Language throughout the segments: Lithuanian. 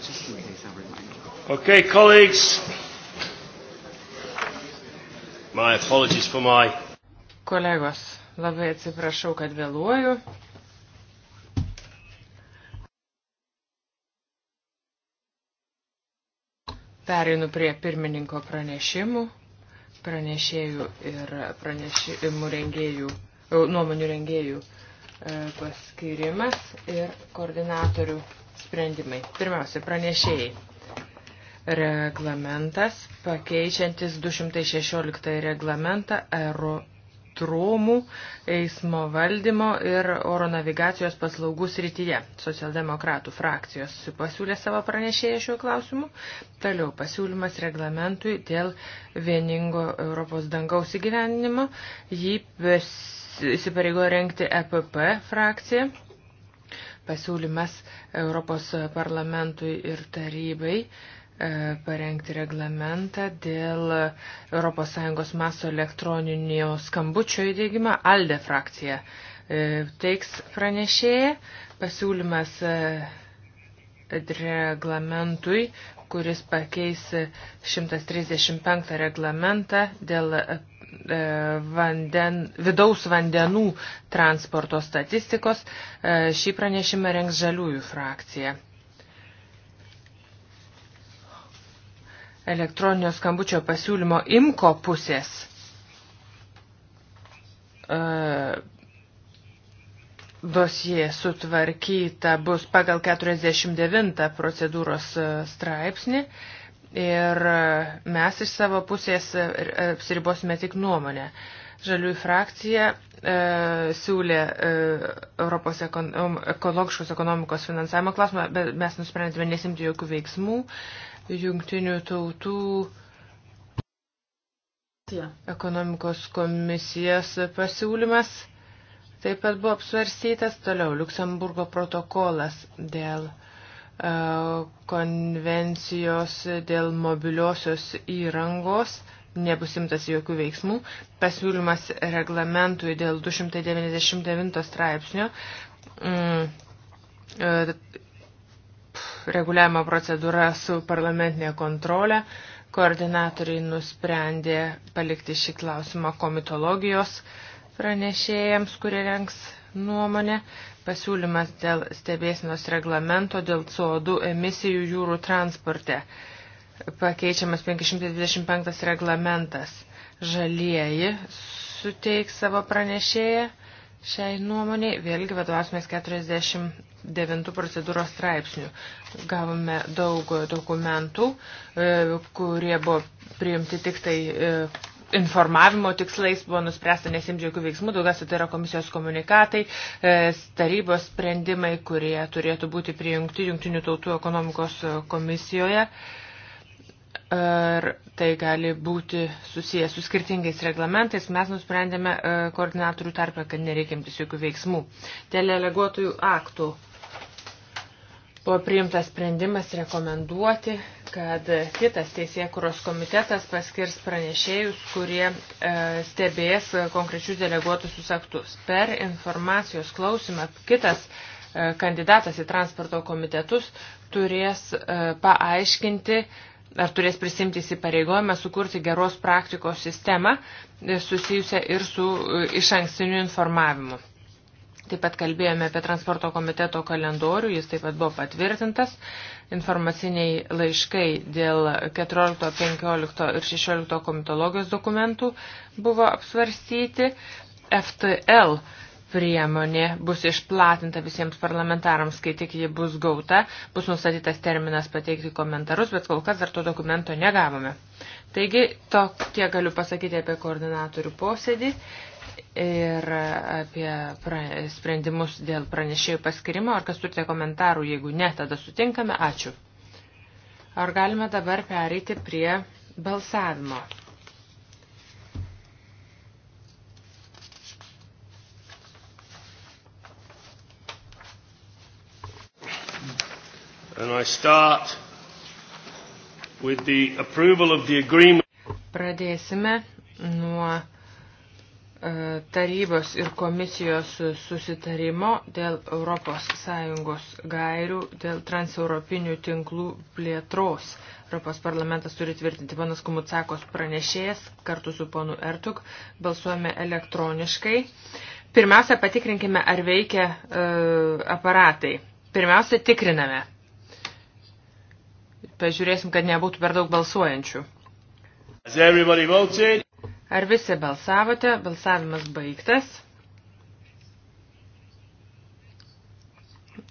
Just in case I remind you. Okay, colleagues. My apologies for my. Kolegos, labai atsiprašau, kad vėluoju. Pereinu prie pirmininko pranešimų, pranešėjų ir pranešimų rengėjų, e, nuomonių rengėjų e, paskirimas ir koordinatorių sprendimai. Pirmiausia, pranešėjai. Reglamentas pakeičiantis 216 reglamentą aerotromų eismo valdymo ir oro navigacijos paslaugų srityje. Socialdemokratų frakcijos pasiūlė savo pranešėją šiuo klausimu. Toliau pasiūlymas reglamentui dėl vieningo Europos dangaus įgyveninimo. Jį įsipareigo renkti EPP frakcija pasiūlymas Europos parlamentui ir tarybai e, parengti reglamentą dėl ES maso elektroninio skambučio įdėgymą. Alde frakcija e, teiks pranešėją. Pasiūlymas e, reglamentui, kuris pakeis 135 reglamentą dėl E, vanden, vidaus vandenų transporto statistikos. E, šį pranešimą rengs žaliųjų frakcija. Elektroninio skambučio pasiūlymo imko pusės e, dosie sutvarkyta bus pagal 49 procedūros straipsnį Ir e, mes iš savo pusės e, e, apsiribosime tik nuomonę. Žaliųjų frakcija e, siūlė e, Europos ekon, ekologiškos ekonomikos finansavimo klausimą, bet mes nusprendėme nesimti jokių veiksmų. Jungtinių tautų ekonomikos komisijos pasiūlymas taip pat buvo apsvarstytas. Toliau Luksemburgo protokolas dėl e, konvencijos dėl mobiliosios įrangos nebus imtas jokių veiksmų. Pasiūlymas reglamentui dėl 299 straipsnio mm, reguliavimo procedūra su parlamentinė kontrolė. Koordinatoriai nusprendė palikti šį klausimą komitologijos pranešėjams, kurie rengs nuomonę. Pasiūlymas dėl stebėsinos reglamento dėl CO2 emisijų jūrų transporte. Pakeičiamas 525 reglamentas. Žalieji suteiks savo pranešėją šiai nuomonė, vėlgi vadovausimės 49 procedūros straipsnių. Gavome daug dokumentų, e, kurie buvo priimti tik tai e, informavimo tikslais buvo nuspręsta nesimti jokių veiksmų, daugiausia tai yra komisijos komunikatai, e, tarybos sprendimai, kurie turėtų būti prijungti Junktinių tautų ekonomikos komisijoje. Ir tai gali būti susijęs su skirtingais reglamentais. Mes nusprendėme e, koordinatorių tarpę, kad nereikia imtis jokių veiksmų. Dėl deleguotojų aktų Buvo priimtas sprendimas rekomenduoti, kad kitas teisėkuros komitetas paskirs pranešėjus, kurie e, stebės konkrečius deleguotusius aktus. Per informacijos klausimą kitas e, kandidatas į transporto komitetus turės e, paaiškinti, ar turės prisimti įsipareigojimą sukurti geros praktikos sistemą e, susijusią ir su e, iš ankstiniu informavimu. Taip pat kalbėjome apie transporto komiteto kalendorių, jis taip pat buvo patvirtintas. Informaciniai laiškai dėl 14, 15 ir 16 komitologijos dokumentų buvo apsvarstyti. FTL priemonė bus išplatinta visiems parlamentarams, kai tik ji bus gauta, bus nustatytas terminas pateikti komentarus, bet kol kas dar to dokumento negavome. Taigi, to tiek galiu pasakyti apie koordinatorių posėdį ir apie pra, sprendimus dėl pranešėjų paskirimo. Ar kas turite komentarų? Jeigu ne, tada sutinkame. Ačiū. Ar galime dabar pereiti prie balsavimo? And I start with the approval of the agreement. Pradėsime nuo E, tarybos ir komisijos susitarimo dėl ES gairių, dėl transeuropinių tinklų plėtros. Europos parlamentas turi tvirtinti panas Kumutsakos pranešėjas kartu su ponu Ertuk. Balsuojame elektroniškai. Pirmiausia, patikrinkime, ar veikia e, aparatai. Pirmiausia, tikriname. Pažiūrėsim, kad nebūtų per daug balsuojančių. Has everybody voted? Ar visi balsavote? Balsavimas baigtas.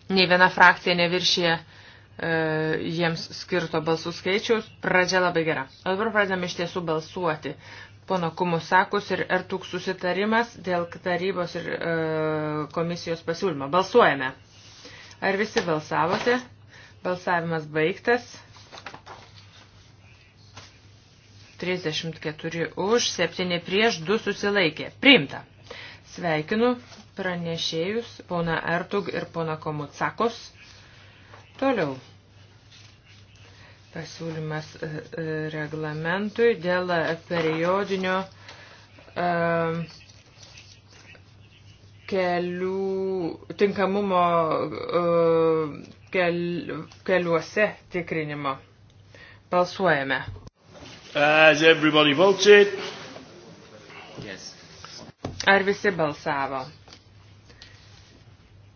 Nei viena frakcija neviršyje e, jiems skirto balsų skaičiaus. Pradžia labai gera. O dabar pradedame iš tiesų balsuoti. Pono Kumusakus ir Ertuk susitarimas dėl tarybos ir e, komisijos pasiūlymo. Balsuojame. Ar visi balsavote? Balsavimas baigtas. 34 už, 7 prieš, 2 susilaikė. Priimta. Sveikinu pranešėjus, pona Ertug ir pona Komutsakos. Toliau. Pasiūlymas e, e, reglamentui dėl periodinio e, kelių tinkamumo keliuose tikrinimo. Balsuojame. Has everybody voted? Yes. Ar visi balsavo?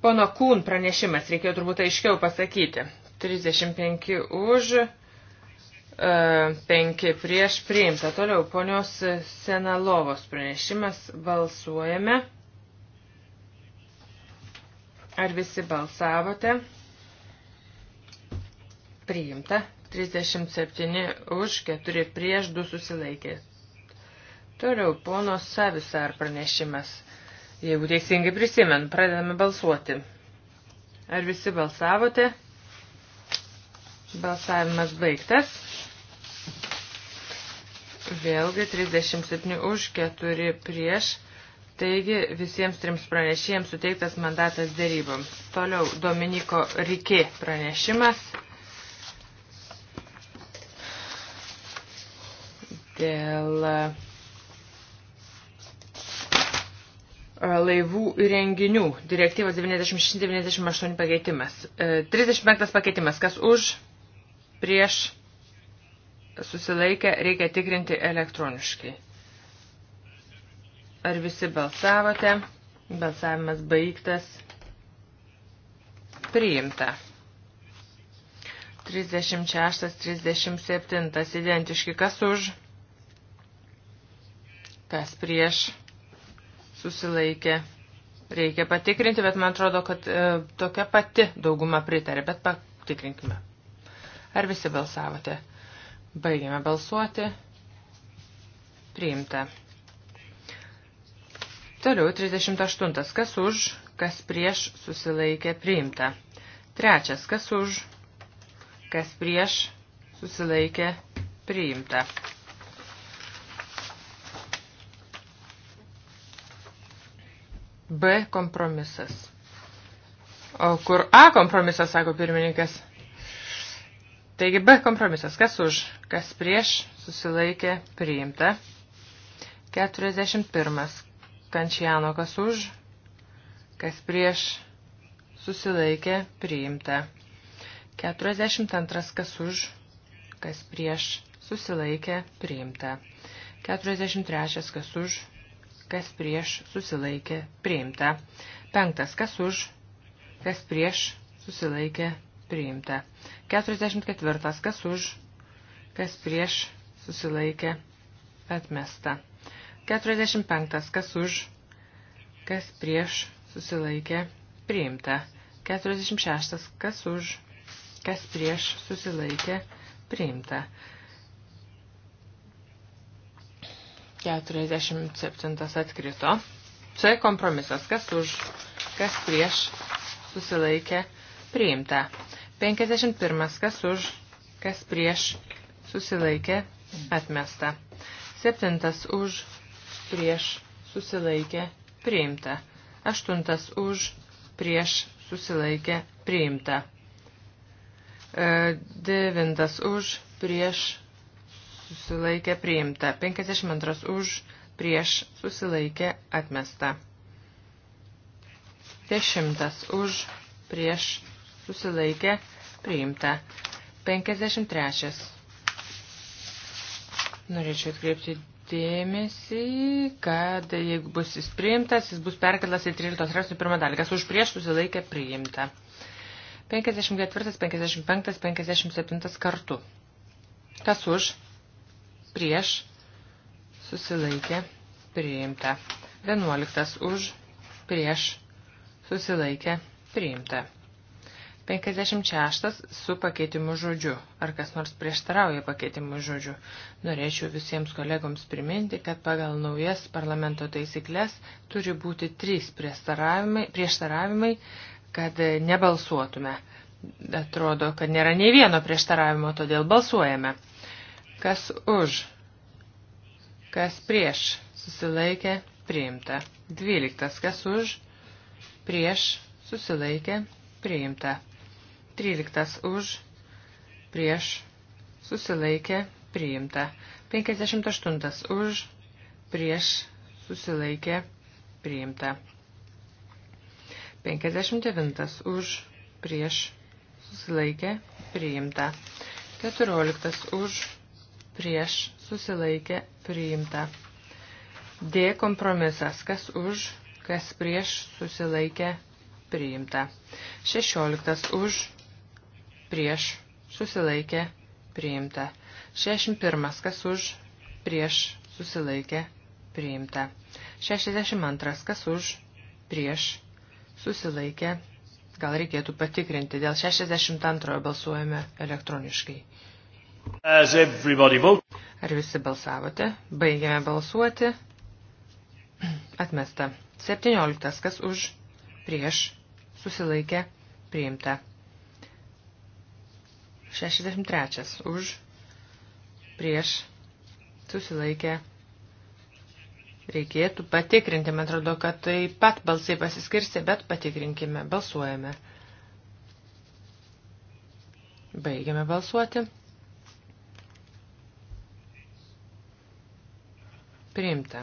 Pono Kūn pranešimas, reikėjo turbūt aiškiau pasakyti. 35 už, 5 e, prieš priimta. Toliau ponios Senalovos pranešimas, balsuojame. Ar visi balsavote? Priimta. 37 už, 4 prieš, 2 susilaikė. Toliau, pono Savisar pranešimas. Jeigu teisingai prisimen, pradedame balsuoti. Ar visi balsavote? Balsavimas baigtas. Vėlgi 37 už, 4 prieš. Taigi visiems trims pranešėjams suteiktas mandatas dėryboms. Toliau Dominiko Rikė pranešimas. dėl e, laivų įrenginių. Direktyvos 96-98 pakeitimas. 35 e, pakeitimas. Kas už, prieš, susilaikę, reikia tikrinti elektroniškai. Ar visi balsavote? Balsavimas baigtas. Priimta. 36-37 identiški. Kas už? kas prieš susilaikė. Reikia patikrinti, bet man atrodo, kad e, tokia pati dauguma pritarė, bet patikrinkime. Ar visi balsavote? Baigėme balsuoti. Priimta. Toliau 38. Kas už, kas prieš susilaikė priimta. Trečias. Kas už, kas prieš susilaikė priimta. B kompromisas. O kur A kompromisas, sako pirmininkas. Taigi B kompromisas. Kas už, kas prieš, susilaikė, priimta. 41. Kančiano kas už, kas prieš, susilaikė, priimta. 42. Kas už, kas prieš, susilaikė, priimta. 43. Kas už, kas prieš susilaikė priimta. Penktas, kas už, kas prieš susilaikė priimta. Keturiasdešimt ketvirtas, kas už, kas prieš susilaikė atmesta. Keturiasdešimt penktas, kas už, kas prieš susilaikė priimta. Keturiasdešimt šeštas, kas už, kas prieš susilaikė priimta. 47 atkrito. C kompromisas. Kas už, kas prieš susilaikė priimta. 51. Kas už, kas prieš susilaikė atmesta. 7. Už, prieš susilaikė priimta. 8. Už, prieš susilaikė priimta. 9. E, už, prieš susilaikė priimta, 52 už, prieš susilaikė atmesta. 10 už, prieš susilaikė priimta, 53. Norėčiau atkreipti dėmesį, kad jeigu bus jis priimtas, jis bus perkeltas į 13 straipsnių pirmą dalį, kas už prieš susilaikė priimta. 54, 55, 57 kartu. Kas už, prieš, susilaikė, priimta. 11 už, prieš, susilaikė, priimta. 56 su pakeitimu žodžiu. Ar kas nors prieštarauja pakeitimu žodžiu? Norėčiau visiems kolegoms priminti, kad pagal naujas parlamento taisyklės turi būti trys prieštaravimai, prieštaravimai kad nebalsuotume. Atrodo, kad nėra nei vieno prieštaravimo, todėl balsuojame. Kas už? Kas prieš? Susilaikė priimta. 12. Kas už? Prieš? Susilaikė priimta. 13. Už? Prieš? Susilaikė priimta. 58. Už? Prieš? Susilaikė priimta. 59. Už? Prieš? Susilaikė priimta. 14. Už? prieš susilaikė priimta. D kompromisas, kas už, kas prieš susilaikė priimta. 16 už, prieš susilaikė priimta. 61 kas už, prieš susilaikė priimta. 62 kas už, prieš susilaikė. Gal reikėtų patikrinti, dėl 62 balsuojame elektroniškai. Ar visi balsavote? Baigėme balsuoti. Atmesta. 17. Kas už? Prieš. Susilaikė. Priimta. 63. Už. Prieš. Susilaikė. Reikėtų patikrinti. Man atrodo, kad taip pat balsai pasiskirsti, bet patikrinkime. Balsuojame. Baigiame balsuoti. Priimta.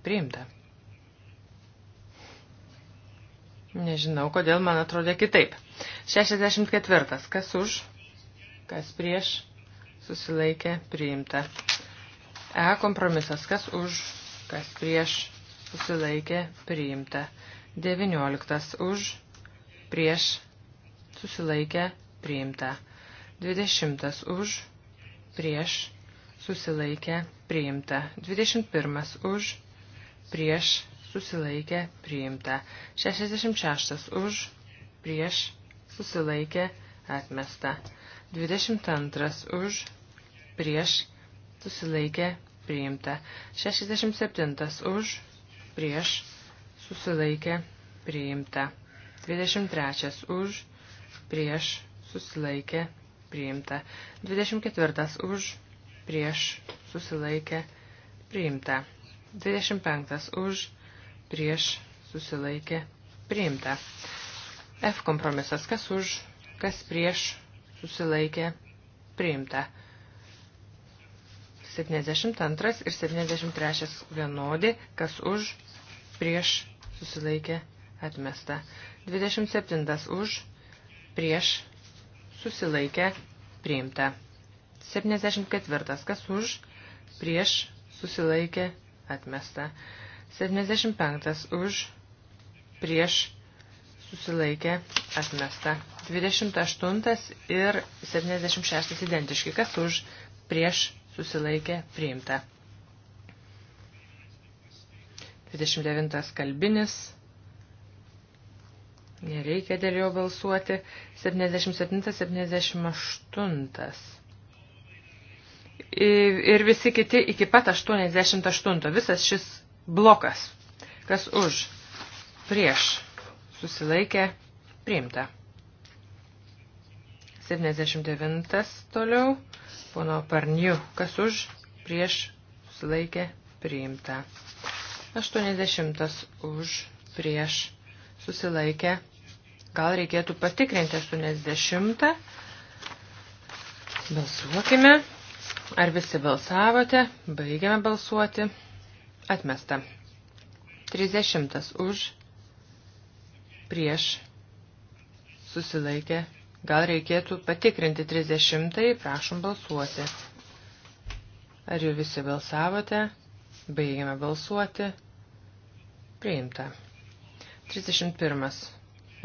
Priimta. Nežinau, kodėl man atrodė kitaip. 64. Kas už, kas prieš, susilaikė, priimta. E kompromisas. Kas už, kas prieš, susilaikė, priimta. 19. Už, prieš, susilaikė, priimta. 20. Už, prieš, susilaikė priimta. 21 už, prieš susilaikė priimta. 66 už, prieš susilaikė atmesta. 22 už, prieš susilaikė priimta. 67 už, prieš susilaikė priimta. 23 už, prieš susilaikė priimta. 24 už, prieš susilaikę priimta. 25 už prieš susilaikę priimta. F kompromisas kas už, kas prieš susilaikė priimta. 72 ir 73 vienodi, kas už, prieš susilaikė atmesta. 27 už, prieš susilaikė priimta. 74. Kas už, prieš, susilaikė, atmesta. 75. Už, prieš, susilaikė, atmesta. 28 ir 76 identiški. Kas už, prieš, susilaikė, priimta. 29 kalbinis. Nereikia dėl jo balsuoti. 77-78 ir visi kiti iki pat 88. Visas šis blokas, kas už, prieš, susilaikė, priimta. 79 toliau, pono Parniu, kas už, prieš, susilaikė, priimta. 80 už, prieš, susilaikė. Gal reikėtų patikrinti 80. Balsuokime. Ar visi balsavote? Baigiame balsuoti. Atmesta. 30 už. Prieš. Susilaikė. Gal reikėtų patikrinti 30. -tai. Prašom balsuoti. Ar jau visi balsavote? Baigiame balsuoti. Priimta. 31.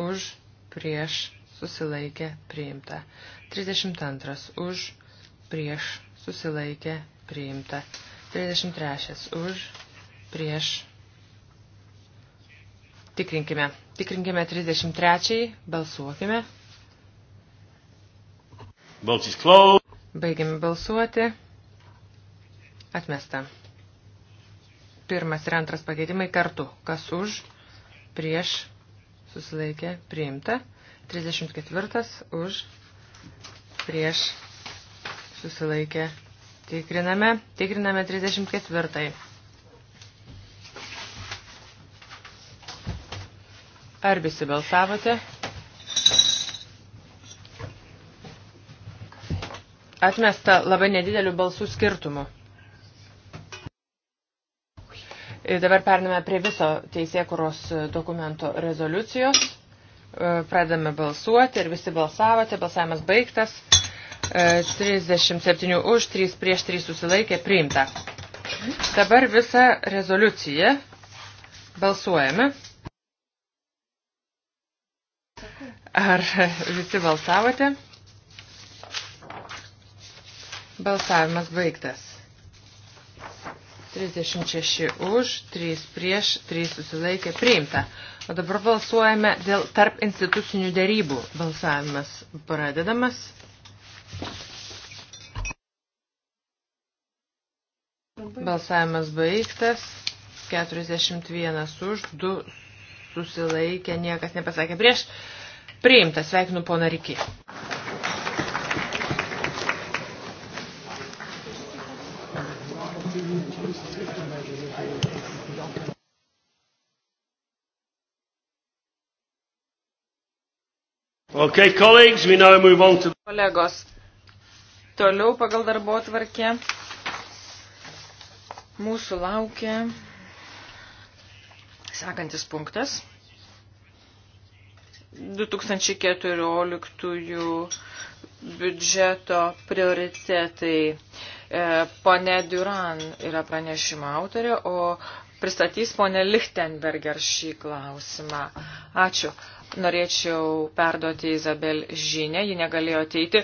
Už. Prieš. Susilaikė. Priimta. 32. Už. Prieš susilaikė priimta. 33 už, prieš. Tikrinkime. Tikrinkime 33, balsuokime. Baigiame balsuoti. Atmesta. Pirmas ir antras pakeitimai kartu. Kas už, prieš, susilaikė, priimta. 34 už, prieš, susilaikė. Tikriname, tikriname 34. Ar visi balsavote? Atmesta labai nedideliu balsų skirtumu. Ir dabar pername prie viso teisėkuros dokumento rezoliucijos. Pradame balsuoti ir visi balsavote. Balsavimas baigtas. 37 už, 3 prieš 3 susilaikė, priimta. Dabar visą rezoliuciją balsuojame. Ar visi balsavote? Balsavimas baigtas. 36 už, 3 prieš, 3 susilaikė, priimta. O dabar balsuojame dėl tarp institucinių dėrybų. Balsavimas pradedamas. Balsavimas baigtas. 41 už, 2 susilaikė, niekas nepasakė prieš. Priimtas, sveikinu poną Rikį. Okay, colleagues, we now move on to... Kolegos, Toliau pagal darbo atvarkę mūsų laukia sekantis punktas. 2014 biudžeto prioritetai. E, pone Duran yra pranešimo autorė, o pristatys ponė Lichtenberger šį klausimą. Ačiū. Norėčiau perduoti Izabel žinę, ji negalėjo ateiti.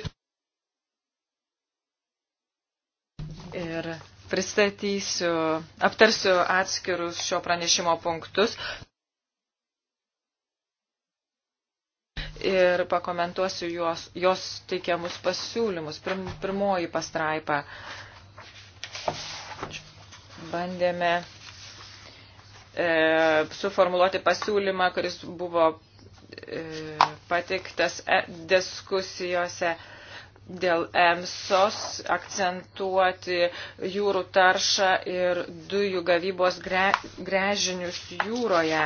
ir pristatysiu, aptarsiu atskirus šio pranešimo punktus ir pakomentuosiu juos, jos teikiamus pasiūlymus. Pirm, pirmoji pastraipa. Bandėme e, suformuluoti pasiūlymą, kuris buvo e, patiktas e, diskusijose. E, dėl EMSOS akcentuoti jūrų taršą ir dujų gavybos gre, grežinius jūroje.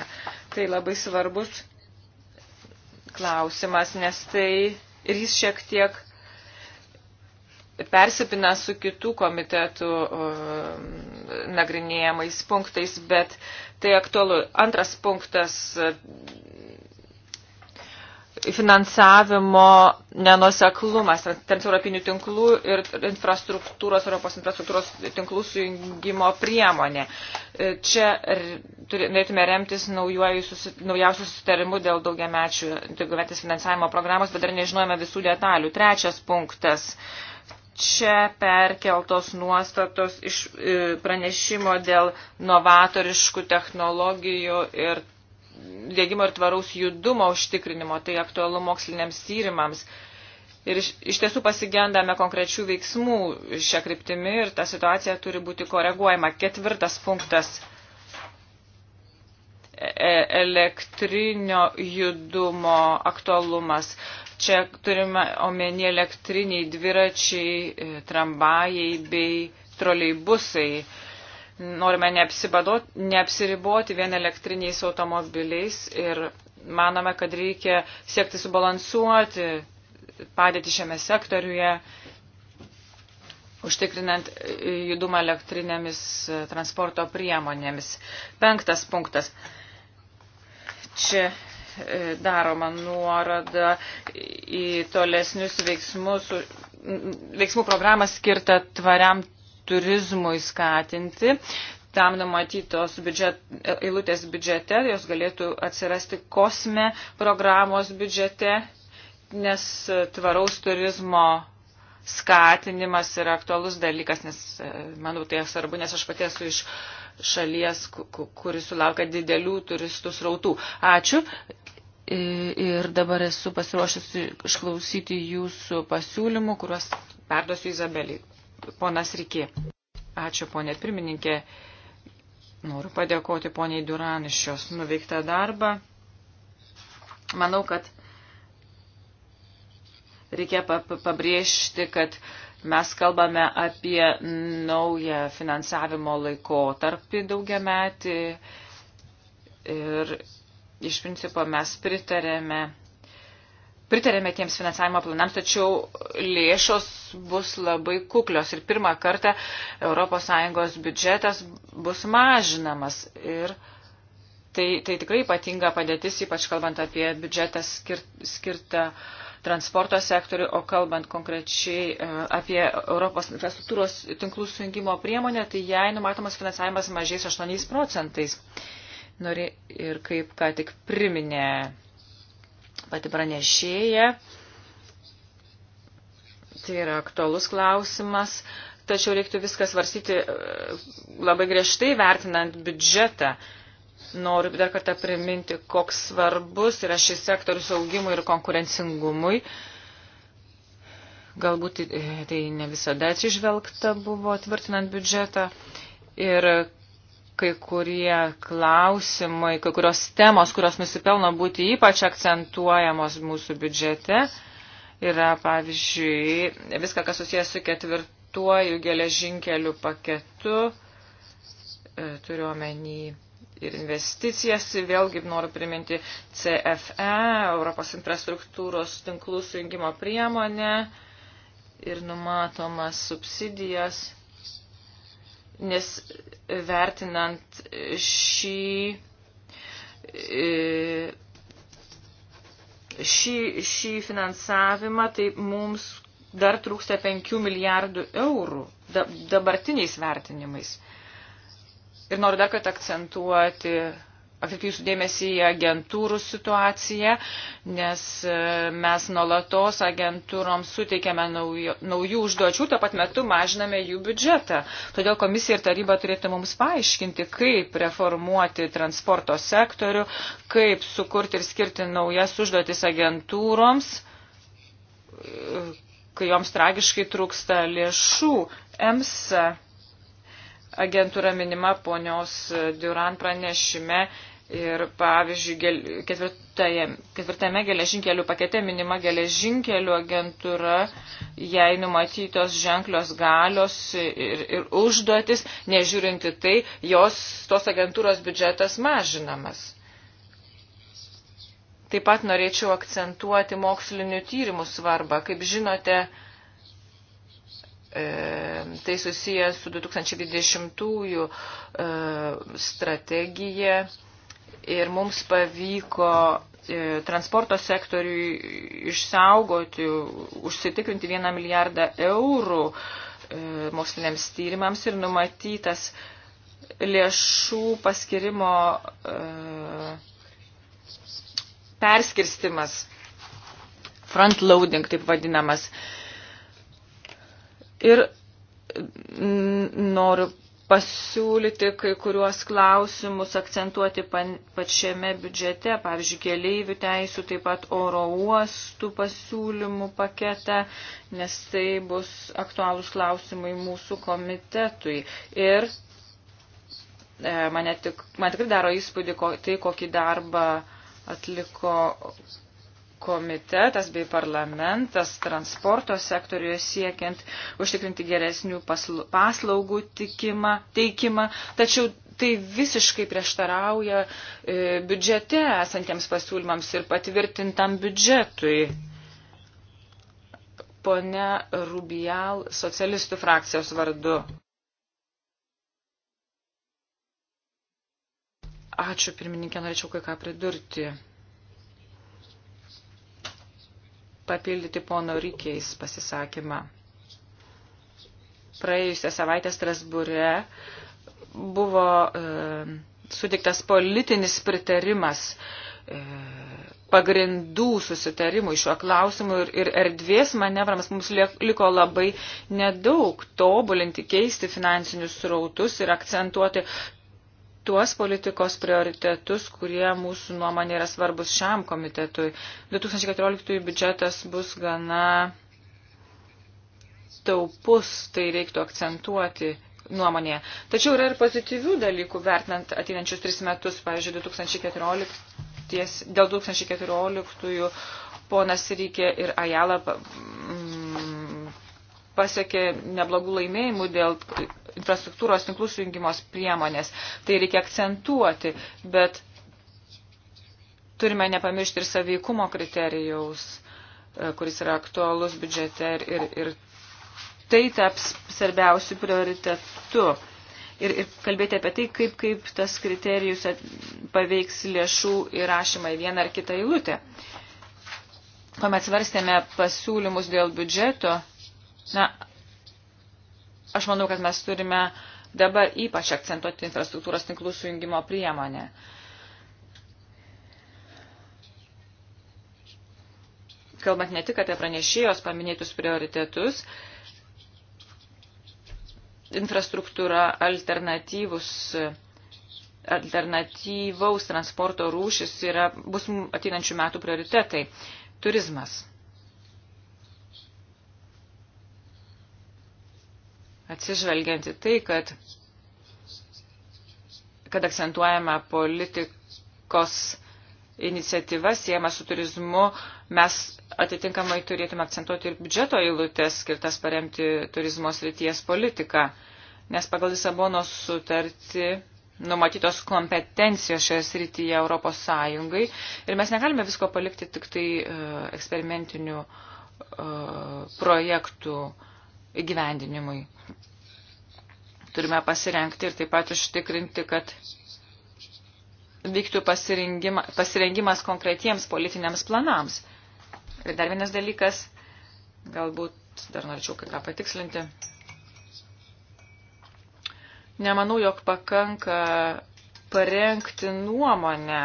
Tai labai svarbus klausimas, nes tai ir jis šiek tiek persipina su kitų komitetų um, nagrinėjamais punktais, bet tai aktualu. Antras punktas finansavimo nenuseklumas tarp europinių tinklų ir infrastruktūros, Europos infrastruktūros tinklų sujungimo priemonė. E, čia norėtume remtis naujausių susitarimų dėl daugiamečių daugiametės finansavimo programos, bet dar nežinojame visų detalių. Trečias punktas. Čia perkeltos nuostatos iš e, pranešimo dėl novatoriškų technologijų ir dėgymo ir tvaraus judumo užtikrinimo, tai aktualu moksliniams tyrimams. Ir iš, iš tiesų pasigendame konkrečių veiksmų šią kryptimį ir ta situacija turi būti koreguojama. Ketvirtas punktas e, e, elektrinio judumo aktualumas. Čia turime omeny elektriniai dviračiai, e, tramvajai bei troleibusai. busai Norime neapsiriboti vien elektriniais automobiliais ir manome, kad reikia siekti subalansuoti padėti šiame sektoriuje, užtikrinant e, judumą elektrinėmis e, transporto priemonėmis. Penktas punktas. Čia e, daroma nuorada į tolesnius veiksmus, veiksmų programą skirtą tvariam turizmui skatinti. Tam numatytos biudžet, eilutės biudžete, jos galėtų atsirasti kosme programos biudžete, nes tvaraus turizmo skatinimas yra aktualus dalykas, nes, e, manau, tai svarbu, nes aš pati esu iš šalies, kuris sulaukia didelių turistų srautų. Ačiū. E, ir dabar esu pasiruošęs išklausyti jūsų pasiūlymų, kuriuos perduosiu Izabeliai ponas Rikė. Ačiū, ponė pirmininkė. Noriu padėkoti poniai Duran iš šios nuveiktą darbą. Manau, kad reikia pabrėžti, kad mes kalbame apie naują finansavimo laikotarpį daugiametį ir iš principo mes pritarėme pritarėme tiems finansavimo planams, tačiau lėšos bus labai kuklios ir pirmą kartą ES biudžetas bus mažinamas. Ir tai, tai tikrai ypatinga padėtis, ypač kalbant apie biudžetą skir, skirtą transporto sektoriu, o kalbant konkrečiai e, apie Europos infrastruktūros tinklų sujungimo priemonę, tai jai numatomas finansavimas mažės 8 procentais. Nori ir kaip ką tik priminė pati pranešėja. Tai yra aktualus klausimas, tačiau reiktų viskas varstyti e, labai griežtai vertinant biudžetą. Noriu dar kartą priminti, koks svarbus yra šis sektorius augimui ir konkurencingumui. Galbūt e, tai ne visada atsižvelgta buvo tvirtinant biudžetą. Ir kai kurie klausimai, kai kurios temos, kurios nusipelno būti ypač akcentuojamos mūsų biudžete, yra, pavyzdžiui, viską, kas susijęs su ketvirtuoju geležinkeliu paketu, e, turiu omeny ir investicijas, vėlgi noriu priminti CFE, Europos infrastruktūros tinklų sujungimo priemonę ir numatomas subsidijas nes vertinant šį, e, šį, šį finansavimą, tai mums dar trūksta 5 milijardų eurų dabartiniais vertinimais. Ir noriu dar kartą akcentuoti atkreipti jūsų dėmesį į agentūrų situaciją, nes e, mes nuolatos agentūroms suteikiame naujo, naujų užduočių, tuo pat metu mažiname jų biudžetą. Todėl komisija ir taryba turėtų mums paaiškinti, kaip reformuoti transporto sektorių, kaip sukurti ir skirti naujas užduotis agentūroms e, kai joms tragiškai trūksta lėšų. EMSA agentūra minima ponios Duran pranešime Ir pavyzdžiui, ketvirtame geležinkelių pakete minima geležinkelių agentūra, jai numatytos ženklios galios ir, ir užduotis, nežiūrinti tai, jos tos agentūros biudžetas mažinamas. Taip pat norėčiau akcentuoti mokslinių tyrimų svarbą. Kaip žinote, e, tai susijęs su 2020 e, strategija ir mums pavyko e, transporto sektoriui išsaugoti, užsitikrinti vieną milijardą eurų e, moksliniams tyrimams ir numatytas lėšų paskirimo e, perskirstimas, frontloading taip vadinamas. Ir noriu pasiūlyti kai kuriuos klausimus akcentuoti pačiame biudžete, pavyzdžiui, keleivių teisų, taip pat oro uostų pasiūlymų paketą, nes tai bus aktualūs klausimai mūsų komitetui. Ir e, mane tik, man tikrai daro įspūdį ko, tai, kokį darbą atliko komitetas bei parlamentas transporto sektoriuje siekiant užtikrinti geresnių paslaugų tikimą, teikimą, tačiau tai visiškai prieštarauja e, biudžete esantiems pasiūlymams ir patvirtintam biudžetui. Pone Rubial, socialistų frakcijos vardu. Ačiū, pirmininkė, norėčiau kai ką pridurti. papildyti pono Rykiais pasisakymą. Praėjusią savaitę Strasbūre buvo e, sutiktas politinis pritarimas e, pagrindų susitarimų iš šio klausimų ir, ir erdvės manevrams mums liko labai nedaug tobulinti, keisti finansinius srautus ir akcentuoti tuos politikos prioritetus, kurie mūsų nuomonė yra svarbus šiam komitetui. 2014 biudžetas bus gana taupus, tai reiktų akcentuoti nuomonėje. Tačiau yra ir pozityvių dalykų, vertinant ateinančius tris metus, pavyzdžiui, 2014, ties, dėl 2014 ponas Rykė ir Ajala mm, pasiekė neblogų laimėjimų dėl infrastruktūros tinklų sujungimos priemonės. Tai reikia akcentuoti, bet turime nepamiršti ir saveikumo kriterijaus, e, kuris yra aktualus biudžete ir, ir tai taps svarbiausių prioritetų. Ir, ir kalbėti apie tai, kaip, kaip tas kriterijus paveiks lėšų įrašymą į vieną ar kitą eilutę. Kuomet svarstėme pasiūlymus dėl biudžeto, na, Aš manau, kad mes turime dabar ypač akcentuoti infrastruktūros tinklų sujungimo priemonę. Kalbant ne tik apie pranešėjos paminėtus prioritetus, infrastruktūra alternatyvus alternatyvaus transporto rūšis yra, bus ateinančių metų prioritetai. Turizmas. atsižvelgiant į tai, kad, kad akcentuojama politikos iniciatyva siejama su turizmu, mes atitinkamai turėtume akcentuoti ir biudžeto eilutės skirtas paremti turizmo srities politiką, nes pagal Lisabonos sutartį numatytos kompetencijos šioje srityje Europos Sąjungai ir mes negalime visko palikti tik tai e, eksperimentinių e, projektų uh, įgyvendinimui. Turime pasirenkti ir taip pat užtikrinti, kad vyktų pasirengimas konkretiems politiniams planams. Ir dar vienas dalykas, galbūt dar norėčiau kai ką patikslinti. Nemanau, jog pakanka parengti nuomonę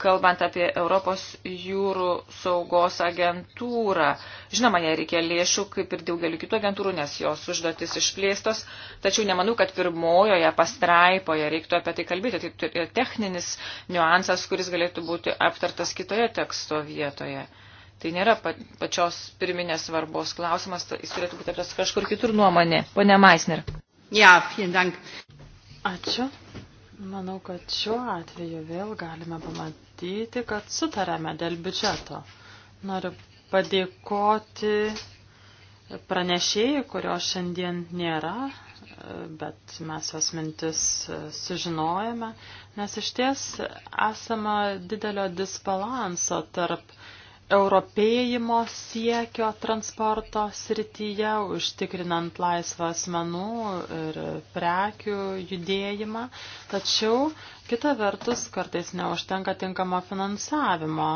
kalbant apie Europos jūrų saugos agentūrą. Žinoma, jai reikia lėšų, kaip ir daugeliu kitų agentūrų, nes jos užduotis išplėstos, tačiau nemanau, kad pirmojoje pastraipoje reiktų apie tai kalbėti. Tai techninis niuansas, kuris galėtų būti aptartas kitoje teksto vietoje. Tai nėra pačios pirminės svarbos klausimas, tai jis turėtų būti aptartas kažkur kitur nuomonė. Pone Maisner. Ja, vielen Dank. Ačiū. Manau, kad šiuo atveju vėl galime pamatyti, kad sutarėme dėl biudžeto. Noriu padėkoti pranešėjai, kurio šiandien nėra, bet mes jos mintis sužinojame, nes iš ties esama didelio disbalanso tarp europėjimo siekio transporto srityje, užtikrinant laisvą asmenų ir prekių judėjimą, tačiau kita vertus kartais neužtenka tinkamo finansavimo.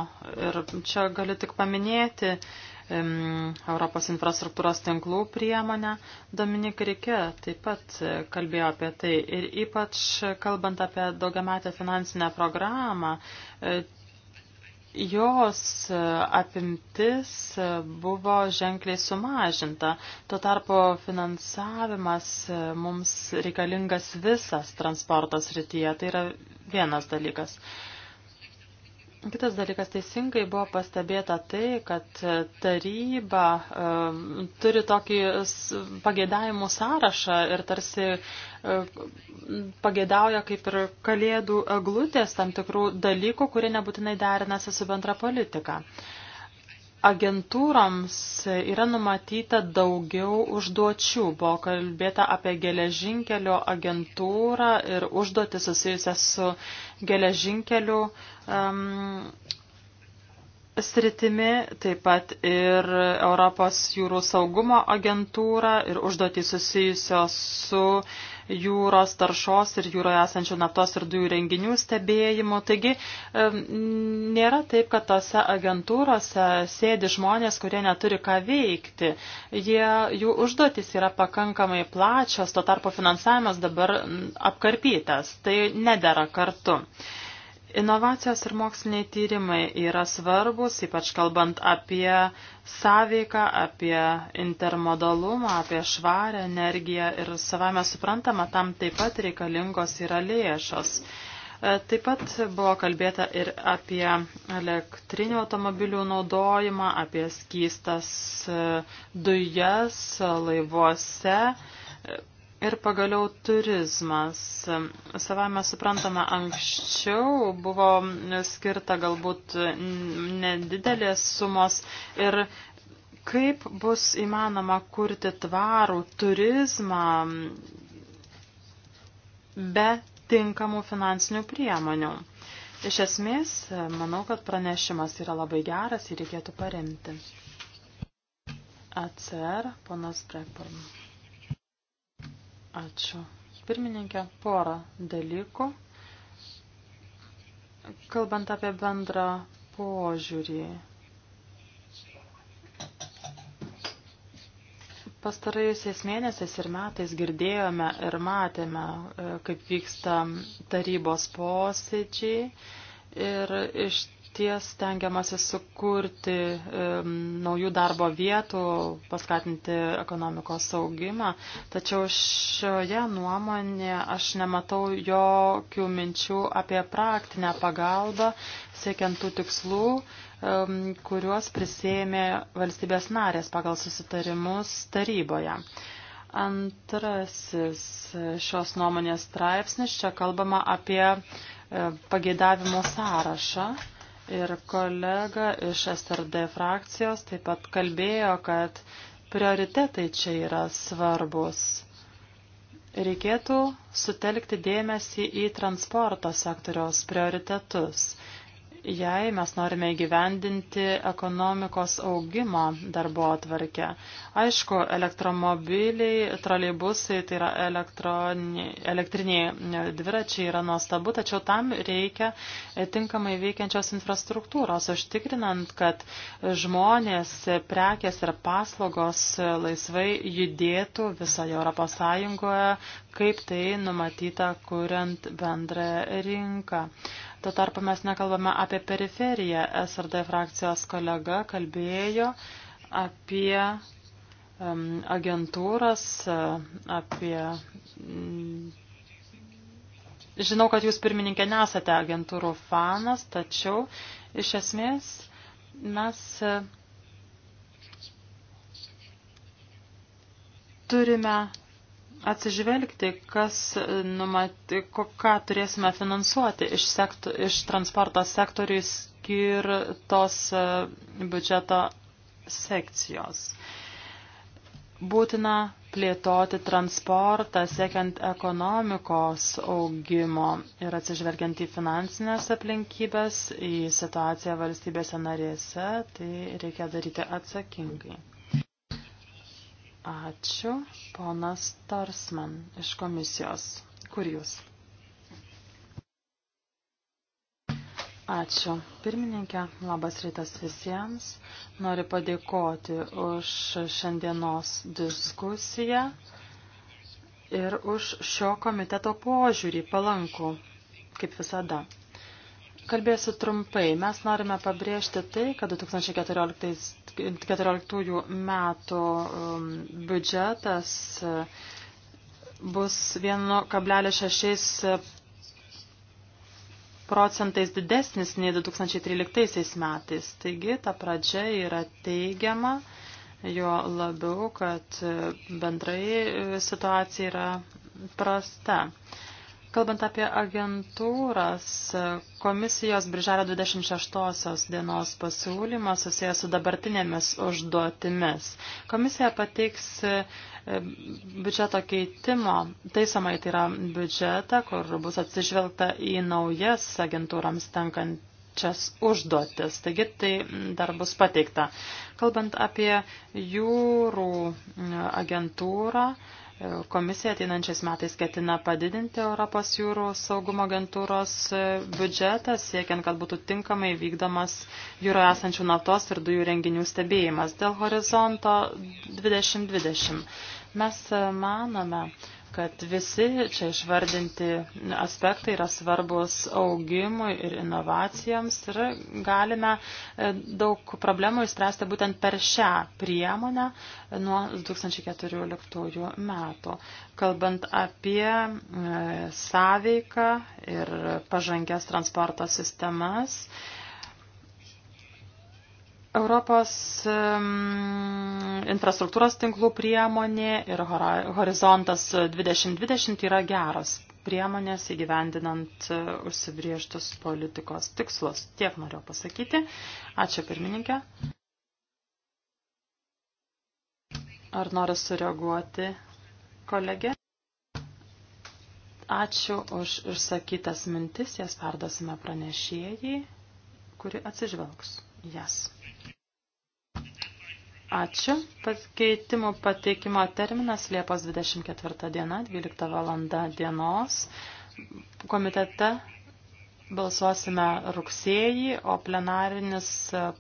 Ir čia galiu tik paminėti um, Europos infrastruktūros tinklų priemonę. Dominik Rike taip pat kalbėjo apie tai ir ypač kalbant apie daugiametę finansinę programą, jos apimtis buvo ženkliai sumažinta. Tuo tarpu finansavimas mums reikalingas visas transportos rytyje. Tai yra vienas dalykas. Kitas dalykas teisingai buvo pastebėta tai, kad taryba um, turi tokį pageidavimų sąrašą ir tarsi um, pageidauja kaip ir kalėdų eglutės tam tikrų dalykų, kurie nebūtinai derinasi su bendra politika. Uh, Agentūroms yra numatyta daugiau užduočių. Buvo kalbėta apie geležinkelio agentūrą ir užduotį susijusią su geležinkeliu um, sritimi, taip pat ir Europos jūrų saugumo agentūra ir užduotį susijusios su uh, jūros taršos ir jūroje esančių naftos ir dujų renginių stebėjimo. Taigi nėra taip, kad tose agentūrose sėdi žmonės, kurie neturi ką veikti. Jie, jų užduotis yra pakankamai plačios, to tarpo finansavimas dabar apkarpytas. Tai nedėra kartu. Inovacijos ir moksliniai tyrimai yra svarbus, ypač kalbant apie sąveiką, apie intermodalumą, apie švarę energiją ir savame suprantama, tam taip pat reikalingos yra lėšos. E, taip pat buvo kalbėta ir apie elektrinių automobilių naudojimą, apie skystas e, dujas laivuose. E, Ir pagaliau turizmas. Savame suprantame, anksčiau buvo skirta galbūt nedidelės sumos ir kaip bus įmanoma kurti tvarų turizmą be tinkamų finansinių priemonių. Iš esmės, manau, kad pranešimas yra labai geras ir reikėtų paremti. ACR, ponas Brekborn. Ačiū. Pirmininkė, porą dalykų. Kalbant apie bendrą požiūrį. Pastaraisiais mėnesiais ir metais girdėjome ir matėme, e, kaip vyksta tarybos posėdžiai ir iš sutarties tengiamasi sukurti um, naujų darbo vietų, paskatinti ekonomikos saugimą, tačiau šioje nuomonė aš nematau jokių minčių apie praktinę pagalbą siekiant tų tikslų, um, kuriuos prisėmė valstybės narės pagal susitarimus taryboje. Antrasis šios nuomonės straipsnis, čia kalbama apie pageidavimo sąrašą ir kolega iš SRD frakcijos taip pat kalbėjo, kad prioritetai čia yra svarbus. Reikėtų sutelkti dėmesį į transporto sektoriaus prioritetus jei mes norime įgyvendinti ekonomikos augimo darbo atvarkę. Aišku, elektromobiliai, troleibusai, tai yra elektriniai dviračiai yra nuostabu, tačiau tam reikia tinkamai veikiančios infrastruktūros, užtikrinant, kad žmonės, prekės ir paslaugos laisvai judėtų visoje Europos Sąjungoje, kaip tai numatyta kuriant bendrą rinką. Tuo tarpu mes nekalbame apie periferiją. SRD frakcijos kolega kalbėjo apie um, agentūras, apie. Um, žinau, kad jūs pirmininkė nesate agentūrų fanas, tačiau iš esmės mes. E, turime atsižvelgti, kas e, numatė, ką turėsime finansuoti iš, sektu, iš transporto sektoriui skirtos e, biudžeto sekcijos. Būtina plėtoti transportą siekiant ekonomikos augimo ir atsižvelgiant į finansinės aplinkybės, į situaciją valstybėse narėse, tai reikia daryti atsakingai. Ačiū. Ponas Tarsman iš komisijos. Kur jūs? Ačiū. Pirmininkė, labas rytas visiems. Noriu padėkoti už šiandienos diskusiją ir už šio komiteto požiūrį palankų, kaip visada. Kalbėsiu trumpai. Mes norime pabrėžti tai, kad 2014 2014 metų um, biudžetas uh, bus 1,6 procentais didesnis nei 2013 metais. Taigi ta pradžia yra teigiama, jo labiau, kad uh, bendrai uh, situacija yra prasta. Kalbant apie agentūras, komisijos birželio 26 dienos pasiūlymas susijęs su dabartinėmis užduotimis. Komisija pateiks e, biudžeto keitimo, taisomai tai yra biudžetą, kur bus atsižvelgta į naujas agentūrams tenkant šias užduotis. Taigi tai dar bus pateikta. Kalbant apie jūrų agentūrą, Komisija ateinančiais metais ketina padidinti Europos jūrų saugumo agentūros e, biudžetą, siekiant, kad būtų tinkamai vykdomas jūroje esančių naftos ir dujų renginių stebėjimas. Dėl horizonto 2020 mes e, manome, kad visi čia išvardinti aspektai yra svarbus augimui ir inovacijoms ir galime e, daug problemų išspręsti būtent per šią priemonę nuo 2014 metų. Kalbant apie e, sąveiką ir pažangias transporto sistemas, Europos infrastruktūros tinklų priemonė ir horizontas 2020 yra geros priemonės įgyvendinant e, užsibrieštus politikos tikslus. Tiek noriu pasakyti. Ačiū pirmininkė. Ar noriu sureaguoti, kolegė? Ačiū už išsakytas mintis, jas perdosime pranešėjai, kuri atsižvelgs jas. Yes. Ačiū. Pakeitimo pateikimo terminas Liepos 24 diena, 12 valanda dienos. Komitete balsuosime rugsėjį, o plenarinis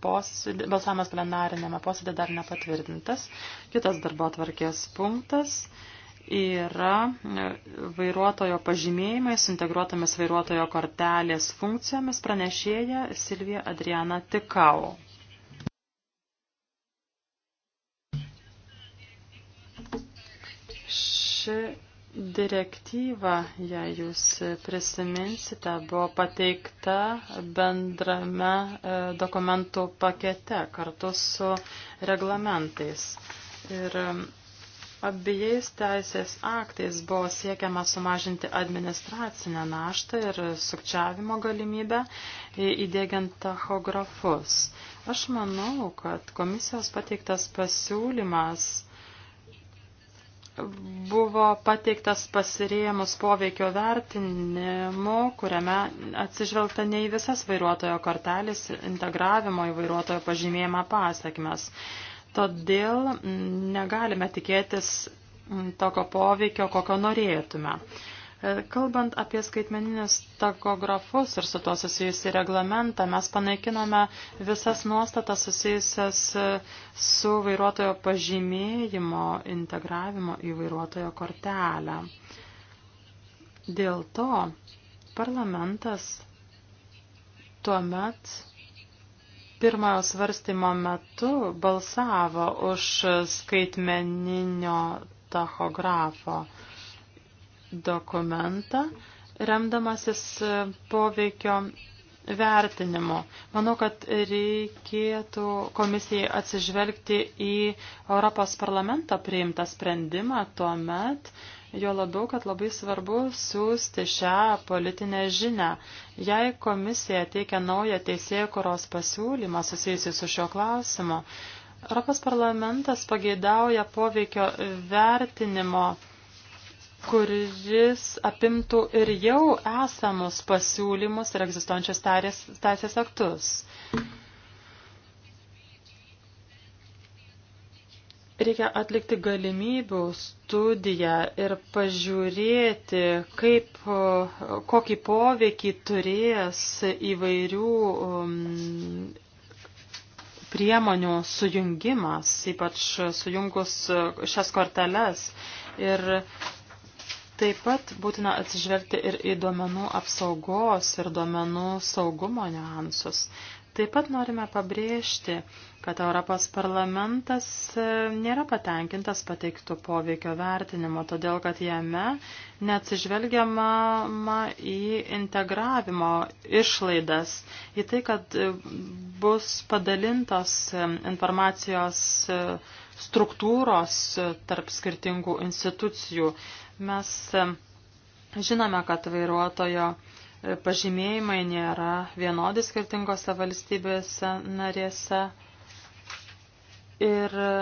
posėdė, balsavimas plenarinėme posėdė dar nepatvirtintas. Kitas darbo atvarkės punktas yra e, vairuotojo pažymėjimai su integruotomis vairuotojo kortelės funkcijomis pranešėja Silvija Adriana Tikau. Ši direktyva, jei jūs prisiminsite, buvo pateikta bendrame e, dokumentų pakete kartu su reglamentais. Ir e, Abiejais teisės aktais buvo siekiama sumažinti administracinę naštą ir sukčiavimo galimybę įdėgiant tachografus. Aš manau, kad komisijos pateiktas pasiūlymas buvo pateiktas pasirėjimus poveikio vertinimu, kuriame atsižvelgta ne į visas vairuotojo kortelės integravimo į vairuotojo pažymėjimą pasiekmes. Todėl negalime tikėtis tokio poveikio, kokio norėtume. E, kalbant apie skaitmeninius takografus ir su to susijusi reglamentą, mes panaikinome visas nuostatas susijusias e, su vairuotojo pažymėjimo integravimo į vairuotojo kortelę. Dėl to parlamentas tuomet pirmojo svarstymo metu balsavo už skaitmeninio tachografo uh, dokumentą, remdamasis e, poveikio vertinimu. Manau, kad reikėtų komisijai atsižvelgti į Europos parlamento priimtą sprendimą tuo met, jo labiau, kad labai svarbu siūsti šią politinę žinę. Jei komisija teikia naują teisėjų kuros pasiūlymą susijusi su šio klausimu, Europos parlamentas pageidauja poveikio vertinimo kuris apimtų ir jau esamus pasiūlymus ir egzistuojančius teisės aktus. Reikia atlikti galimybių studiją ir pažiūrėti, kaip, kokį poveikį turės įvairių um, priemonių sujungimas, ypač sujungus šias korteles. Ir Taip pat būtina atsižvelgti ir į duomenų apsaugos ir duomenų saugumo niuansus. Taip pat norime pabrėžti, kad Europos parlamentas e, nėra patenkintas pateiktų poveikio vertinimo, todėl kad jame neatsižvelgiama į integravimo išlaidas, į tai, kad e, bus padalintos e, informacijos struktūros tarp skirtingų institucijų. Mes e, žinome, kad vairuotojo e, pažymėjimai nėra vienodi skirtingose valstybėse narėse. Ir e,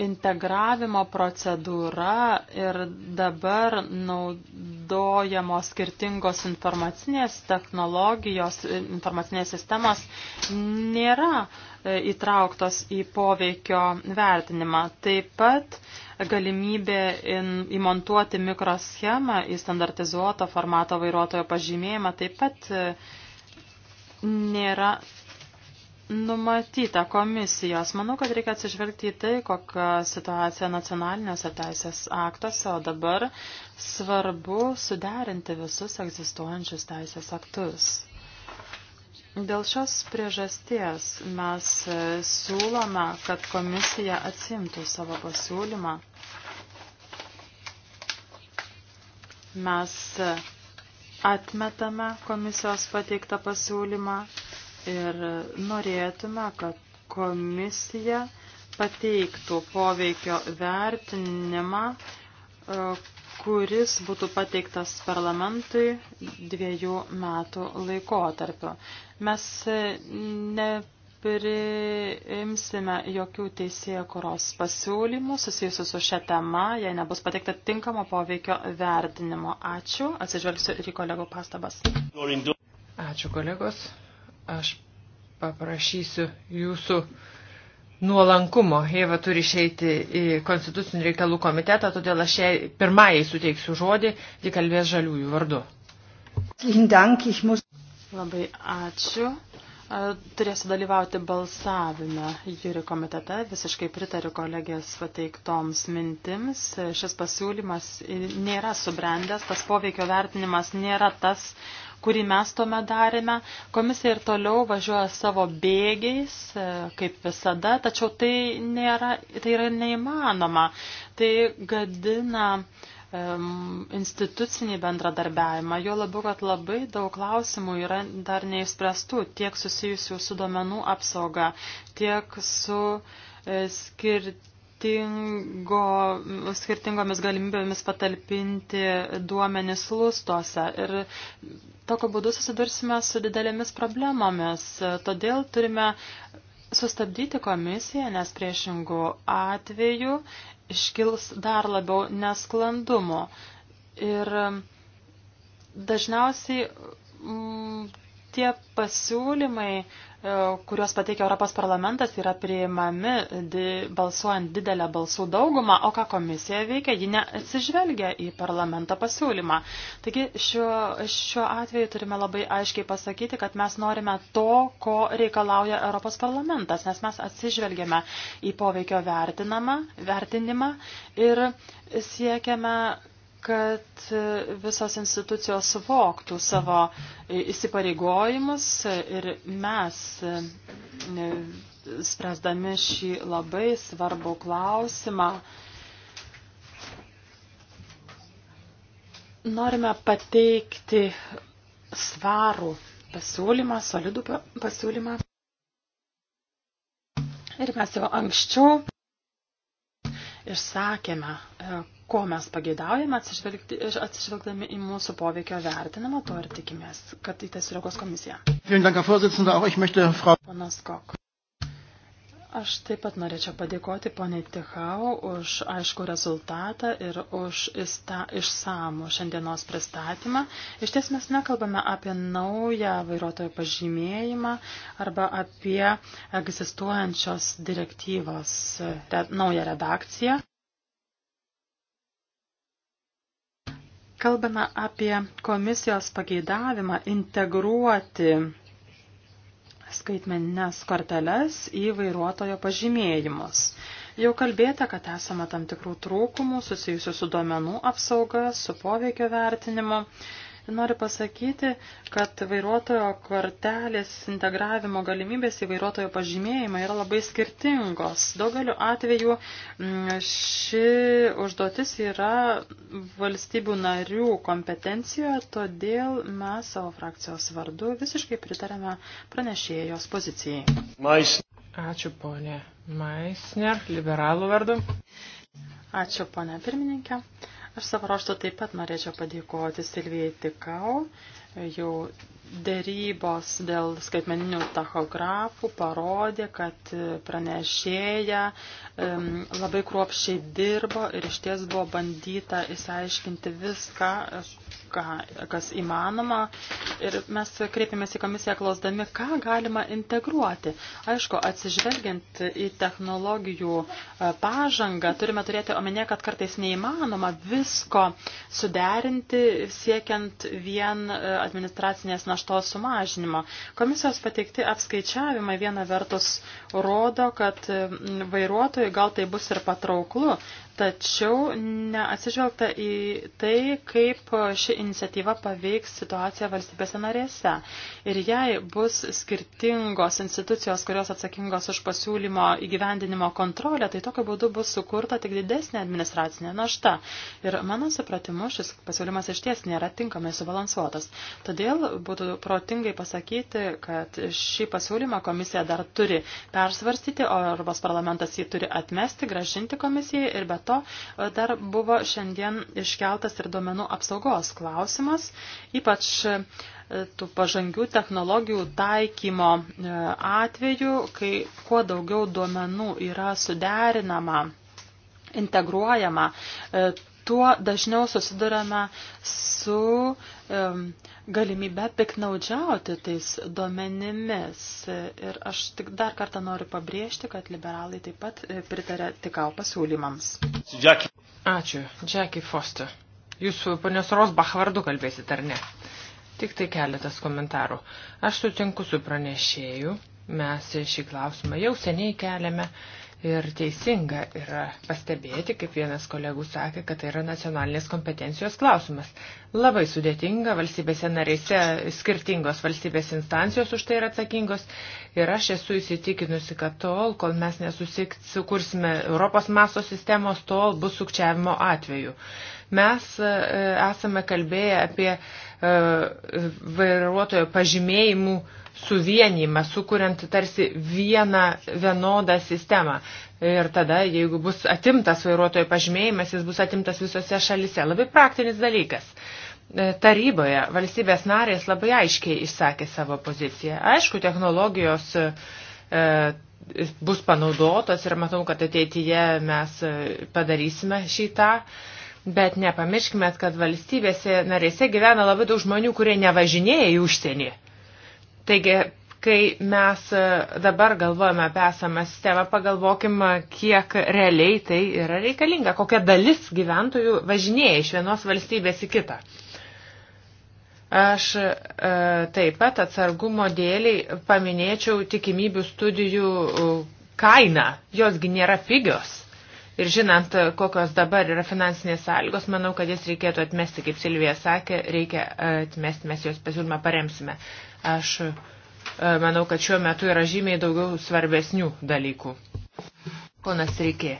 integravimo procedūra ir dabar naudojamos skirtingos informacinės technologijos, informacinės sistemos nėra e, įtrauktos į poveikio vertinimą. Taip pat galimybė įmontuoti mikroschemą į standartizuoto formato vairuotojo pažymėjimą taip pat e, nėra numatyta komisijos. Manau, kad reikia atsižvelgti į tai, kokia situacija nacionaliniuose teisės aktuose, o dabar svarbu suderinti visus egzistuojančius teisės aktus. Dėl šios priežasties mes siūlome, kad komisija atsimtų savo pasiūlymą. Mes atmetame komisijos pateiktą pasiūlymą ir norėtume, kad komisija pateiktų poveikio vertinimą, e, kuris būtų pateiktas parlamentui dviejų metų laikotarpiu. Mes e, ne priimsime jokių teisėjų kuros pasiūlymų susijusių su šia tema, jei nebus pateikta tinkamo poveikio vertinimo. Ačiū, atsižvelgsiu ir į kolegų pastabas. Ačiū kolegos. Aš paprašysiu jūsų nuolankumo. Jeva turi išeiti į Konstitucinių reikalų komitetą, todėl aš jai pirmąjį suteiksiu žodį, ji kalbės žaliųjų vardu. Labai ačiū. Turėsiu dalyvauti balsavime jūri komitete. Visiškai pritariu kolegės pateiktoms mintims. Šis pasiūlymas nėra subrendęs, tas poveikio vertinimas nėra tas, kurį mes tuome darėme. Komisija ir toliau važiuoja savo bėgiais, e, kaip visada, tačiau tai, nėra, tai yra neįmanoma. Tai gadina um, institucinį bendradarbiavimą, jo labiau, kad labai daug klausimų yra dar neišspręstų, tiek susijusių su duomenų apsauga, tiek su e, skirti skirtingo, skirtingomis galimybėmis patalpinti duomenis lustose. Ir tokiu būdu susidursime su didelėmis problemomis. Todėl turime sustabdyti komisiją, nes priešingų atveju iškils dar labiau nesklandumo. Ir dažniausiai m, mm, tie pasiūlymai, E, kuriuos pateikia Europos parlamentas, yra priimami di, balsuojant didelę balsų daugumą, o ką komisija veikia, ji neatsižvelgia į parlamento pasiūlymą. Taigi šiuo, šiuo atveju turime labai aiškiai pasakyti, kad mes norime to, ko reikalauja Europos parlamentas, nes mes atsižvelgiame į poveikio vertinimą ir siekiame kad visos institucijos suvoktų savo įsipareigojimus ir mes, spręsdami šį labai svarbų klausimą, norime pateikti svarų pasiūlymą, solidų pasiūlymą. Ir mes jau anksčiau išsakėme, ko mes pageidaujame atsižvelgdami į mūsų poveikio vertinimą, to ir tikimės, kad į tai sureagos komisija. Ponas Kok. Aš taip pat norėčiau padėkoti poniai Tichau už aišku rezultatą ir už išsamų šiandienos pristatymą. Iš ties mes nekalbame apie naują vairuotojo pažymėjimą arba apie egzistuojančios direktyvos re, naują redakciją. Kalbame apie komisijos pageidavimą integruoti skaitmeninės korteles į vairuotojo pažymėjimus. Jau kalbėta, kad esame tam tikrų trūkumų susijusių su duomenų apsauga, su poveikio vertinimu. Noriu pasakyti, kad vairuotojo kortelės integravimo galimybės į vairuotojo pažymėjimą yra labai skirtingos. Daugeliu atveju mm, ši užduotis yra valstybių narių kompetencijoje, todėl mes savo frakcijos vardu visiškai pritarėme pranešėjos pozicijai. Mais. Ačiū ponė Maisner, liberalų vardu. Ačiū ponė pirmininkė. Aš savo ruoštų taip pat norėčiau padėkoti Silvijai Tikau Jau dėrybos dėl skaitmeninių tachografų parodė, kad pranešėja labai kruopščiai dirbo ir iš ties buvo bandyta įsiaiškinti viską, ką, kas įmanoma. Ir mes kreipėmės į komisiją klausdami, ką galima integruoti. Aišku, atsižvelgiant į technologijų e, pažangą, turime turėti omenyje, kad kartais neįmanoma visko suderinti siekiant vien e, administracinės naštos sumažinimo. Komisijos pateikti apskaičiavimai viena vertus rodo, kad vairuotojai gal tai bus ir patrauklu, tačiau neatsižvelgta į tai, kaip ši iniciatyva paveiks situaciją valstybėse narėse. Ir jei bus skirtingos institucijos, kurios atsakingos už pasiūlymo įgyvendinimo kontrolę, tai tokiu būdu bus sukurta tik didesnė administracinė našta. Ir mano supratimu, šis pasiūlymas iš ties nėra tinkamai subalansuotas. Todėl būtų protingai pasakyti, kad šį pasiūlymą komisija dar turi persvarstyti, o Europos parlamentas jį turi atmesti, gražinti komisijai ir bet komiteto e, dar buvo šiandien iškeltas ir duomenų apsaugos klausimas, ypač e, tų pažangių technologijų taikymo e, atveju, kai kuo daugiau duomenų yra suderinama, integruojama, tuo dažniau susidurame su galimybę piknaudžiauti tais duomenimis. Ir aš tik dar kartą noriu pabrėžti, kad liberalai taip pat e, pritarė tikau pasiūlymams. Jackie. Ačiū, Jackie Foster. Jūs ponios Rosbach vardu kalbėsite, ar ne? Tik tai keletas komentarų. Aš sutinku su pranešėju, mes šį klausimą jau seniai keliame Ir teisinga yra pastebėti, kaip vienas kolegų sakė, kad tai yra nacionalinės kompetencijos klausimas. Labai sudėtinga, valstybėse narėse skirtingos valstybės instancijos už tai yra atsakingos. Ir aš esu įsitikinusi, kad tol, kol mes nesusikursime Europos maso sistemos, tol bus sukčiavimo atveju. Mes e, esame kalbėję apie e, vairuotojo pažymėjimų suvienimą, sukuriant tarsi vieną vienodą sistemą. Ir tada, jeigu bus atimtas vairuotojo pažymėjimas, jis bus atimtas visose šalise. Labai praktinis dalykas. E, taryboje valstybės narės labai aiškiai išsakė savo poziciją. Aišku, technologijos e, bus panaudotos ir matau, kad ateityje mes e, padarysime šitą. Bet nepamirškime, kad valstybėse narėse gyvena labai daug žmonių, kurie nevažinėja į užsienį. E, Taigi, kai mes e, dabar galvojame apie esamą sistemą, pagalvokim, e, kiek realiai tai yra reikalinga, kokia dalis gyventojų važinėja iš vienos valstybės į kitą. Aš e, taip pat atsargumo dėliai paminėčiau tikimybių studijų e, kainą, josgi nėra pigios. Ir žinant, kokios dabar yra finansinės sąlygos, manau, kad jas reikėtų atmesti, kaip Silvija sakė, reikia atmesti, mes jos pasiūlymą paremsime. Aš e, manau, kad šiuo metu yra žymiai daugiau svarbesnių dalykų. Ponas Reikė,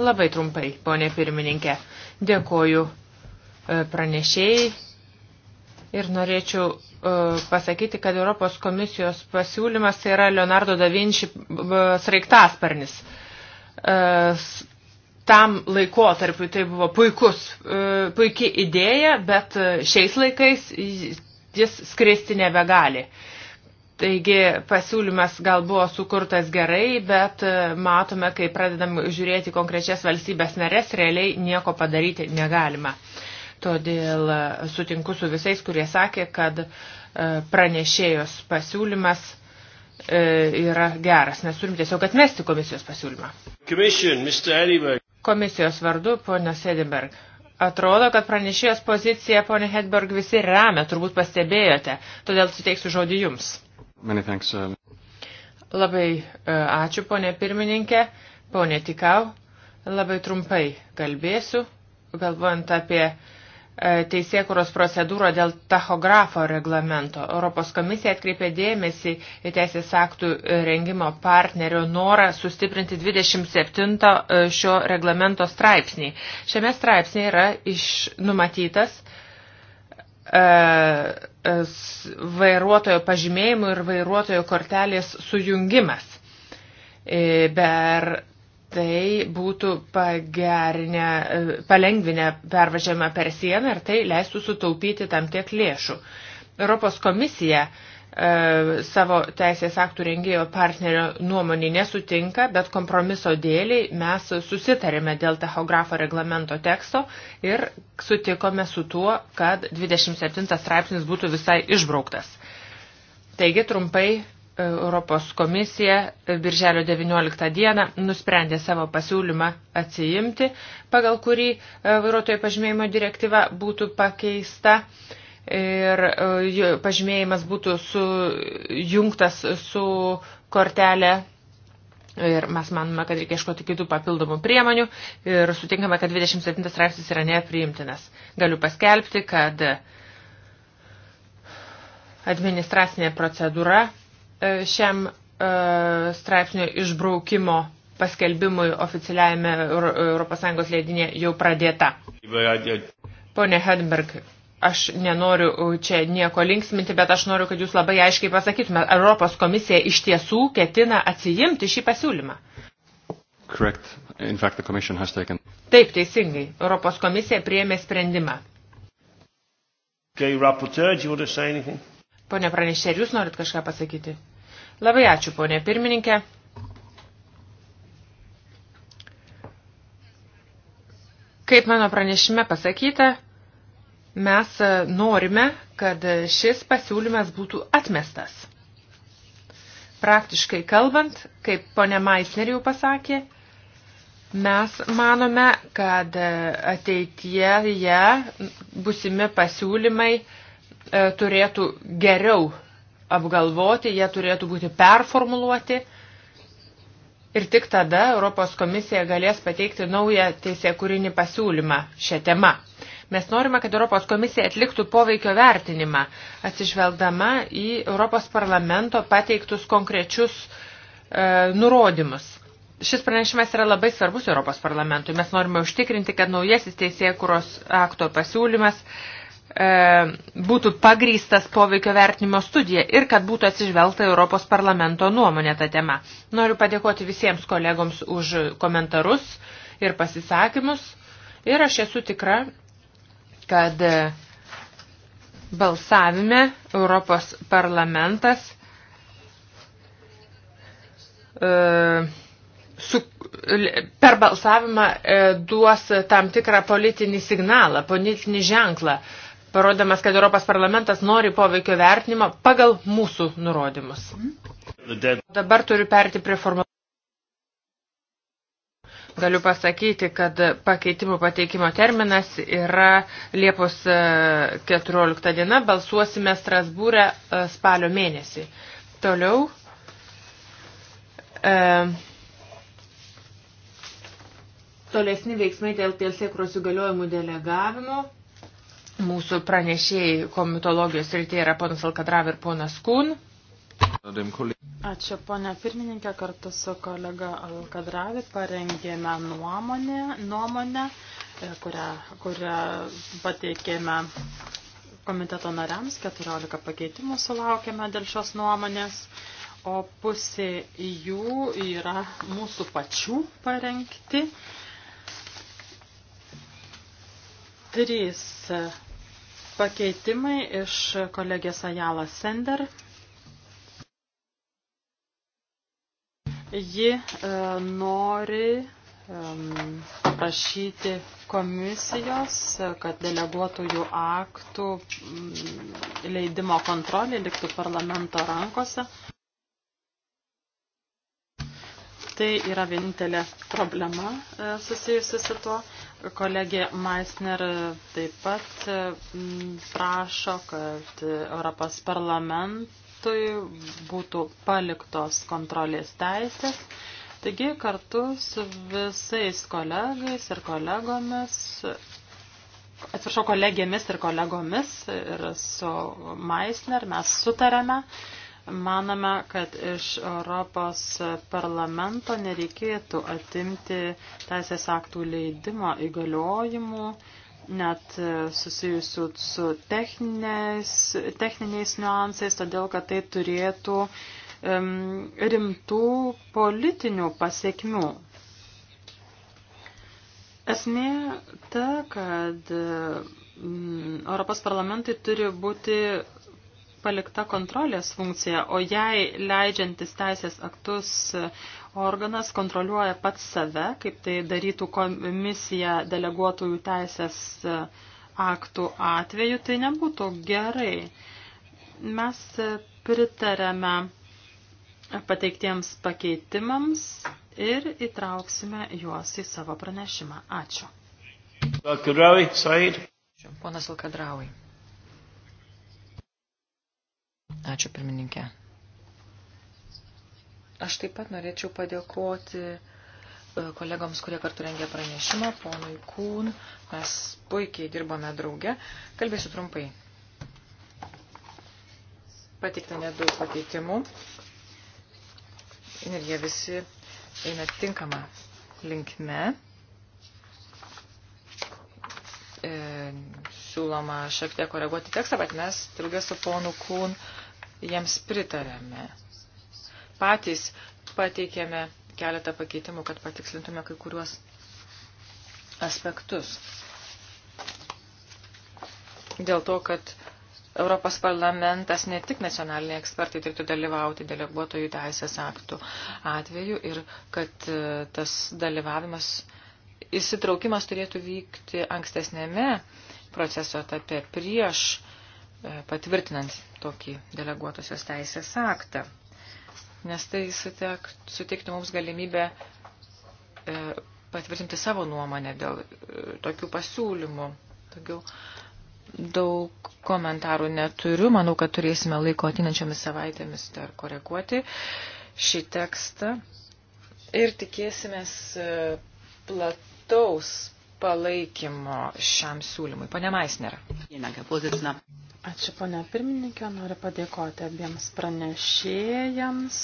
labai trumpai, ponė pirmininkė, dėkoju e, pranešėjai ir norėčiau e, pasakyti, kad Europos komisijos pasiūlymas tai yra Leonardo da Vinci sraigtasparnis tam laikotarpiu tai buvo puikus, e, puikiai idėja, bet e, šiais laikais jis skristi nebegali. Taigi pasiūlymas gal buvo sukurtas gerai, bet e, matome, kai pradedam žiūrėti konkrečias valstybės narės, realiai nieko padaryti negalima. Todėl sutinku su visais, kurie sakė, kad pranešėjos pasiūlymas yra geras, nes turim tiesiog atmesti komisijos pasiūlymą. Komisijos vardu, ponė Sediberg. Atrodo, kad pranešėjos poziciją, ponė Hedberg, visi remia, turbūt pastebėjote, todėl suteiksiu žodį jums. Many thanks, um... Labai e, ačiū, ponė pirmininkė, ponė Tikau. Labai trumpai kalbėsiu, galvojant apie uh, E, teisėkuros procedūrą dėl tachografo reglamento. Europos komisija atkreipė dėmesį į teisės aktų rengimo partnerio norą sustiprinti 27 e, šio reglamento straipsnį. Šiame straipsnėje yra iš numatytas e, vairuotojo pažymėjimų ir vairuotojo kortelės sujungimas. Per tai būtų pagerinę, palengvinę pervažiavimą per sieną ir tai leistų sutaupyti tam tiek lėšų. Europos komisija e, savo teisės aktų rengėjo partnerio nuomonį nesutinka, bet kompromiso dėliai mes susitarėme dėl tachografo reglamento teksto ir sutikome su tuo, kad 27 straipsnis būtų visai išbrauktas. Taigi trumpai Europos komisija birželio 19 dieną nusprendė savo pasiūlymą atsiimti, pagal kurį e, vairuotojo pažymėjimo direktyva būtų pakeista ir e, pažymėjimas būtų sujungtas su kortelė Ir mes manome, kad reikia iškoti kitų papildomų priemonių ir sutinkame, kad 27 straipsnis yra nepriimtinas. Galiu paskelbti, kad administracinė procedūra E, šiam e, straipsnio išbraukimo paskelbimui oficialiajame ES leidinė jau pradėta. Pone Hedberg, aš nenoriu e, čia nieko linksminti, bet aš noriu, kad jūs labai aiškiai pasakytumėte, ar Europos komisija iš tiesų ketina atsijimti šį pasiūlymą. Correct. In fact, the commission has taken... Taip, teisingai. Europos komisija priėmė sprendimą. Okay, rapporteur, do you want to say anything? Pone pranešė, jūs norit kažką pasakyti? Labai ačiū, ponė pirmininkė. Kaip mano pranešime pasakyta, mes norime, kad šis pasiūlymas būtų atmestas. Praktiškai kalbant, kaip ponia Maisner jau pasakė, mes manome, kad ateityje busimi pasiūlymai e, turėtų geriau apgalvoti, jie turėtų būti performuluoti ir tik tada Europos komisija galės pateikti naują teisėkūrinį pasiūlymą šią temą. Mes norime, kad Europos komisija atliktų poveikio vertinimą, atsižvelgdama į Europos parlamento pateiktus konkrečius e, nurodymus. Šis pranešimas yra labai svarbus Europos parlamentui. Mes norime užtikrinti, kad naujasis teisėkuros akto pasiūlymas e, E, būtų pagrystas poveikio vertinimo studija ir kad būtų atsižvelgta Europos parlamento nuomonė tą temą. Noriu padėkoti visiems kolegoms už komentarus ir pasisakymus ir aš esu tikra, kad balsavime Europos parlamentas e, su, per balsavimą e, duos tam tikrą politinį signalą, politinį ženklą parodamas, kad Europos parlamentas nori poveikio vertinimo pagal mūsų nurodymus. Dabar turiu perti prie formalų. Galiu pasakyti, kad pakeitimų pateikimo terminas yra Liepos 14 e, diena, balsuosime Strasbūrę e, spalio mėnesį. Toliau. E, tolesni veiksmai dėl tiesiekros įgaliojimų delegavimo. Mūsų pranešėjai komitologijos rytėje yra ponas Alkadrav ir ponas Kun. Ačiū, ponia pirmininkė, kartu su kolega Alkadravi parengėme nuomonę, nuomonę e, kurią, kurią pateikėme komiteto nariams, 14 pakeitimų sulaukėme dėl šios nuomonės, o pusė jų yra mūsų pačių parengti. Trys Pakeitimai iš kolegės Ajala Sender. Ji e, nori paprašyti komisijos, e, kad deleguotųjų aktų mm, leidimo kontrolė liktų parlamento rankose. Tai yra vienintelė problema e, susijusi su tuo. Kolegė Maisner taip pat mm, prašo, kad Europos parlamentui būtų paliktos kontrolės teisės. Taigi kartu su visais kolegais ir kolegomis, atsiprašau, kolegėmis ir kolegomis ir su Maisner mes sutarėme, Maname, kad iš Europos parlamento nereikėtų atimti teisės aktų leidimo įgaliojimų, net susijusių su techniniais, techniniais niuansais, todėl kad tai turėtų um, rimtų politinių pasiekmių. Esmė ta, kad mm, Europos parlamentai turi būti palikta kontrolės funkcija, o jei leidžiantis teisės aktus organas kontroliuoja pats save, kaip tai darytų komisija deleguotojų teisės aktų atveju, tai nebūtų gerai. Mes pritarėme pateiktiems pakeitimams ir įtrauksime juos į savo pranešimą. Ačiū. Ponas Alkadraui. Ačiū pirmininkė. Aš taip pat norėčiau padėkoti e, kolegoms, kurie kartu rengė pranešimą, ponui Kūn. Mes puikiai dirbame drauge. Kalbėsiu trumpai. Pateikta nedaug pakeitimų. Ir jie visi eina tinkama linkme. E, siūloma šiek tiek koreguoti tekstą, bet mes ilgai su ponu Kūn. E, jiems pritarėme. Patys pateikėme keletą pakeitimų, kad patikslintume kai kuriuos aspektus. Dėl to, kad Europos parlamentas ne tik nacionaliniai ekspertai turėtų dalyvauti deleguotojų teisės aktų atveju ir kad e, tas dalyvavimas, įsitraukimas turėtų vykti ankstesnėme proceso etape prieš E, patvirtinant tokį deleguotosios teisės aktą, nes tai suteiktų mums galimybę e, patvirtinti savo nuomonę dėl e, tokių pasiūlymų. Daugiau daug komentarų neturiu, manau, kad turėsime laiko atinančiomis savaitėmis dar koreguoti šį tekstą ir tikėsimės plataus palaikymo šiam siūlymui. Pane Maisner. Ačiū, ponia pirmininkė, noriu padėkoti abiems pranešėjams,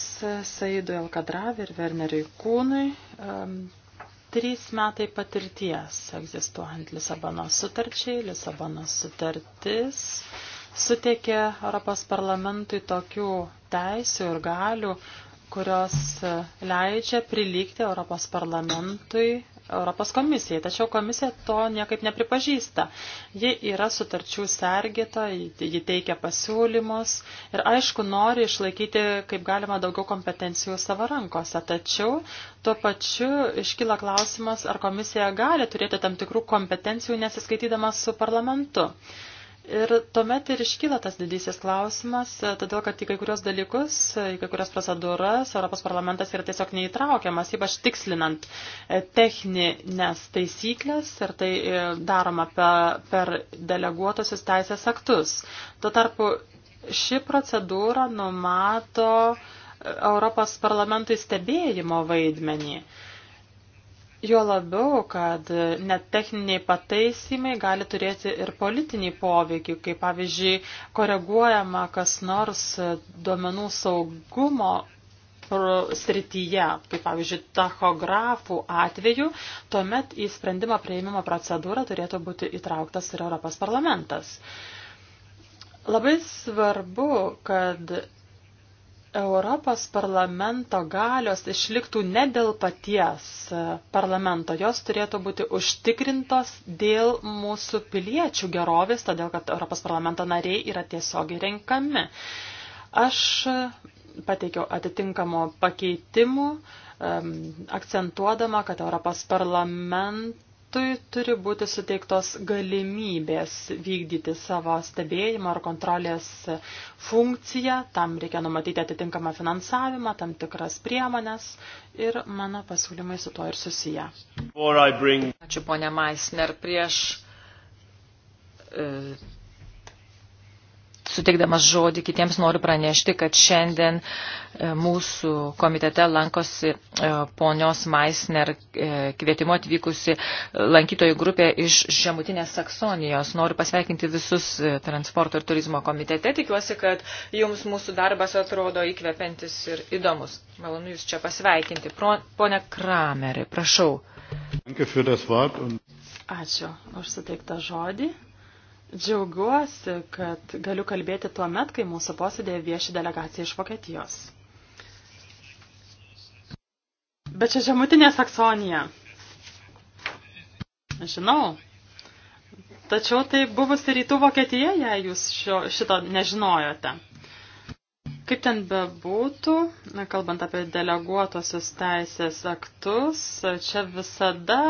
Saidui Alkadravi ir Werneriui Kūnui. Um, trys metai patirties egzistuojant Lisabonos sutarčiai, Lisabonos sutartis suteikė Europos parlamentui tokių teisių ir galių, kurios leidžia prilygti Europos parlamentui Europos komisijai, tačiau komisija to niekaip nepripažįsta. Ji yra sutarčių sergita, ji teikia pasiūlymus ir aišku nori išlaikyti kaip galima daugiau kompetencijų savo rankose, tačiau tuo pačiu iškyla klausimas, ar komisija gali turėti tam tikrų kompetencijų nesiskaitydama su parlamentu. Ir tuomet ir iškyla tas didysis klausimas, e, todėl kad į kai kurios dalykus, į kai kurias procedūras Europos parlamentas yra tiesiog neįtraukiamas, ypač tikslinant e, techninės taisyklės ir tai e, daroma per, per deleguotosius teisės aktus. Tuo tarpu ši procedūra numato Europos parlamentui stebėjimo vaidmenį. Uh, Jo labiau, kad net techniniai pataisimai gali turėti ir politinį poveikį, kaip pavyzdžiui, koreguojama kas nors duomenų saugumo srityje, kaip pavyzdžiui, tachografų atveju, tuomet į sprendimo prieimimo procedūrą turėtų būti įtrauktas ir Europos parlamentas. Labai svarbu, kad Europos parlamento galios išliktų ne dėl paties e, parlamento, jos turėtų būti užtikrintos dėl mūsų piliečių gerovės, todėl kad Europos parlamento nariai yra tiesiogiai renkami. Aš e, pateikiau atitinkamo pakeitimų, akcentuodama, kad Europos parlamento parlamentui turi būti suteiktos galimybės vykdyti savo stebėjimo ar kontrolės funkciją, tam reikia numatyti atitinkamą finansavimą, tam tikras priemonės ir mano pasiūlymai su to ir susiję. Bring... Ačiū ponia Maisner, prieš e, suteikdamas žodį kitiems noriu pranešti, kad šiandien e, mūsų komitete lankosi e, ponios Maisner e, kvietimu atvykusi lankytojų grupė iš Žemutinės Saksonijos. Noriu pasveikinti visus transporto ir turizmo komitete. Tikiuosi, kad jums mūsų darbas atrodo įkvepiantis ir įdomus. Malonu jūs čia pasveikinti. Pone Krameri, prašau. Ačiū už suteiktą žodį. Džiaugiuosi, kad galiu kalbėti tuo met, kai mūsų posėdėje vieši delegacija iš Vokietijos. Bet čia žemutinė Saksonija. Žinau. Tačiau tai buvusi rytų Vokietija, jei jūs šio, šito nežinojote. Kaip ten bebūtų, kalbant apie deleguotosius teisės aktus, čia visada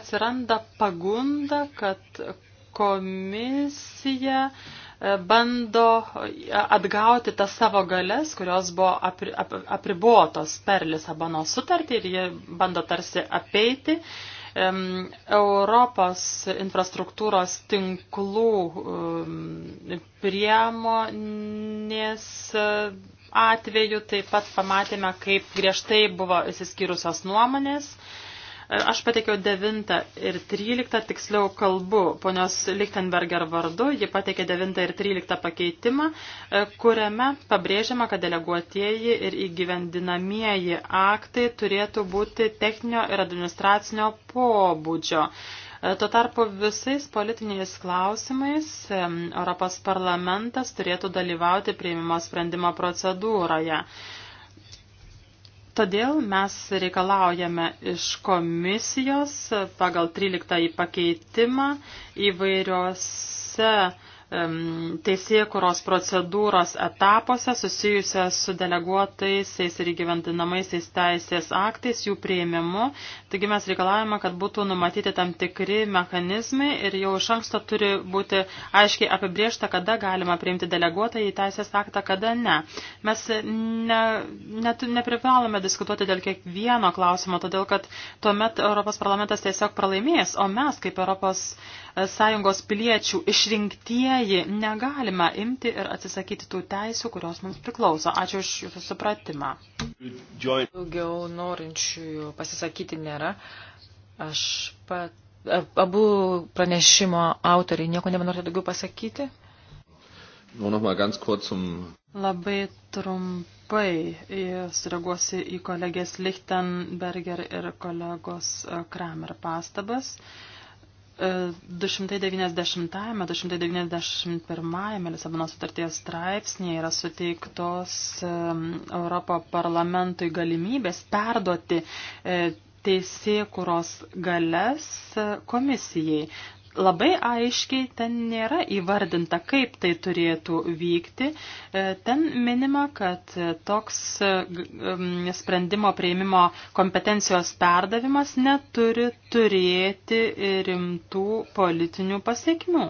atsiranda pagunda, kad komisija e, bando atgauti tas savo galės, kurios buvo apri, ap, apribuotos per Lisabono sutartį ir jie bando tarsi apeiti. Europos infrastruktūros tinklų priemonės atveju taip pat pamatėme, kaip griežtai buvo įsiskyrusios nuomonės. Aš pateikiau 9 ir 13, tiksliau kalbu ponios Lichtenberger vardu, ji pateikė 9 ir 13 pakeitimą, e, kuriame pabrėžiama, kad deleguotieji ir įgyvendinamieji aktai turėtų būti techninio ir administracinio pobūdžio. E, tuo tarpu visais politiniais klausimais e, Europos parlamentas turėtų dalyvauti prieimimo sprendimo procedūroje. Todėl mes reikalaujame iš komisijos pagal 13 pakeitimą įvairiose teisėkuros procedūros etapuose susijusias su deleguotaisiais ir įgyvendinamaisiais teisės aktais, jų prieimimu. Taigi mes reikalavome, kad būtų numatyti tam tikri mechanizmai ir jau iš anksto turi būti aiškiai apibriešta, kada galima priimti deleguotą į teisės aktą, kada ne. Mes ne, net, neprivalome diskutuoti dėl kiekvieno klausimo, todėl kad tuomet Europos parlamentas tiesiog pralaimės, o mes kaip Europos sąjungos piliečių išrinktieji negalime imti ir atsisakyti tų teisių, kurios mums priklauso. Ačiū už jūsų supratimą. Daugiau norinčiųjų pasisakyti nėra. Aš pat, abu pranešimo autoriai nieko nebenorite daugiau pasakyti. Labai trumpai sureaguosi į kolegės Lichtenberger ir kolegos Kramer pastabas. Uh, 290-291 Lisabono sutarties straipsnėje yra suteiktos Europo parlamentui galimybės perduoti e, teisėkuros galias e, komisijai labai aiškiai ten nėra įvardinta, kaip tai turėtų vykti. E, ten minima, kad e, toks e, sprendimo prieimimo kompetencijos perdavimas neturi turėti rimtų politinių pasiekmių.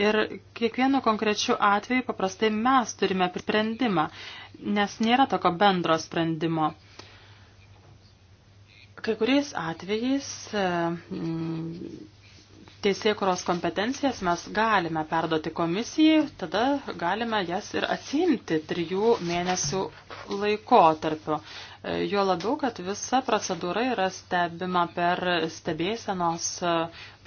Ir kiekvienu konkrečiu atveju paprastai mes turime sprendimą, nes nėra tokio bendro sprendimo. Kai kuriais atvejais teisėkuros kompetencijas mes galime perduoti komisijai, tada galime jas ir atsimti trijų mėnesių laikotarpiu. E, jo labiau, kad visa procedūra yra stebima per stebėsenos e,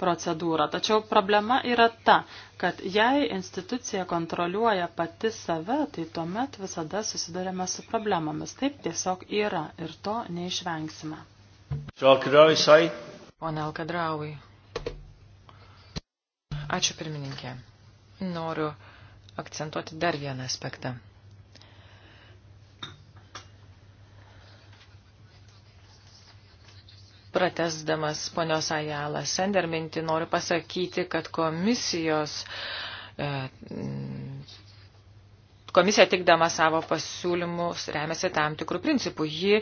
procedūrą. Tačiau problema yra ta, kad jei institucija kontroliuoja pati save, tai tuomet visada susidurėme su problemomis. Taip tiesiog yra ir to neišvengsime. Pone Alkadraui, Ačiū pirmininkė. Noriu akcentuoti dar vieną aspektą. Pratesdamas ponios Ajalą Sender mintį, noriu pasakyti, kad komisijos e, Komisija tikdama savo pasiūlymus remiasi tam tikrų principų. Ji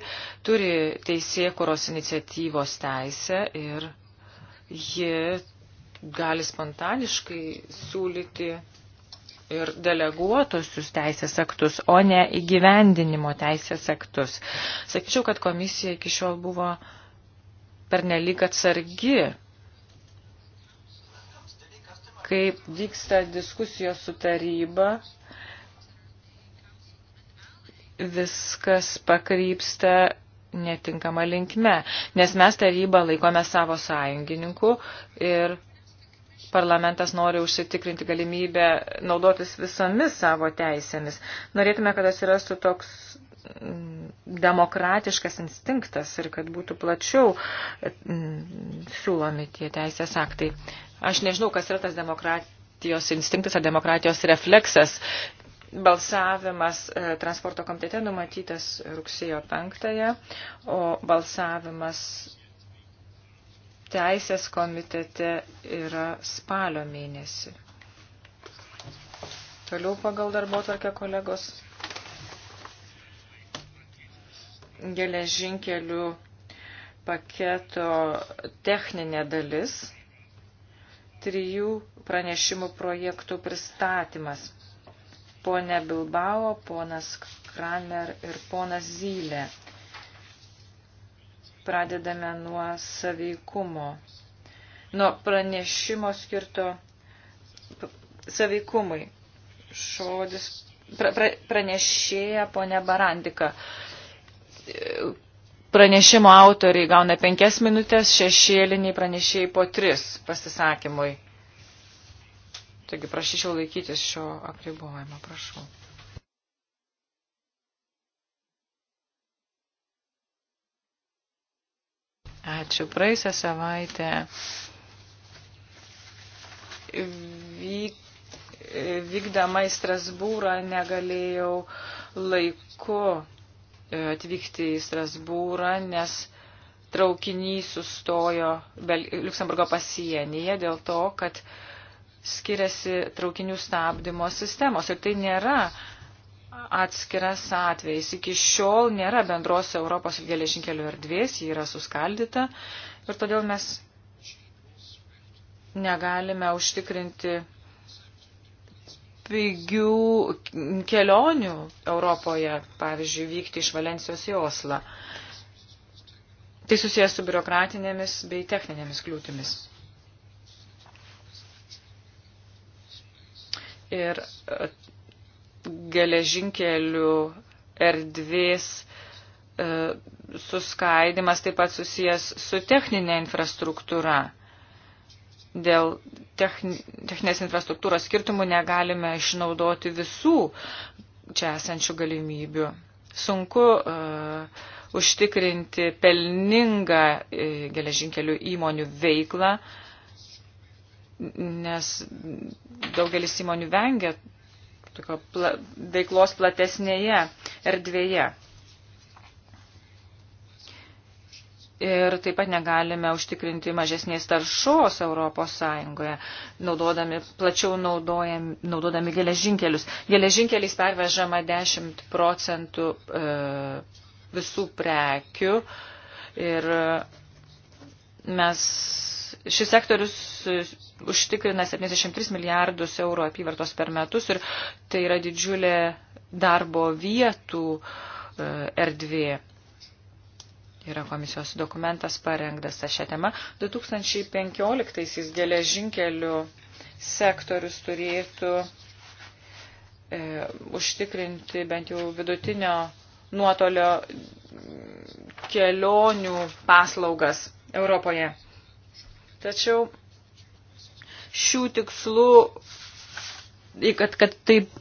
turi teisėkuros iniciatyvos teisę ir ji gali spontaniškai siūlyti ir deleguotosius teisės aktus, o ne įgyvendinimo teisės aktus. Sakyčiau, kad komisija iki šiol buvo pernelyg atsargi, kaip vyksta diskusijos su taryba, viskas pakrypsta netinkama linkme, nes mes tarybą laikome savo sąjungininku ir parlamentas nori užsitikrinti galimybę naudotis visomis savo teisėmis. Norėtume, kad atsirastų toks mm, demokratiškas instinktas ir kad būtų plačiau mm, siūlomi tie teisės aktai. Aš nežinau, kas yra tas demokratijos instinktas ar demokratijos refleksas. Balsavimas e, transporto komitete numatytas rugsėjo 5, o balsavimas teisės komitete yra spalio mėnesį. Toliau pagal darbo tvarkę kolegos geležinkelių paketo techninė dalis, trijų pranešimų projektų pristatymas. Pone Bilbao, ponas Kramer ir ponas Zylė. Pradedame nuo saveikumo, nuo pranešimo skirto saveikumui. Šodis pra, pra, pranešėja ponia Barandika. Pranešimo autoriai gauna penkias minutės, šešėliniai pranešėjai po tris pasisakymui. Taigi prašyčiau laikytis šio apribojimo, prašau. Ačiū. Praėjusią savaitę vyk, vykdama į Strasbūrą negalėjau laiku e, atvykti į Strasbūrą, nes traukinys sustojo Bel Luxemburgo pasienyje dėl to, kad skiriasi traukinių stabdymo sistemos. Ir tai nėra atskiras atvejis. Iki šiol nėra bendros Europos geležinkelių erdvės, ji yra suskaldyta ir todėl mes negalime užtikrinti pigių kelionių Europoje, pavyzdžiui, vykti iš Valencijos į Oslą. Tai susijęs su biurokratinėmis bei techninėmis kliūtimis. Ir geležinkelių erdvės e, suskaidimas taip pat susijęs su techninė infrastruktūra. Dėl techn, techninės infrastruktūros skirtumų negalime išnaudoti visų čia esančių galimybių. Sunku uh, e, užtikrinti pelningą uh, geležinkelių įmonių veiklą, nes daugelis įmonių vengia tokio pla, veiklos platesnėje erdvėje. Ir taip pat negalime užtikrinti mažesnės taršos Europos Sąjungoje, naudodami, plačiau naudojam, naudodami geležinkelius. Geležinkeliais pervežama 10 procentų e, visų prekių ir mes šis sektorius užtikrina 73 milijardus eurų apyvartos per metus ir tai yra didžiulė darbo vietų e, erdvė. Yra komisijos dokumentas parengtas šią temą. 2015-aisiais geležinkelių sektorius turėtų e, užtikrinti bent jau vidutinio nuotolio kelionių paslaugas Europoje. Tačiau šių tikslų, kad, kad taip,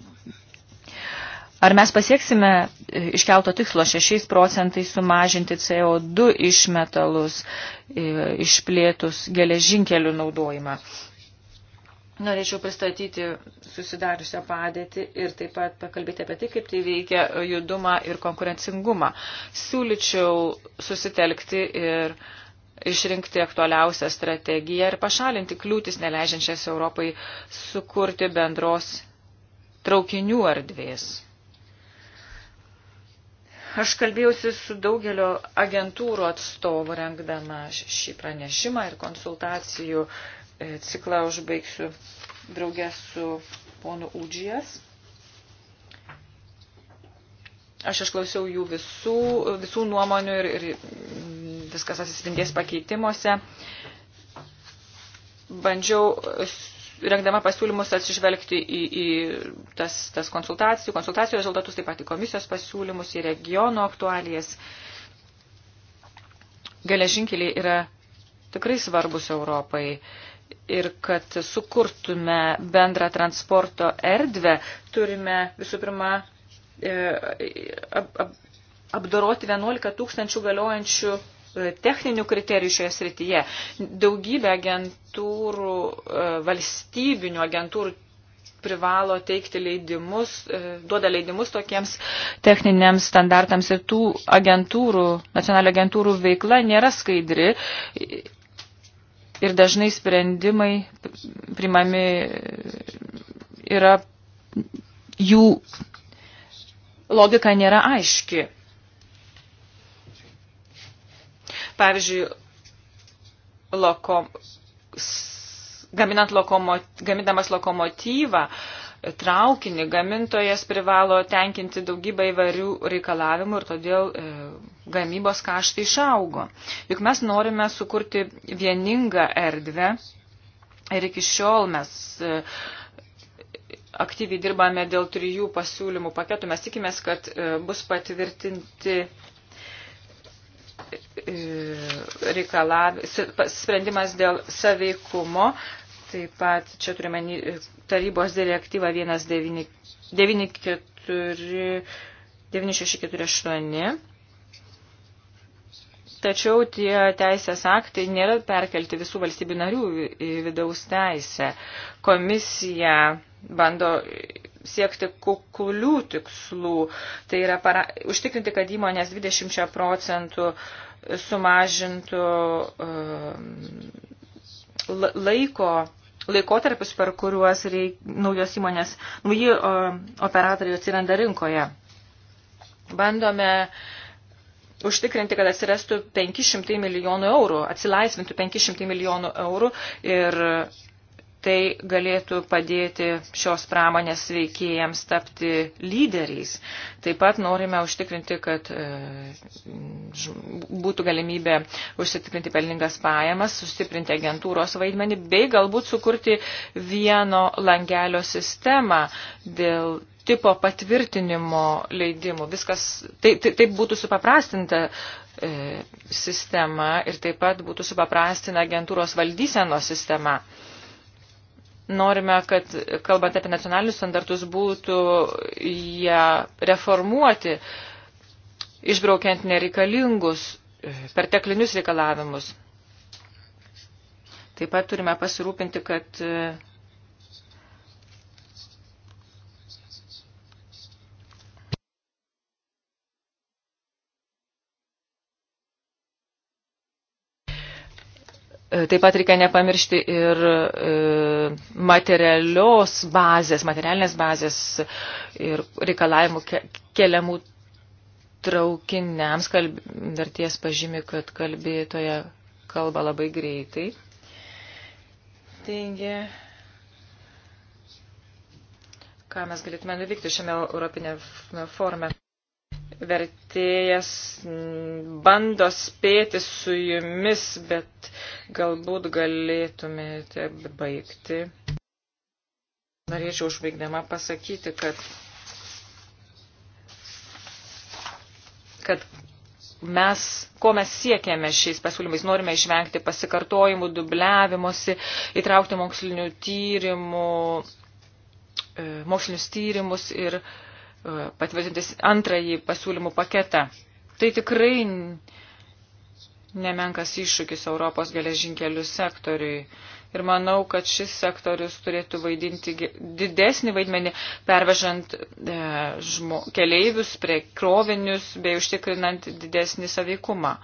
ar mes pasieksime e, iškelto tikslo 6 procentai sumažinti CO2 išmetalus, e, išplėtus geležinkelių naudojimą. Norėčiau pristatyti susidariusią padėtį ir taip pat pakalbėti apie tai, kaip tai veikia judumą ir konkurencingumą. Siūlyčiau susitelkti ir uh, išrinkti aktualiausią strategiją ir pašalinti kliūtis neleidžiančias Europai sukurti bendros traukinių erdvės. Aš kalbėjausi su daugelio agentūrų atstovų rengdama šį pranešimą ir konsultacijų e, ciklą užbaigsiu draugę su ponu Udžijas. Aš išklausiau jų visų, visų nuomonių ir, ir viskas atsispindės pakeitimuose. Bandžiau rengdama pasiūlymus atsižvelgti į, į tas, tas konsultacijų, konsultacijų rezultatus, taip pat į komisijos pasiūlymus, į regiono aktualijas. Geležinkeliai yra tikrai svarbus Europai ir kad sukurtume bendrą transporto erdvę, turime visų pirma E, apdoroti 11 tūkstančių galiojančių e, techninių kriterijų šioje srityje. Daugybė agentūrų, e, valstybinių agentūrų privalo teikti leidimus, duoda leidimus tokiems techniniams standartams ir tų agentūrų, nacionalinių agentūrų veikla nėra skaidri ir dažnai sprendimai primami yra jų logika nėra aiški. Pavyzdžiui, loko, gaminant lokomo, gaminamas lokomotyvą, traukinį gamintojas privalo tenkinti daugybą įvairių reikalavimų ir todėl e, gamybos kaštai išaugo. Juk mes norime sukurti vieningą erdvę ir iki šiol mes e, aktyviai dirbame dėl trijų pasiūlymų paketų. Mes tikimės, kad e, bus patvirtinti e, sprendimas dėl saveikumo. Taip pat čia turime e, tarybos direktyvą 1948. Tačiau tie teisės aktai nėra perkelti visų valstybių narių į vidaus teisę. Komisija bando siekti kuklių tikslų. Tai yra para, užtikrinti, kad įmonės 20 procentų sumažintų um, laiko, laikotarpius, per kuriuos reik, naujos įmonės, nauji um, operatoriai atsiranda rinkoje. Bandome užtikrinti, kad atsirastų 500 milijonų eurų, atsilaisvintų 500 milijonų eurų ir tai galėtų padėti šios pramonės veikėjams tapti lyderiais. Taip pat norime užtikrinti, kad e, būtų galimybė užsitikrinti pelningas pajamas, sustiprinti agentūros vaidmenį, bei galbūt sukurti vieno langelio sistemą dėl tipo patvirtinimo leidimų. Viskas taip, taip, taip būtų supaprastinta e, sistema ir taip pat būtų supaprastina agentūros valdysenos sistema. E, Norime, kad, kalbant apie nacionalinius standartus, būtų ją reformuoti, išbraukiant nereikalingus, e, perteklinius reikalavimus. Taip pat turime pasirūpinti, kad e, Taip pat reikia nepamiršti ir e, materialios bazės, materialinės bazės ir reikalavimų keliamų traukiniams. Kalb... Verties pažymi, kad kalbėtoja kalba labai greitai. Taigi, ką mes galėtume nuveikti šiame europinėme forme? vertėjas bando spėti su jumis, bet galbūt galėtumėte baigti. Norėčiau užbaigdama pasakyti, kad, kad mes, ko mes siekiame šiais pasiūlymais, norime išvengti pasikartojimų, dubliavimosi, įtraukti mokslinių tyrimų, e, mokslinius tyrimus ir uh, patvirtintis antrąjį pasiūlymų paketą. Tai tikrai nemenkas iššūkis Europos geležinkelių sektoriui. Ir manau, kad šis sektorius turėtų vaidinti didesnį vaidmenį, pervežant e, žmo, keleivius prie krovinius, bei užtikrinant didesnį saveikumą.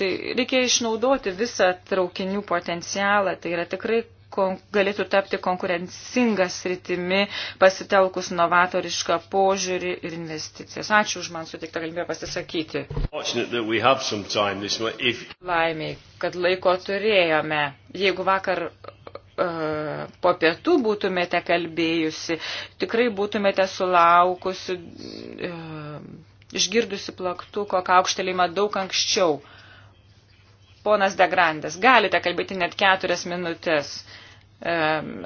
Tai reikia išnaudoti visą traukinių potencialą. Tai yra tikrai galėtų tapti konkurencingas rytimi, pasitelkus novatorišką požiūrį ir investicijas. Ačiū už man suteiktą galimybę pasisakyti. Laimiai, kad laiko turėjome. Jeigu vakar e, po pietų būtumėte kalbėjusi, tikrai būtumėte sulaukusi, e, išgirdusi plaktuko kaukštelėjimą daug anksčiau. Ponas Degrandės, galite kalbėti net keturias minutės. E,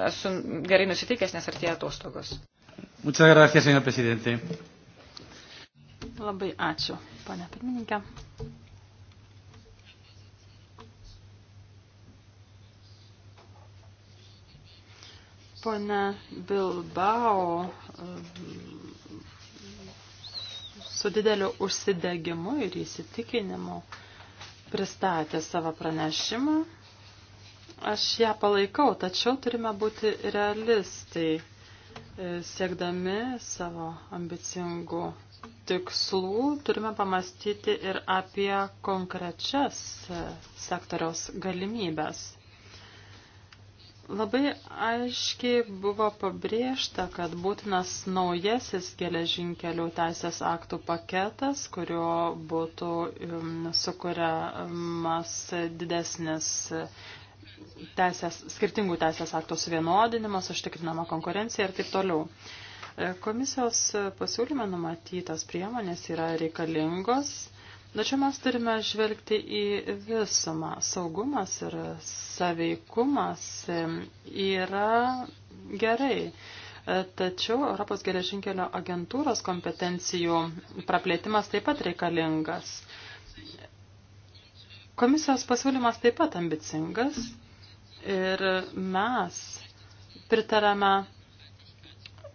esu gerai nusiteikęs, nes artėja atostogos. Muchas gracias, señor presidente. Labai ačiū, ponia pirmininkė. Pone Bilbao e, su dideliu užsidegimu ir įsitikinimu pristatė savo pranešimą. Aš ją palaikau, tačiau turime būti realistai, e, siekdami savo ambicingų tikslų turime pamastyti ir apie konkrečias e, sektoriaus galimybės. Labai aiškiai buvo pabrėžta, kad būtinas naujasis geležinkelių teisės aktų paketas, kurio būtų um, sukuriamas didesnis teisės, skirtingų teisės aktų suvienodinimas, užtikrinama konkurencija ir taip toliau. E, komisijos pasiūlyme numatytas priemonės yra reikalingos Tačiau mes turime žvelgti į visumą. Saugumas ir saveikumas yra gerai. Tačiau Europos geležinkelio agentūros kompetencijų praplėtimas taip pat reikalingas. Komisijos pasiūlymas taip pat ambicingas ir mes pritarame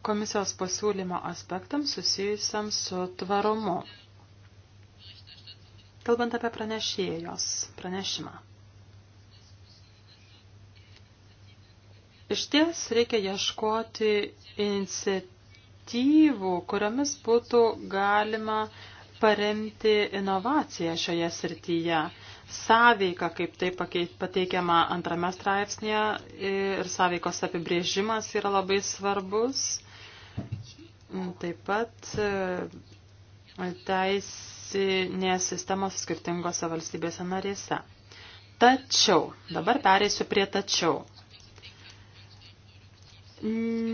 komisijos pasiūlymo aspektams susijusiam su tvarumu. Kalbant apie pranešėjos pranešimą. Iš ties reikia ieškoti iniciatyvų, kuriomis būtų galima paremti inovaciją šioje srityje. Sąveika, kaip tai pateikiama antrame straipsnėje ir sąveikos apibrėžimas yra labai svarbus. Taip pat e, teisė teisinės sistemos skirtingose valstybėse narėse. Tačiau, dabar pereisiu prie tačiau.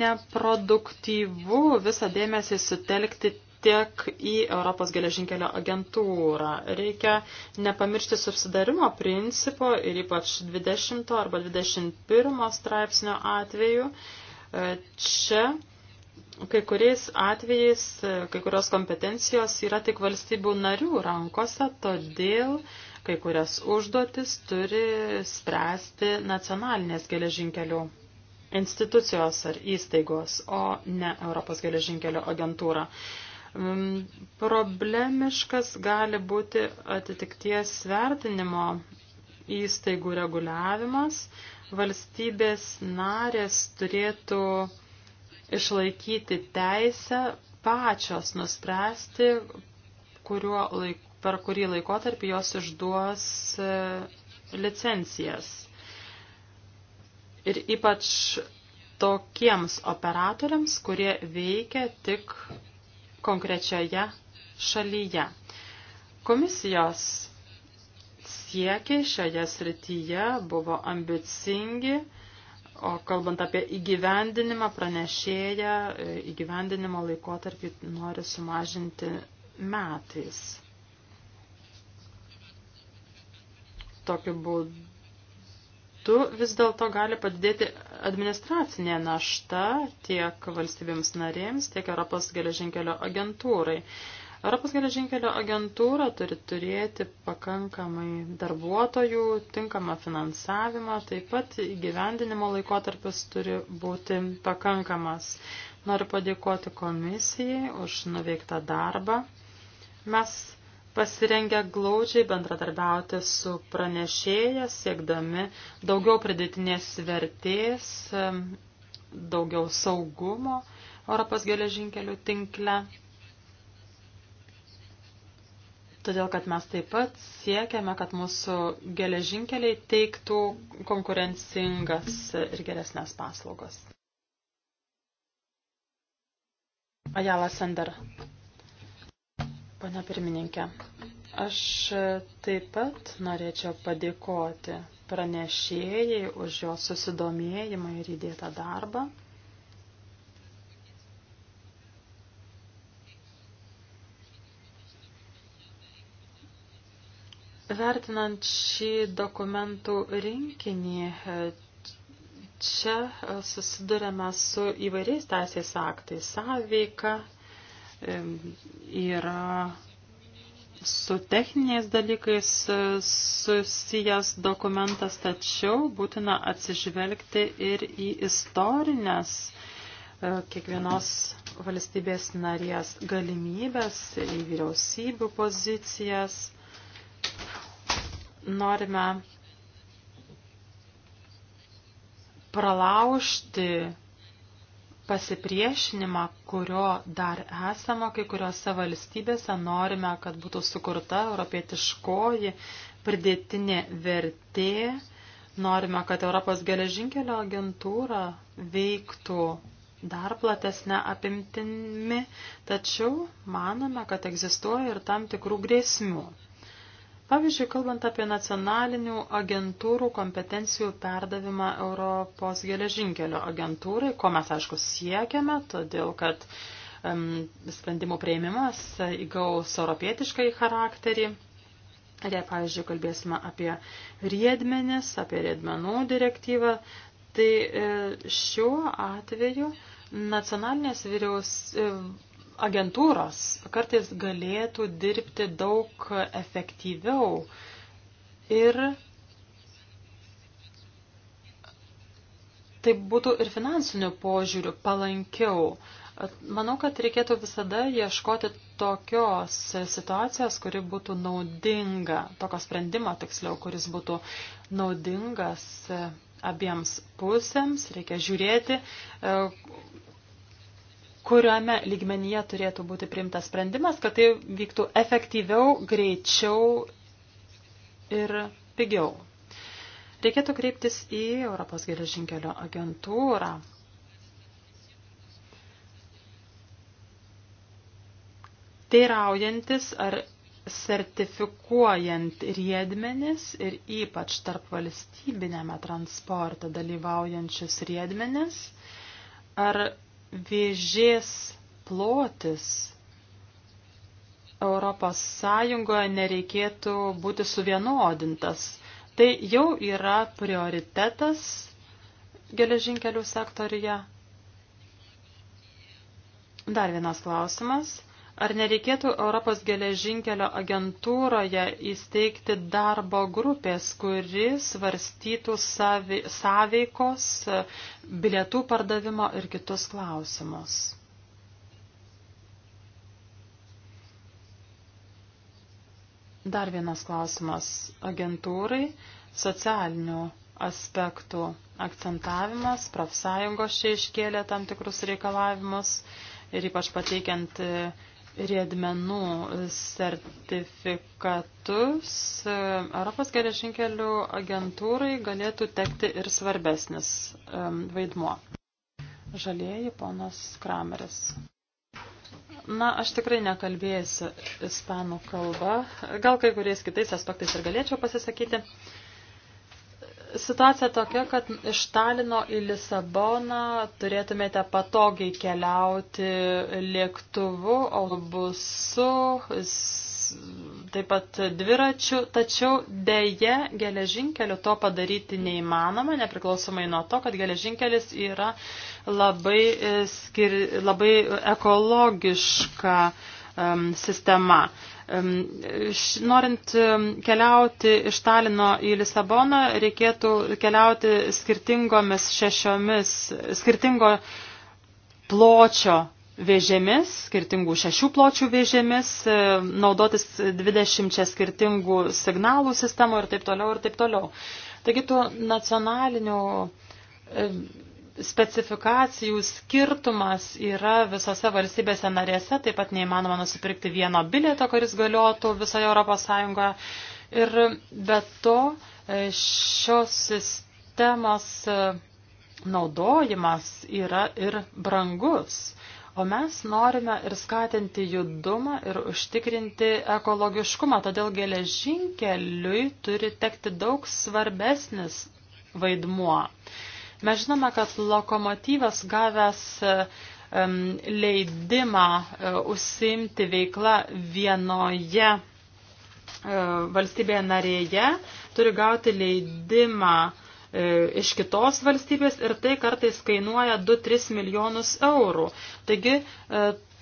Neproduktyvu visą dėmesį sutelkti tiek į Europos geležinkelio agentūrą. Reikia nepamiršti subsidarimo principo ir ypač 20 arba 21 straipsnio atveju. Čia kai kuriais atvejais, e, kai kurios kompetencijos yra tik valstybių narių rankose, todėl kai kurias užduotis turi spręsti nacionalinės geležinkelių institucijos ar įstaigos, o ne Europos geležinkelio agentūra. Mm, problemiškas gali būti atitikties vertinimo įstaigų reguliavimas. Valstybės narės turėtų uh, išlaikyti teisę pačios nuspręsti, kuriuo laik, per kurį laikotarpį jos išduos e, licencijas. Ir ypač tokiems operatoriams, kurie veikia tik konkrečioje šalyje. Komisijos siekiai šioje srityje buvo ambicingi, O kalbant apie įgyvendinimą, pranešėją e, įgyvendinimo laikotarpį nori sumažinti metais. Tokiu būdu vis dėlto gali padidėti administracinė našta tiek valstybėms narėms, tiek Europos geležinkelio agentūrai. Europos geležinkelio agentūra turi turėti pakankamai darbuotojų, tinkamą finansavimą, taip pat įgyvendinimo laikotarpis turi būti pakankamas. Noriu padėkoti komisijai už nuveiktą darbą. Mes pasirengę glaudžiai bendradarbiauti su pranešėja, siekdami daugiau pridėtinės vertės, daugiau saugumo Europos geležinkelių tinkle todėl kad mes taip pat siekiame, kad mūsų geležinkeliai teiktų konkurencingas ir geresnės paslaugas. Ajala Sender. Pane pirmininkė, aš taip pat norėčiau padėkoti pranešėjai už jo susidomėjimą ir įdėtą darbą. Vertinant šį dokumentų rinkinį, čia susidurėme su įvairiais teisės aktais. Sąveika yra su techniniais dalykais susijęs dokumentas, tačiau būtina atsižvelgti ir į istorinės e, kiekvienos valstybės narės galimybės, į vyriausybių pozicijas norime pralaužti pasipriešinimą, kurio dar esama kai kuriuose valstybėse, norime, kad būtų sukurta europietiškoji pridėtinė vertė, norime, kad Europos geležinkelio agentūra veiktų dar platesnę apimtimi, tačiau manome, kad egzistuoja ir tam tikrų grėsmių. Pavyzdžiui, kalbant apie nacionalinių agentūrų kompetencijų perdavimą Europos geležinkelio agentūrai, ko mes aišku siekiame, todėl kad um, sprendimų prieimimas įgaus europietišką į charakterį. Ir jei, pavyzdžiui, kalbėsime apie riedmenis, apie riedmenų direktyvą, tai e, šiuo atveju nacionalinės vyriaus agentūros kartais galėtų dirbti daug efektyviau ir tai būtų ir finansinių požiūrių palankiau. Manau, kad reikėtų visada ieškoti tokios situacijos, kuri būtų naudinga, tokio sprendimo tiksliau, kuris būtų naudingas abiems pusėms. Reikia žiūrėti, kuriame lygmenyje turėtų būti priimtas sprendimas, kad tai vyktų efektyviau, greičiau ir pigiau. Reikėtų kreiptis į Europos geležinkelio agentūrą. Teiraujantis ar sertifikuojant riedmenis ir ypač tarp valstybinėme transporte dalyvaujančius riedmenis, ar vėžės plotis Europos Sąjungoje nereikėtų būti suvienodintas. Tai jau yra prioritetas geležinkelių sektorija. Dar vienas klausimas. Ar nereikėtų Europos geležinkelio agentūroje įsteigti darbo grupės, kuris varstytų savi, sąveikos, bilietų pardavimo ir kitus klausimus? Dar vienas klausimas agentūrai socialinių aspektų akcentavimas, profsąjungos čia iškėlė tam tikrus reikalavimus ir ypač pateikiant riedmenų sertifikatus e, Europos geležinkelių agentūrai galėtų tekti ir svarbesnis e, vaidmuo. Žalieji ponas Krameris. Na, aš tikrai nekalbėsiu ispanų kalbą. Gal kai kuriais kitais aspektais ir galėčiau pasisakyti. Uh, situacija tokia, kad iš Talino į Lisaboną turėtumėte patogiai keliauti lėktuvu, autobusu, taip pat dviračiu, tačiau dėje geležinkeliu to padaryti neįmanoma, nepriklausomai nuo to, kad geležinkelis yra labai, e, skir, labai ekologiška um, sistema. Uh, Norint keliauti iš Talino į Lisaboną, reikėtų keliauti skirtingomis šešiomis, skirtingo pločio vėžėmis, skirtingų šešių pločių vėžėmis, e, naudotis 20 skirtingų signalų sistemų ir taip toliau ir taip toliau. Taigi tų nacionalinių specifikacijų skirtumas yra visose valstybėse narėse, taip pat neįmanoma nusipirkti vieno bilieto, kuris galiotų visoje Europos Sąjungoje. Ir be to e, šios sistemos e, naudojimas yra ir brangus. O mes norime ir skatinti judumą ir užtikrinti ekologiškumą, todėl geležinkeliui turi tekti daug svarbesnis vaidmuo. Mes žinome, kad lokomotyvas gavęs leidimą e, užsiimti veiklą vienoje e, valstybėje narėje, turi gauti leidimą e, iš kitos valstybės ir tai kartais kainuoja 2-3 milijonus eurų. Taigi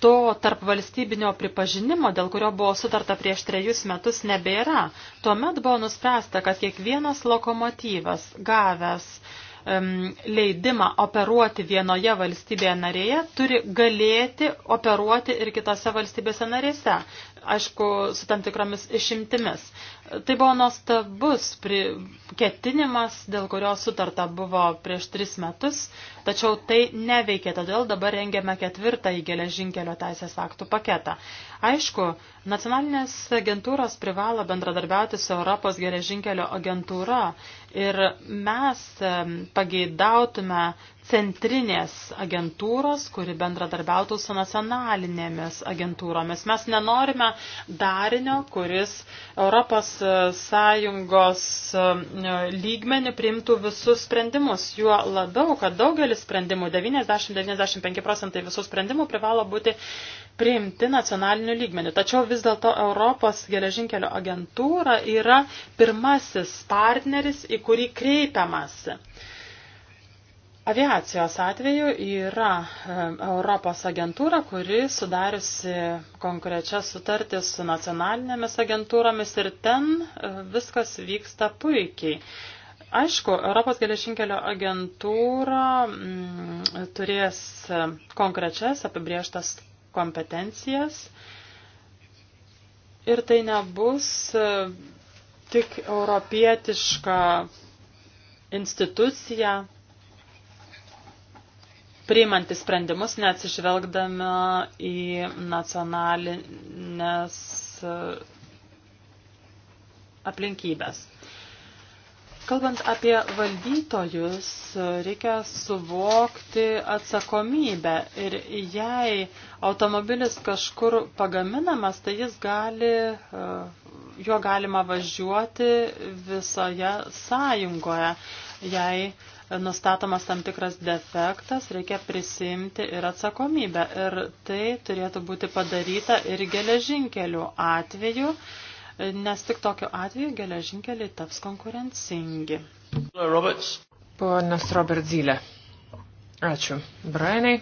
to tarp valstybinio pripažinimo, dėl kurio buvo sutarta prieš trejus metus, nebėra. Tuomet buvo nuspręsta, kad kiekvienas lokomotyvas gavęs uh, leidimą operuoti vienoje valstybėje narėje, turi galėti operuoti ir kitose valstybėse narėse, aišku, su tam tikromis išimtimis. Tai buvo nuostabus ketinimas, dėl kurio sutarta buvo prieš tris metus, tačiau tai neveikė, todėl dabar rengiame ketvirtąjį geležinkelio teisės aktų paketą. Aišku, nacionalinės agentūros privalo bendradarbiauti su Europos geležinkelio agentūra ir mes pageidautume centrinės agentūros, kuri bendradarbiautų su nacionalinėmis agentūromis. Mes nenorime darinio, kuris Europos sąjungos e, lygmenį priimtų visus sprendimus. Juo labiau, kad daugelis sprendimų, 90-95 procentai visų sprendimų privalo būti priimti nacionaliniu lygmeniu. Tačiau vis dėlto Europos geležinkelio agentūra yra pirmasis partneris, į kurį kreipiamasi. Aviacijos atveju yra e, Europos agentūra, kuri sudariusi konkrečias sutartis su nacionalinėmis agentūromis ir ten e, viskas vyksta puikiai. Aišku, Europos geležinkelio agentūra m, mm, turės e, konkrečias apibrieštas kompetencijas ir tai nebus tik europietiška institucija priimanti sprendimus, neatsižvelgdami į nacionalinės e, aplinkybės. Kalbant apie valdytojus, reikia suvokti atsakomybę ir jei automobilis kažkur pagaminamas, tai jis gali, e, juo galima važiuoti visoje sąjungoje, jei nustatomas tam tikras defektas, reikia prisimti ir atsakomybę. Ir tai turėtų būti padaryta ir geležinkelių atveju, nes tik tokiu atveju geležinkeliai taps konkurencingi. Roberts. Ponas Robert Zylė. Ačiū. Brianai,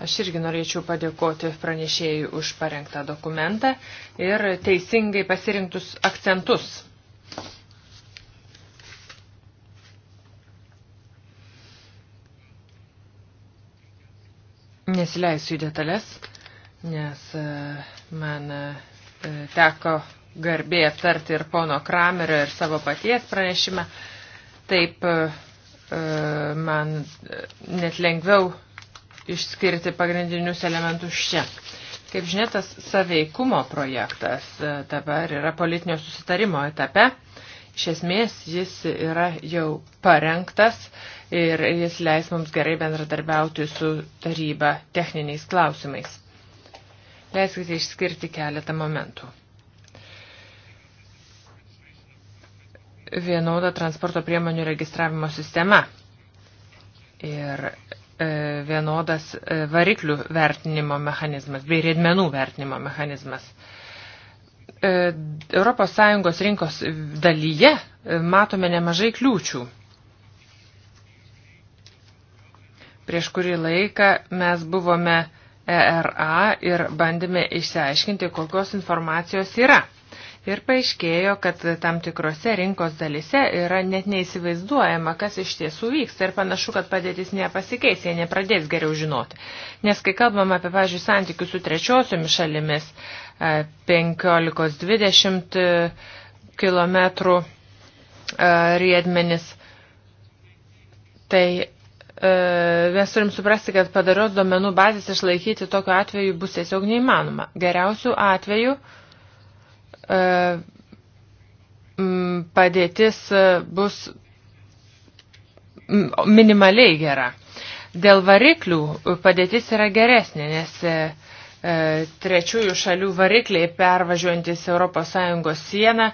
Aš irgi norėčiau padėkoti pranešėjui už parengtą dokumentą ir teisingai pasirinktus akcentus. Nesileisiu į detalės, nes e, man e, teko garbė aptarti ir pono Kramerio ir savo paties pranešimą. Taip e, man net lengviau išskirti pagrindinius elementus čia. Kaip žinia, tas saveikumo projektas e, dabar yra politinio susitarimo etape. Iš esmės jis yra jau parengtas ir jis leis mums gerai bendradarbiauti su taryba techniniais klausimais. Leiskite išskirti keletą momentų. Vienoda transporto priemonių registravimo sistema ir E, vienodas e, variklių vertinimo mechanizmas bei riedmenų vertinimo mechanizmas. ES rinkos dalyje e, matome nemažai kliūčių. Prieš kurį laiką mes buvome ERA ir bandėme išsiaiškinti, kokios informacijos yra. Ir paaiškėjo, kad tam tikrose rinkos dalise yra net neįsivaizduojama, kas iš tiesų vyksta ir panašu, kad padėtis nepasikeis, jie nepradės geriau žinoti. Nes kai kalbam apie, pavyzdžiui, santykius su trečiosiomis šalimis, 15-20 e, e, km e, riedmenis, tai mes turim suprasti, kad padarios duomenų bazės išlaikyti tokiu atveju bus tiesiog neįmanoma. Geriausių atveju, uh, E, padėtis e, bus minimaliai gera. Dėl variklių padėtis yra geresnė, nes e, trečiųjų šalių varikliai pervažiuojantis ES sieną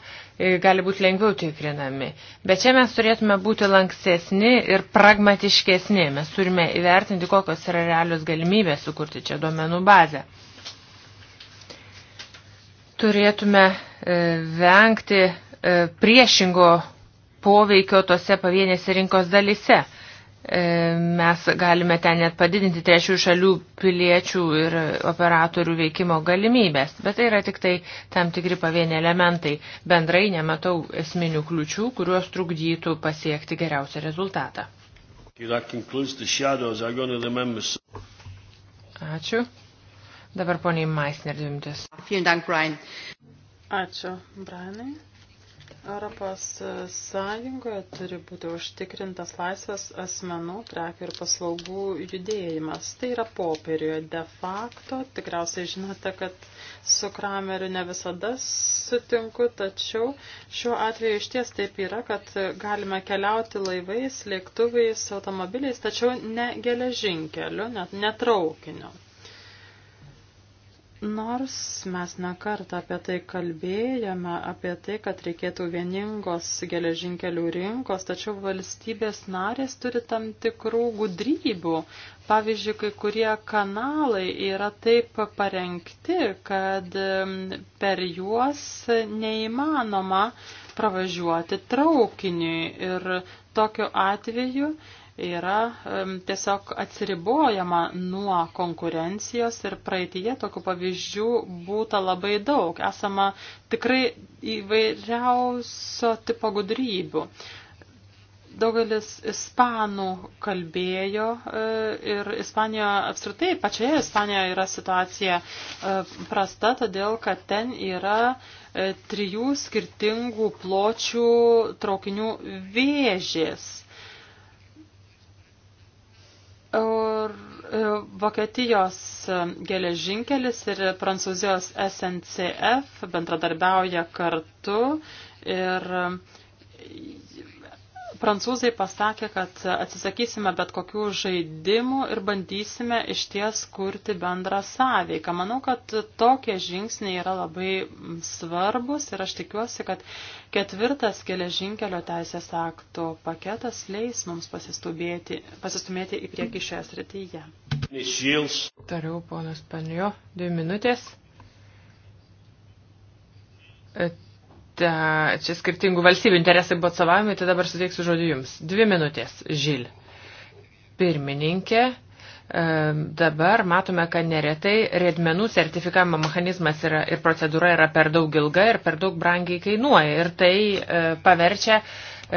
gali būti lengviau tikrinami. Bet čia mes turėtume būti lanksesni ir pragmatiškesni. Mes turime įvertinti, kokios yra realios galimybės sukurti čia duomenų bazę turėtume e, vengti e, priešingo poveikio tose pavienėse rinkos dalise. E, mes galime ten net padidinti trečių šalių piliečių ir operatorių veikimo galimybės, bet tai yra tik tai tam tikri pavieni elementai. Bendrai nematau esminių kliučių, kuriuos trukdytų pasiekti geriausią rezultatą. Ačiū. Dabar poniai Maisner dvi mintis. Ačiū, Brianai. Europos Sąjungoje turi būti užtikrintas laisvas asmenų, prekių ir paslaugų judėjimas. Tai yra popieriuje de facto. Tikriausiai žinote, kad su Krameriu ne visada sutinku, tačiau šiuo atveju iš ties taip yra, kad galime keliauti laivais, lėktuvais, automobiliais, tačiau ne geležinkeliu, net netraukiniu. Nors mes nekartą apie tai kalbėjome, apie tai, kad reikėtų vieningos geležinkelių rinkos, tačiau valstybės narės turi tam tikrų gudrybių. Pavyzdžiui, kai kurie kanalai yra taip parengti, kad per juos neįmanoma pravažiuoti traukiniui ir tokiu atveju yra tiesiog atsiribojama nuo konkurencijos ir praeitie tokių pavyzdžių būta labai daug. Esama tikrai įvairiausio tipo gudrybių. Daugelis ispanų kalbėjo e, ir Ispanijoje apskritai, pačioje Ispanijoje yra situacija e, prasta, todėl kad ten yra e, trijų skirtingų pločių traukinių vėžės E, Vokietijos e, geležinkelis ir Prancūzijos SNCF bendradarbiauja kartu ir prancūzai pasakė, kad atsisakysime bet kokių žaidimų ir bandysime išties kurti bendrą sąveiką. Manau, kad tokie žingsniai yra labai svarbus ir aš tikiuosi, kad ketvirtas geležinkelio teisės akto paketas leis mums pasistumėti į priekį šioje srityje. Tariau, ponas Panjo, dvi minutės. Et ta, čia skirtingų valstybių interesai buvo atsavami, tai dabar suteiksiu žodį jums. Dvi minutės, Žil. Pirmininkė, dabar matome, kad neretai riedmenų sertifikavimo mechanizmas yra, ir procedūra yra per daug ilga ir per daug brangiai kainuoja. Ir tai paverčia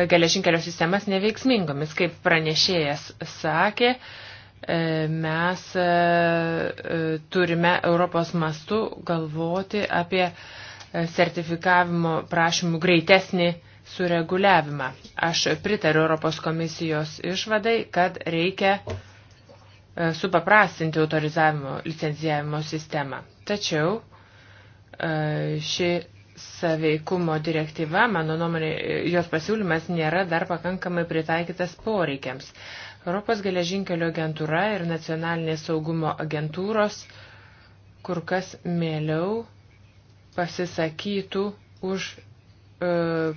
geležinkelio sistemas neveiksmingomis. Kaip pranešėjas sakė, mes turime Europos mastu galvoti apie sertifikavimo prašymų greitesnį sureguliavimą. Aš pritariu Europos komisijos išvadai, kad reikia e, supaprastinti autorizavimo licenzijavimo sistemą. Tačiau e, ši saveikumo direktyva, mano nuomonė, e, jos pasiūlymas nėra dar pakankamai pritaikytas poreikiams. Europos geležinkelio agentūra ir nacionalinės saugumo agentūros kur kas mėliau pasisakytų už e,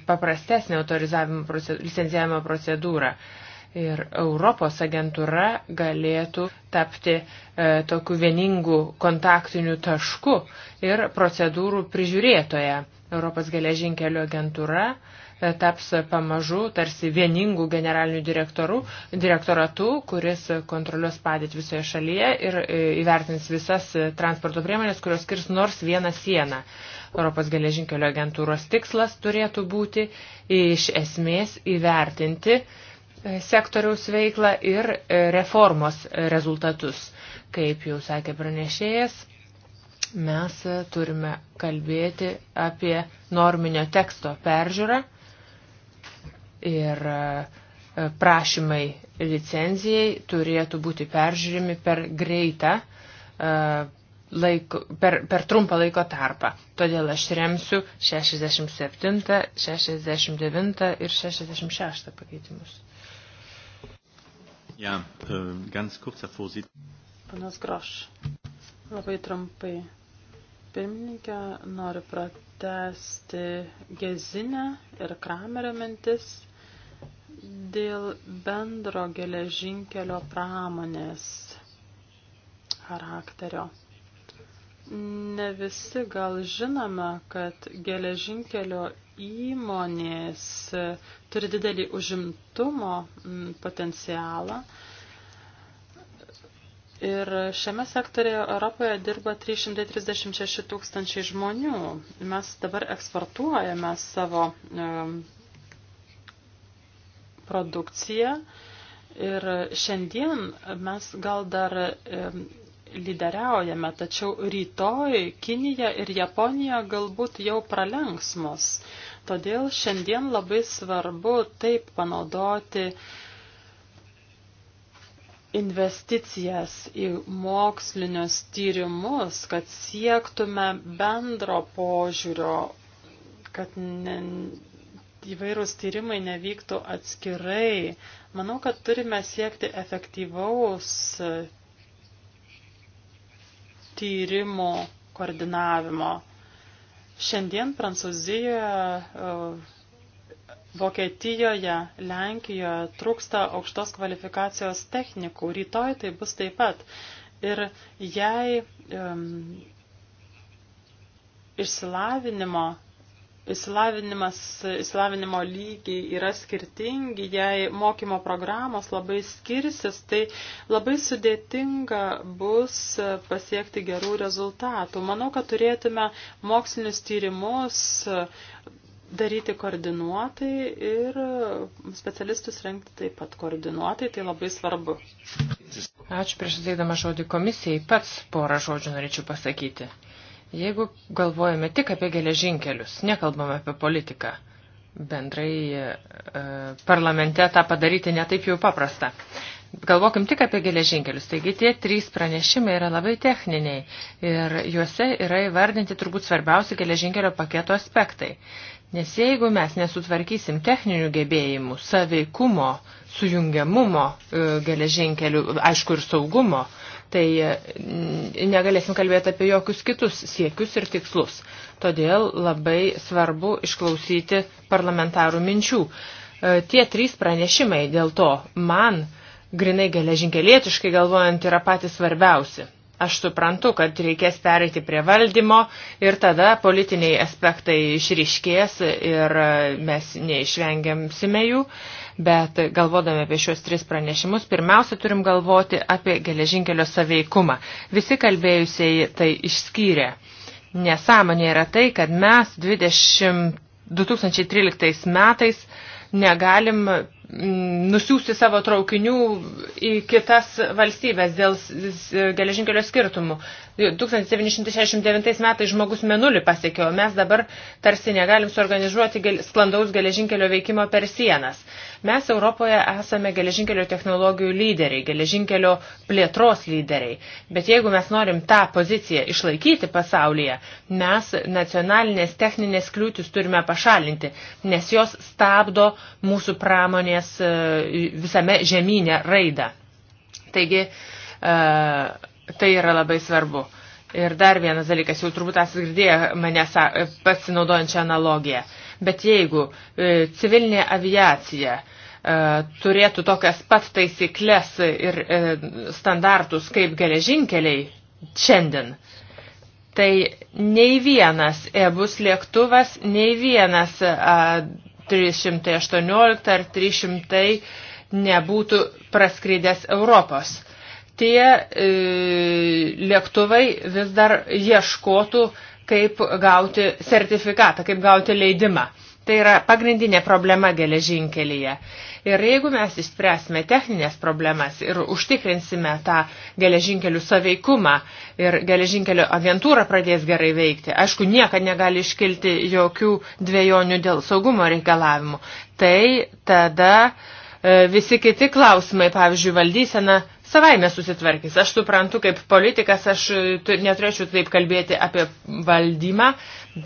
paprastesnį autorizavimo procedūrą, licencijavimo procedūrą. Ir Europos agentūra galėtų tapti e, tokiu vieningu kontaktiniu tašku ir procedūrų prižiūrėtoje. Europos geležinkelių agentūra e, E, taps pamažu tarsi vieningų generalinių direktorų, direktoratų, kuris kontroliuos padėtį visoje šalyje ir e, įvertins visas e, transporto priemonės, kurios skirs nors vieną sieną. Europos geležinkelio agentūros tikslas turėtų būti iš esmės įvertinti sektoriaus veiklą ir reformos rezultatus. Kaip jau sakė pranešėjas, mes turime kalbėti apie norminio teksto peržiūrą ir e, prašymai licenzijai turėtų būti peržiūrimi per greitą e, laiko, per, per trumpą laiko tarpą. Todėl aš remsiu 67, 69 ir 66 pakeitimus. Ja, e, ganz kurz, Herr Vorsitzender. Panas Groš, labai trumpai. Pirmininkė nori pratesti Gezinę ir Kramerio mintis dėl bendro geležinkelio pramonės charakterio. Ne visi gal žinome, kad geležinkelio įmonės turi didelį užimtumo mm, potencialą. Ir šiame sektorėje Europoje dirba 336 tūkstančiai žmonių. Mes dabar eksportuojame savo mm, produkciją. Ir šiandien mes gal dar lyderiaujame, tačiau rytoj Kinija ir Japonija galbūt jau pralenks mus. Todėl šiandien labai svarbu taip panaudoti investicijas į mokslinius tyrimus, kad siektume bendro požiūrio, kad ne, įvairūs tyrimai nevyktų atskirai. Manau, kad turime siekti efektyvaus tyrimo koordinavimo. Šiandien Prancūzijoje, e, Vokietijoje, Lenkijoje trūksta aukštos kvalifikacijos technikų. Rytoj tai bus taip pat. Ir jei um, išsilavinimo Įsilavinimas, įsilavinimo lygiai yra skirtingi, jei mokymo programos labai skirsis, tai labai sudėtinga bus pasiekti gerų rezultatų. Manau, kad turėtume mokslinius tyrimus daryti koordinuotai ir specialistus renkti taip pat koordinuotai, tai labai svarbu. Ačiū prieš suteikdama žodį komisijai, pats porą žodžių norėčiau pasakyti. Jeigu galvojame tik apie geležinkelius, nekalbame apie politiką, bendrai e, parlamente tą padaryti netaip jau paprasta. Galvokim tik apie geležinkelius. Taigi tie trys pranešimai yra labai techniniai ir juose yra įvardinti turbūt svarbiausi geležinkelio paketo aspektai. Nes jeigu mes nesutvarkysim techninių gebėjimų, saveikumo, sujungiamumo e, geležinkelių, aišku ir saugumo, e, tai mm, negalėsim kalbėti apie jokius kitus siekius ir tikslus. Todėl labai svarbu išklausyti parlamentarų minčių. E, tie trys pranešimai dėl to man, grinai geležinkelietiškai galvojant, yra patys svarbiausi. Aš suprantu, kad reikės pereiti prie valdymo ir tada politiniai aspektai išryškės ir mes neišvengiamsime jų, bet galvodami apie šios tris pranešimus, pirmiausia turim galvoti apie geležinkelio saveikumą. Visi kalbėjusiai tai išskyrė. Nesąmonė yra tai, kad mes 20, 2013 metais negalim Mm, nusiųsti savo traukinių į kitas valstybės dėl geležinkelio skirtumų. 1969 metais žmogus menulį pasiekė, o mes dabar tarsi negalim suorganizuoti sklandaus geležinkelio veikimo per sienas. Mes Europoje esame geležinkelio technologijų lyderiai, geležinkelio plėtros lyderiai. Bet jeigu mes norim tą poziciją išlaikyti pasaulyje, mes nacionalinės techninės kliūtis turime pašalinti, nes jos stabdo mūsų pramonės e, visame žemynė raidą. Taigi, uh, Tai yra labai svarbu. Ir dar vienas dalykas, jau turbūt esate girdėję mane pasinaudojančią analogiją. Bet jeigu e, civilinė aviacija e, turėtų tokias pat taisyklės ir e, standartus kaip geležinkeliai šiandien, tai nei vienas e-bus lėktuvas, nei vienas a, 318 ar 300 nebūtų praskridęs Europos tie e, lėktuvai vis dar ieškotų, kaip gauti sertifikatą, kaip gauti leidimą. Tai yra pagrindinė problema geležinkelyje. Ir jeigu mes išspręsime techninės problemas ir užtikrinsime tą geležinkelių saveikumą ir geležinkelių agentūra pradės gerai veikti, aišku, niekad negali iškilti jokių dviejonių dėl saugumo reikalavimų, tai tada uh, E, visi kiti klausimai, pavyzdžiui, valdysena savaime susitvarkys. Aš suprantu, kaip politikas aš e, neturėčiau taip kalbėti apie valdymą,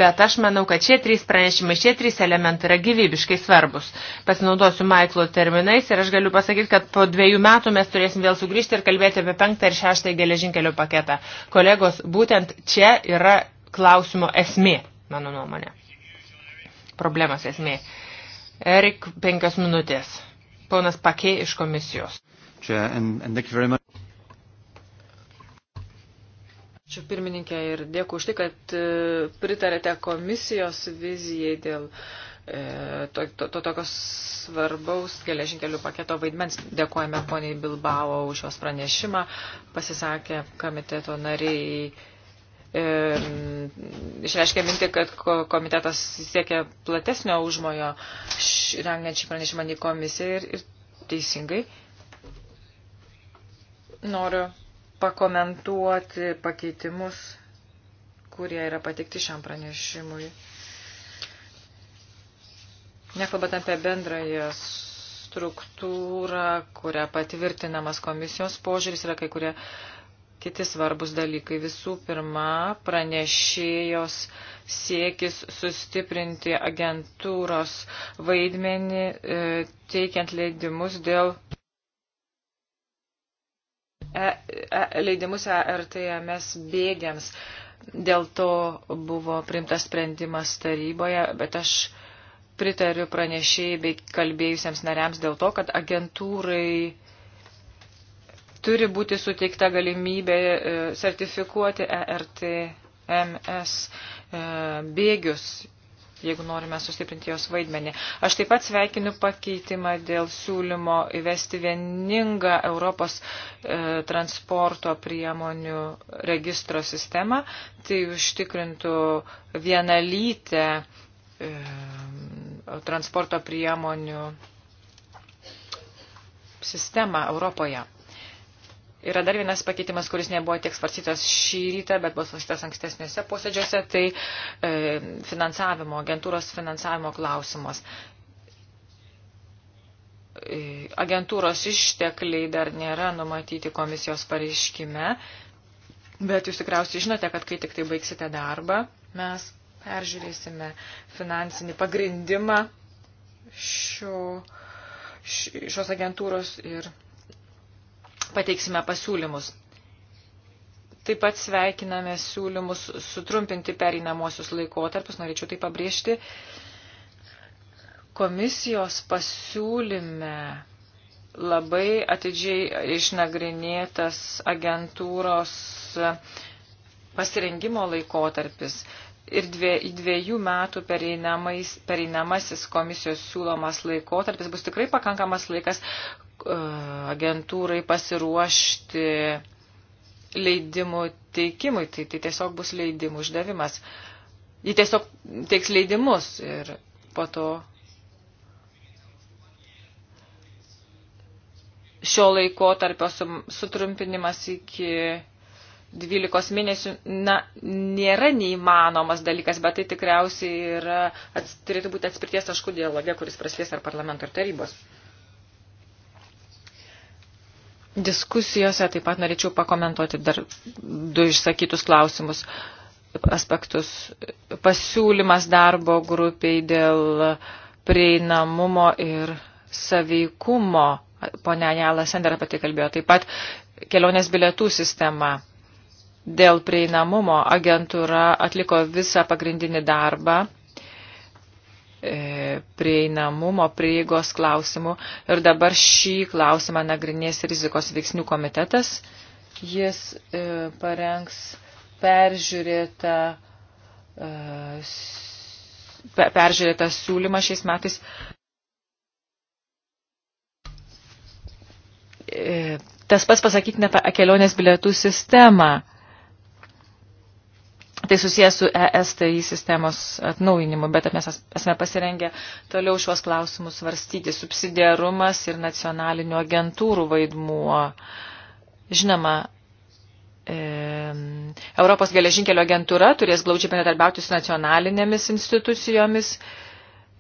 bet aš manau, kad šie trys pranešimai, šie trys elementai yra gyvybiškai svarbus. Pasinaudosiu Maiklo terminais ir aš galiu pasakyti, kad po dviejų metų mes turėsim vėl sugrįžti ir kalbėti apie penktą ir šeštą geležinkelio paketą. Kolegos, būtent čia yra klausimo esmė, mano nuomonė. Problemos esmė. Erik, penkias minutės. Ponas Pakė iš komisijos. Čia, and, and thank you very much. Ačiū pirmininkė ir dėkui už tai, kad e, pritarėte komisijos vizijai dėl e, to, to, to tokios svarbaus geležinkelių paketo vaidmens. Dėkojame poniai Bilbao už jos pranešimą. Pasisakė komiteto nariai išreiškė mintį, kad komitetas siekia platesnio užmojo rengiant šį pranešimą į komisiją ir, ir teisingai. Noriu pakomentuoti pakeitimus, kurie yra patikti šiam pranešimui. Nekalbant apie bendrąją struktūrą, kurią patvirtinamas komisijos požiūris, yra kai kurie uh, kiti svarbus dalykai. Visų pirma, pranešėjos siekis sustiprinti agentūros vaidmenį e, teikiant leidimus dėl e, e, leidimus ERTMS bėgiams. Dėl to buvo primtas sprendimas taryboje, bet aš pritariu pranešėjai bei kalbėjusiems nariams dėl to, kad agentūrai turi būti suteikta galimybė e, sertifikuoti ERTMS e, bėgius, jeigu norime sustiprinti jos vaidmenį. Aš taip pat sveikinu pakeitimą dėl siūlymo įvesti vieningą Europos e, transporto priemonių registro sistemą. Tai užtikrintų vienalytę e, transporto priemonių sistemą Europoje. Yra dar vienas pakeitimas, kuris nebuvo tiek svarstytas šį rytą, bet buvo svarstytas ankstesniuose posėdžiuose, tai e, finansavimo, agentūros finansavimo klausimas. E, agentūros ištekliai dar nėra numatyti komisijos pareiškime, bet jūs tikriausiai žinote, kad kai tik tai baigsite darbą, mes peržiūrėsime finansinį pagrindimą šio, šios agentūros ir pateiksime pasiūlymus. Taip pat sveikiname siūlymus sutrumpinti pereinamosius laikotarpius, norėčiau tai pabrėžti. Komisijos pasiūlyme labai atidžiai išnagrinėtas agentūros pasirengimo laikotarpis ir dviejų metų pereinamasis komisijos siūlomas laikotarpis bus tikrai pakankamas laikas agentūrai pasiruošti leidimų teikimui, tai, tai tiesiog bus leidimų išdavimas. Ji tiesiog teiks leidimus ir po to šio laiko tarpio sutrumpinimas iki 12 mėnesių, na, nėra neįmanomas dalykas, bet tai tikriausiai yra, ats, turėtų būti atspirties taškų dialogė, kuris prasidės ar parlamento ir tarybos diskusijose taip pat norėčiau pakomentuoti dar du išsakytus klausimus aspektus. Pasiūlymas darbo grupiai dėl prieinamumo ir saveikumo. Pone Jala Sender apie tai kalbėjo. Taip pat kelionės bilietų sistema. Dėl prieinamumo agentūra atliko visą pagrindinį darbą E, prieinamumo, prieigos klausimų. Ir dabar šį klausimą nagrinės rizikos veiksnių komitetas. Jis e, parengs peržiūrėtą e, peržiūrėtą siūlymą šiais metais. Tas pats pasakytina apie kelionės bilietų sistemą. Tai susijęs su ESTI sistemos atnaujinimu, bet mes esame pasirengę toliau šios klausimus svarstyti. Subsidiarumas ir nacionalinių agentūrų vaidmuo. Žinoma, Europos geležinkelio agentūra turės glaudžiai bendradarbiauti su nacionalinėmis institucijomis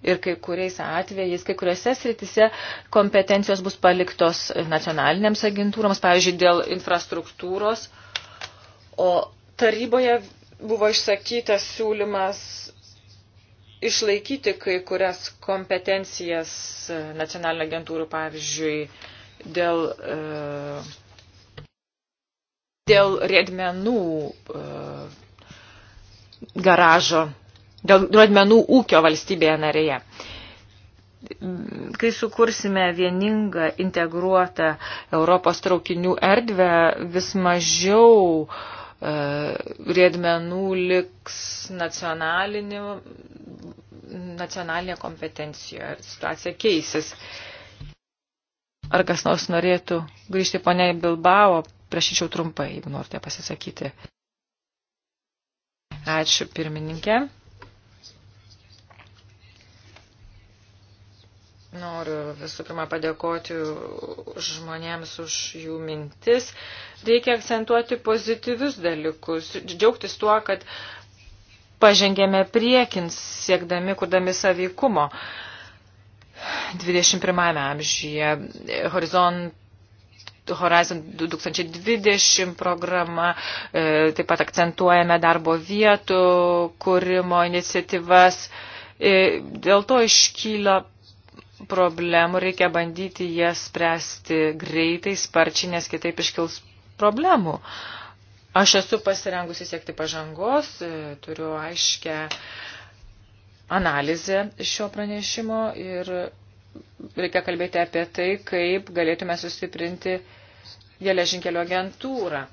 ir kai kuriais atvejais, kai kuriuose sritise kompetencijos bus paliktos nacionalinėms agentūroms, pavyzdžiui, dėl infrastruktūros, o taryboje buvo išsakytas siūlymas išlaikyti kai kurias kompetencijas nacionalinio agentūrų, pavyzdžiui, dėl, e, dėl riedmenų e, garažo, dėl riedmenų ūkio valstybėje narėje. Kai sukursime vieningą, integruotą Europos traukinių erdvę, vis mažiau uh, E, riedmenų liks nacionalinė kompetencija ir situacija keisis. Ar kas nors norėtų grįžti ponia į Bilbao, prašyčiau trumpai, jeigu norite pasisakyti. Ačiū pirmininkė. Noriu visų pirma padėkoti žmonėms už jų mintis. Reikia akcentuoti pozityvius dalykus, džiaugtis tuo, kad pažengėme priekins siekdami, kurdami savykumo. 21 amžyje horizont Horizon 2020 programa, e, taip pat akcentuojame darbo vietų kūrimo iniciatyvas. E, dėl to iškyla problemų, reikia bandyti jas spręsti greitai, sparčiai, nes kitaip iškils problemų. Aš esu pasirengusi siekti pažangos, e, turiu aiškę analizę šio pranešimo ir reikia kalbėti apie tai, kaip galėtume sustiprinti geležinkelio agentūrą.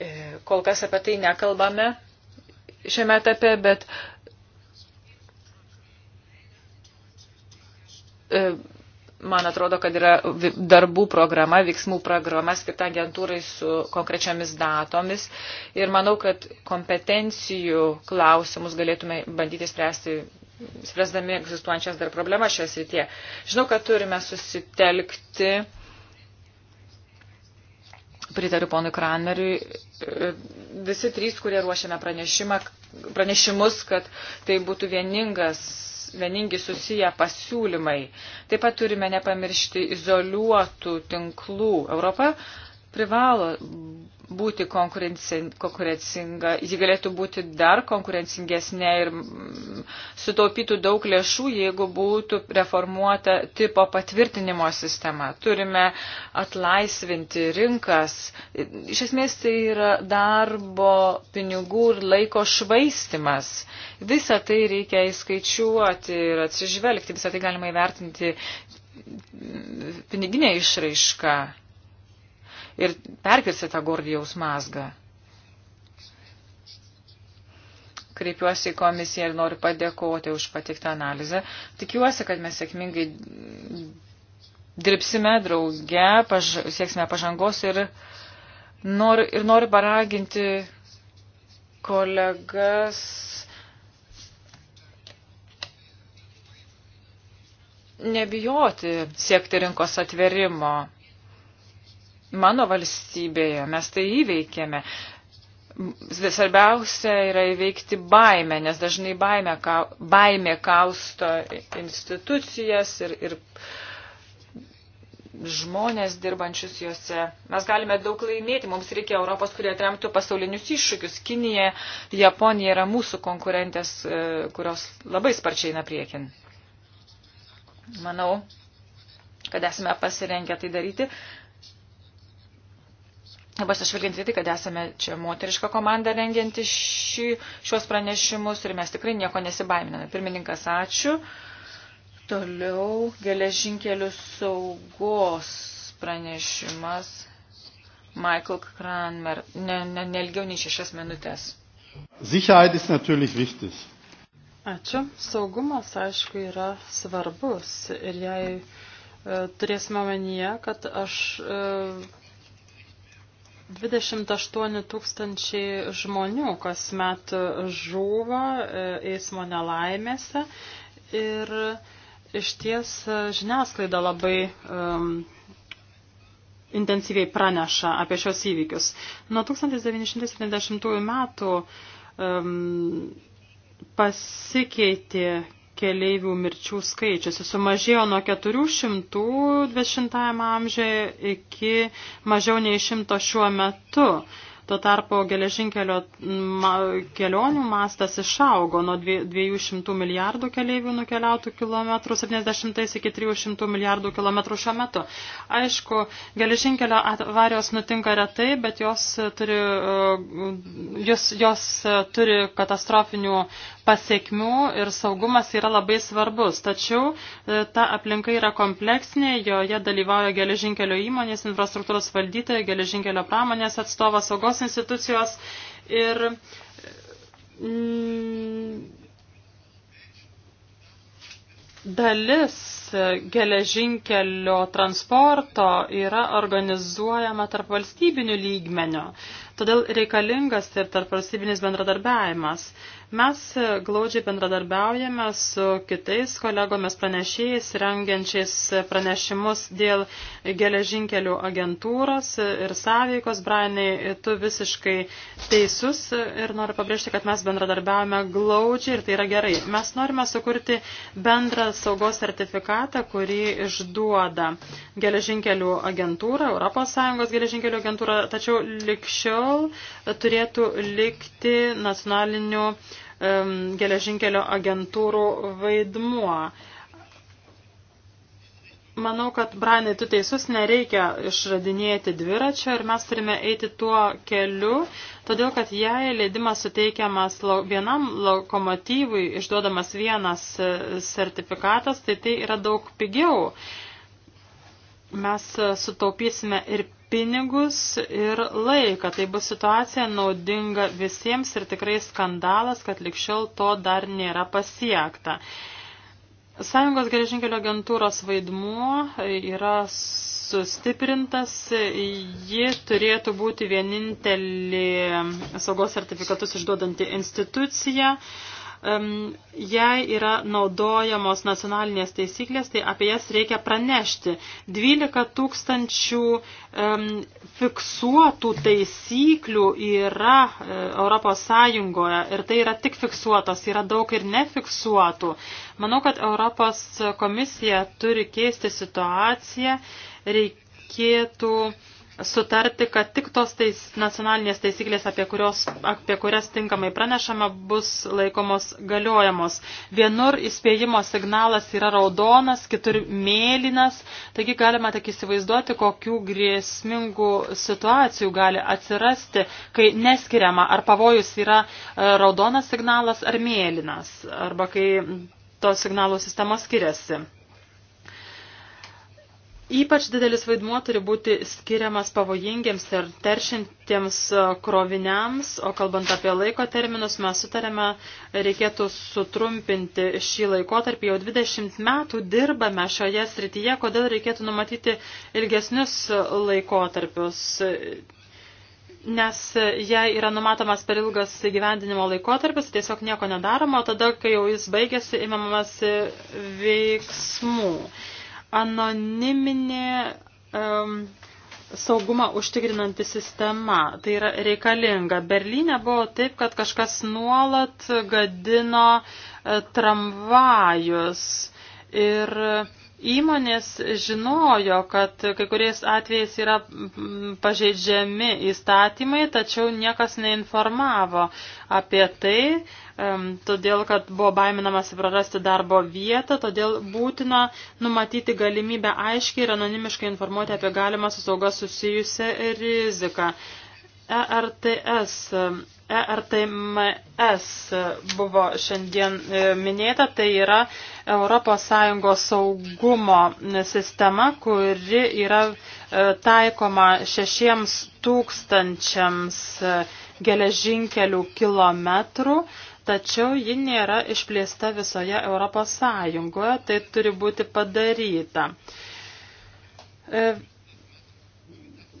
E, kol kas apie tai nekalbame šiame etape, bet E, man atrodo, kad yra darbų programa, veiksmų programa skirta agentūrai su konkrečiamis datomis. Ir manau, kad kompetencijų klausimus galėtume bandyti spręsti, spręsdami egzistuojančias dar problemas šioje srityje. Žinau, kad turime susitelkti. Pritariu ponui Kraneriui. E, visi trys, kurie ruošiame pranešimus, kad tai būtų vieningas vieningi susiję pasiūlymai. Taip pat turime nepamiršti izoliuotų tinklų. Europa privalo būti konkurencinga, ji galėtų būti dar konkurencingesnė ir mm, sutaupytų daug lėšų, jeigu būtų reformuota tipo patvirtinimo sistema. Turime atlaisvinti rinkas. Iš esmės tai yra darbo, pinigų ir laiko švaistimas. Visą tai reikia įskaičiuoti ir atsižvelgti, visą tai galima įvertinti mm, piniginė išraiška ir perkirsti tą Gordijaus mazgą. Kreipiuosi į komisiją ir noriu padėkoti už patiktą analizę. Tikiuosi, kad mes sėkmingai dirbsime drauge, paž sieksime pažangos ir noriu, ir noriu paraginti kolegas nebijoti siekti rinkos atverimo mano valstybėje mes tai įveikėme. Svarbiausia yra įveikti baimę, nes dažnai baimė, baimė kausto institucijas ir, ir žmonės dirbančius juose. Mes galime daug laimėti, mums reikia Europos, kurie atremtų pasaulinius iššūkius. Kinija, Japonija yra mūsų konkurentės, e, kurios labai sparčiai eina priekin. Manau, kad esame pasirengę tai daryti Dabar atsižvelgiant į tai, kad esame čia moteriška komanda rengianti šį, šios pranešimus ir mes tikrai nieko nesibaiminame. Pirmininkas, ačiū. Toliau geležinkelių saugos pranešimas. Michael Kranmer, ne, ne, nelgiau nei šešias minutės. Sicherheit ist natürlich wichtig. Ačiū. Saugumas, aišku, yra svarbus. Ir jei e, turėsime omenyje, kad aš e, 28 tūkstančiai žmonių kasmet žūva e, eismo nelaimėse ir e, iš ties e, žiniasklaida labai um, intensyviai praneša apie šios įvykius. Nuo 1970 metų um, pasikeitė keleivių mirčių skaičius. Jis sumažėjo nuo 400 20-ame amžiuje iki mažiau nei 100 šiuo metu. Tuo tarpu geležinkelio kelionių mastas išaugo nuo 200 milijardų keleivių nukeliautų kilometrų 70 iki 300 milijardų kilometrų šiuo metu. Aišku, geležinkelio avarijos nutinka retai, bet jos turi, uh, jos, jos uh, turi katastrofinių pasiekmių ir saugumas yra labai svarbus. Tačiau e, ta aplinka yra kompleksinė, joje dalyvauja geležinkelio įmonės, infrastruktūros valdytojai, geležinkelio pramonės atstovas, saugos institucijos ir mm, dalis geležinkelio transporto yra organizuojama tarp valstybinių lygmenio. Todėl reikalingas ir tarp valstybinis bendradarbiavimas. Mes e, glaudžiai bendradarbiaujame su kitais kolegomis pranešėjais, rengiančiais e, pranešimus dėl geležinkelių agentūros ir sąveikos. Brainai, e, tu visiškai teisus ir noriu pabrėžti, kad mes bendradarbiaujame glaudžiai ir tai yra gerai. Mes norime sukurti bendrą saugos sertifikatą, kurį išduoda geležinkelių agentūra, ES geležinkelių agentūra, tačiau likščiau turėtų likti nacionalinių geležinkelio agentūrų vaidmuo. Manau, kad, Branai, tu teisus, nereikia išradinėti dviračio ir mes turime eiti tuo keliu, todėl kad jei leidimas suteikiamas vienam lokomotyvui, išduodamas vienas e, sertifikatas, tai tai yra daug pigiau. Mes e, sutaupysime ir pinigus ir laiką. Tai bus situacija naudinga visiems ir tikrai skandalas, kad likščiau to dar nėra pasiekta. Sąjungos geležinkelio agentūros vaidmuo yra sustiprintas, ji turėtų būti vienintelė saugos sertifikatus išduodanti institucija jei yra naudojamos nacionalinės taisyklės, tai apie jas reikia pranešti. 12 tūkstančių fiksuotų taisyklių yra e, Europos Sąjungoje ir tai yra tik fiksuotos, yra daug ir nefiksuotų. Manau, kad Europos komisija turi keisti situaciją, reikėtų sutarti, kad tik tos tais, nacionalinės taisyklės, apie, kurios, apie kurias tinkamai pranešama, bus laikomos galiojamos. Vienur įspėjimo signalas yra raudonas, kitur mėlynas, taigi galima tik įsivaizduoti, kokių grėsmingų situacijų gali atsirasti, kai neskiriama, ar pavojus yra e, raudonas signalas ar mėlynas, arba kai tos signalų sistemos skiriasi. Ypač didelis vaidmuo turi būti skiriamas pavojingiems ir teršintiems e, kroviniams, o kalbant apie laiko terminus, mes sutarėme, reikėtų sutrumpinti šį laikotarpį. Jau 20 metų dirbame šioje srityje, kodėl reikėtų numatyti ilgesnius laikotarpius. Nes jei yra numatomas per ilgas gyvendinimo laikotarpis, tiesiog nieko nedaroma, o tada, kai jau jis baigėsi, imamas veiksmų anoniminė um, saugumą užtikrinanti sistema. Tai yra reikalinga. Berlyne buvo taip, kad kažkas nuolat gadino e, tramvajus ir uh, Įmonės žinojo, kad kai kuriais atvejais yra pažeidžiami įstatymai, tačiau niekas neinformavo apie tai, todėl kad buvo baiminamasi prarasti darbo vietą, todėl būtina numatyti galimybę aiškiai ir anonimiškai informuoti apie galimą su sauga susijusią riziką. ERTS, ERTMS buvo šiandien e, minėta, tai yra ES saugumo sistema, kuri yra e, taikoma šešiems tūkstančiams e, geležinkelių kilometrų, tačiau ji nėra išplėsta visoje ES. Tai turi būti padaryta.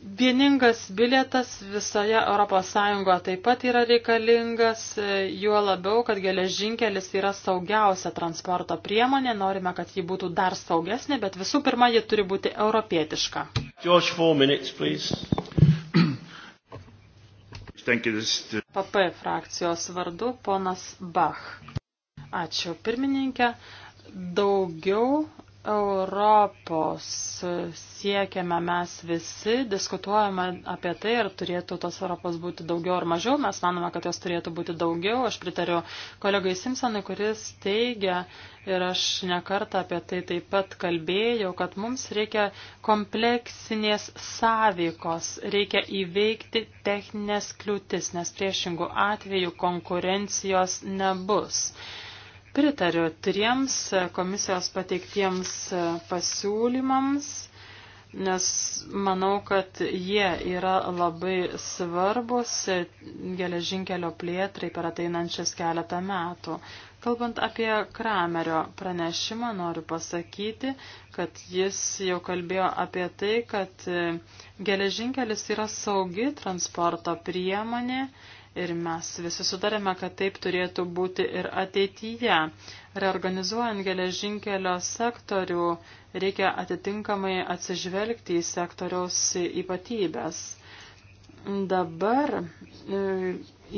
Vieningas bilietas visoje ES taip pat yra reikalingas, e, juo labiau, kad geležinkelis yra saugiausia transporto priemonė, norime, kad ji būtų dar saugesnė, bet visų pirma, ji turi būti europietiška. George, four minutes, please. PP frakcijos vardu ponas Bach. Ačiū pirmininkė. Daugiau Europos siekiame mes visi, diskutuojame apie tai, ar turėtų tos Europos būti daugiau ar mažiau. Mes manome, kad jos turėtų būti daugiau. Aš pritariu kolegai Simpsonui, kuris teigia, ir aš nekartą apie tai taip pat kalbėjau, kad mums reikia kompleksinės sąveikos, reikia įveikti techninės kliūtis, nes priešingų atvejų konkurencijos nebus. Pritariu triems komisijos pateiktiems pasiūlymams, nes manau, kad jie yra labai svarbus geležinkelio plėtrai per ateinančias keletą metų. Kalbant apie Kramerio pranešimą, noriu pasakyti, kad jis jau kalbėjo apie tai, kad geležinkelis yra saugi transporto priemonė Ir mes visi sutarėme, kad taip turėtų būti ir ateityje. Reorganizuojant geležinkelio sektorių, reikia atitinkamai atsižvelgti į sektoriaus ypatybės. Dabar e,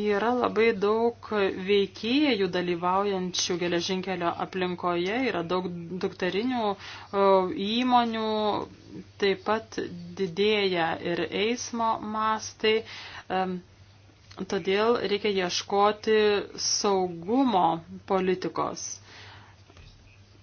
yra labai daug veikėjų dalyvaujančių geležinkelio aplinkoje, yra daug dukterinių e, įmonių, taip pat didėja ir eismo mastai. Todėl reikia ieškoti saugumo politikos.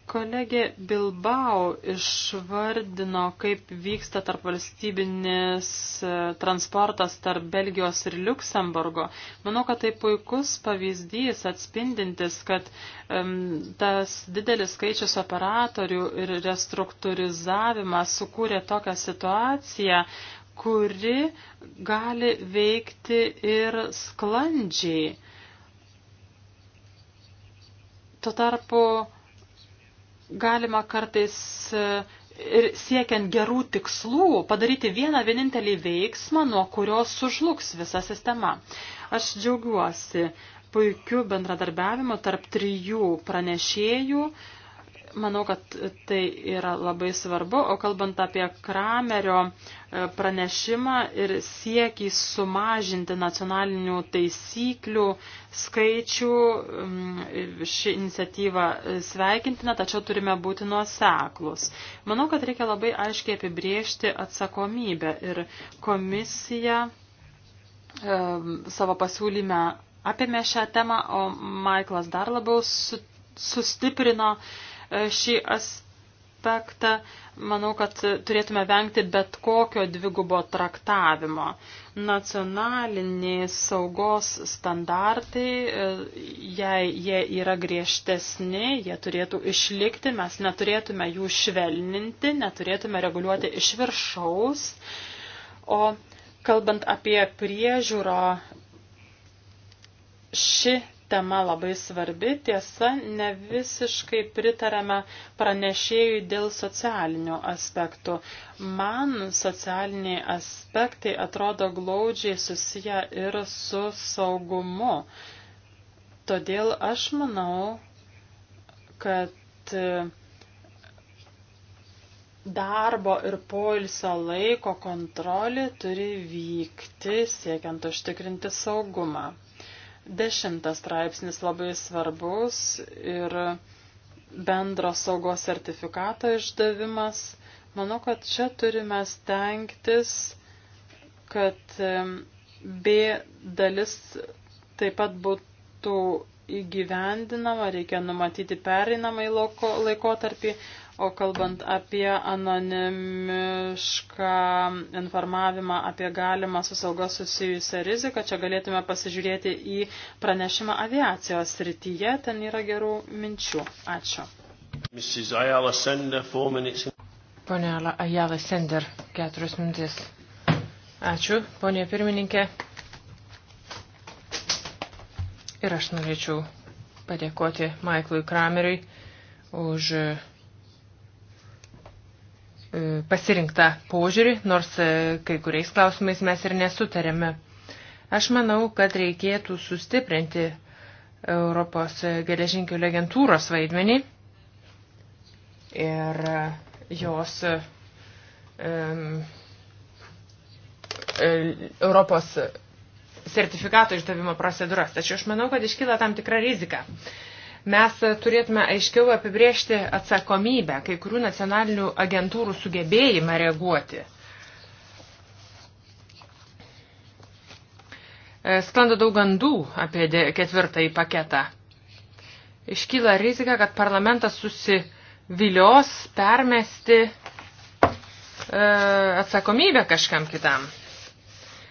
Kolegė Bilbao išvardino, kaip vyksta tarp valstybinis e, transportas tarp Belgijos ir Luksemburgo. Manau, kad tai puikus pavyzdys atspindintis, kad um, tas didelis skaičius operatorių ir restruktūrizavimas sukūrė tokią situaciją, uh, kuri gali veikti ir sklandžiai. Tuo tarpu galima kartais e, ir siekiant gerų tikslų padaryti vieną vienintelį veiksmą, nuo kurios sužlugs visa sistema. Aš džiaugiuosi puikiu bendradarbiavimu tarp trijų pranešėjų, uh, Manau, kad tai yra labai svarbu, o kalbant apie Kramerio e, pranešimą ir siekį sumažinti nacionalinių taisyklių skaičių, mm, ši iniciatyva e, sveikintina, tačiau turime būti nuoseklus. Manau, kad reikia labai aiškiai apibriežti atsakomybę ir komisija e, savo pasiūlyme apėmė šią temą, o Maiklas dar labiau su sustiprino uh, E, šį aspektą, manau, kad turėtume vengti bet kokio dvigubo traktavimo. Nacionaliniai saugos standartai, e, jei jie yra griežtesni, jie turėtų išlikti, mes neturėtume jų švelninti, neturėtume reguliuoti iš viršaus. O kalbant apie priežiūrą, ši tema labai svarbi, tiesa, ne visiškai pritarame pranešėjui dėl socialinių aspektų. Man socialiniai aspektai atrodo glaudžiai susiję ir su saugumu. Todėl aš manau, kad darbo ir poilsio laiko kontrolė turi vykti siekiant užtikrinti saugumą. Dešimtas straipsnis labai svarbus ir bendro saugos sertifikato išdavimas. Manau, kad čia turime stengtis, kad B dalis taip pat būtų įgyvendinama, reikia numatyti pereinamą laikotarpį, laiko O kalbant apie anonimišką informavimą apie galimą su sauga susijusią riziką, čia galėtume pasižiūrėti į pranešimą aviacijos srityje, ten yra gerų minčių. Ačiū. Pone Ajala Sender, keturios mintis. Ačiū, ponė pirmininkė. Ir aš norėčiau padėkoti Maiklui Krameriui už E, pasirinktą požiūrį, nors e, kai kuriais klausimais mes ir nesutarėme. Aš manau, kad reikėtų sustiprinti Europos geležinkelių agentūros vaidmenį ir jos um, Europos sertifikato išdavimo procedūras. Tačiau aš manau, kad iškyla tam tikra rizika. Uh, Mes turėtume aiškiau apibriežti atsakomybę, kai kurių nacionalinių agentūrų sugebėjimą reaguoti. E, sklando daug gandų apie ketvirtąjį paketą. Iškyla rizika, kad parlamentas susivilios permesti e, atsakomybę kažkam kitam.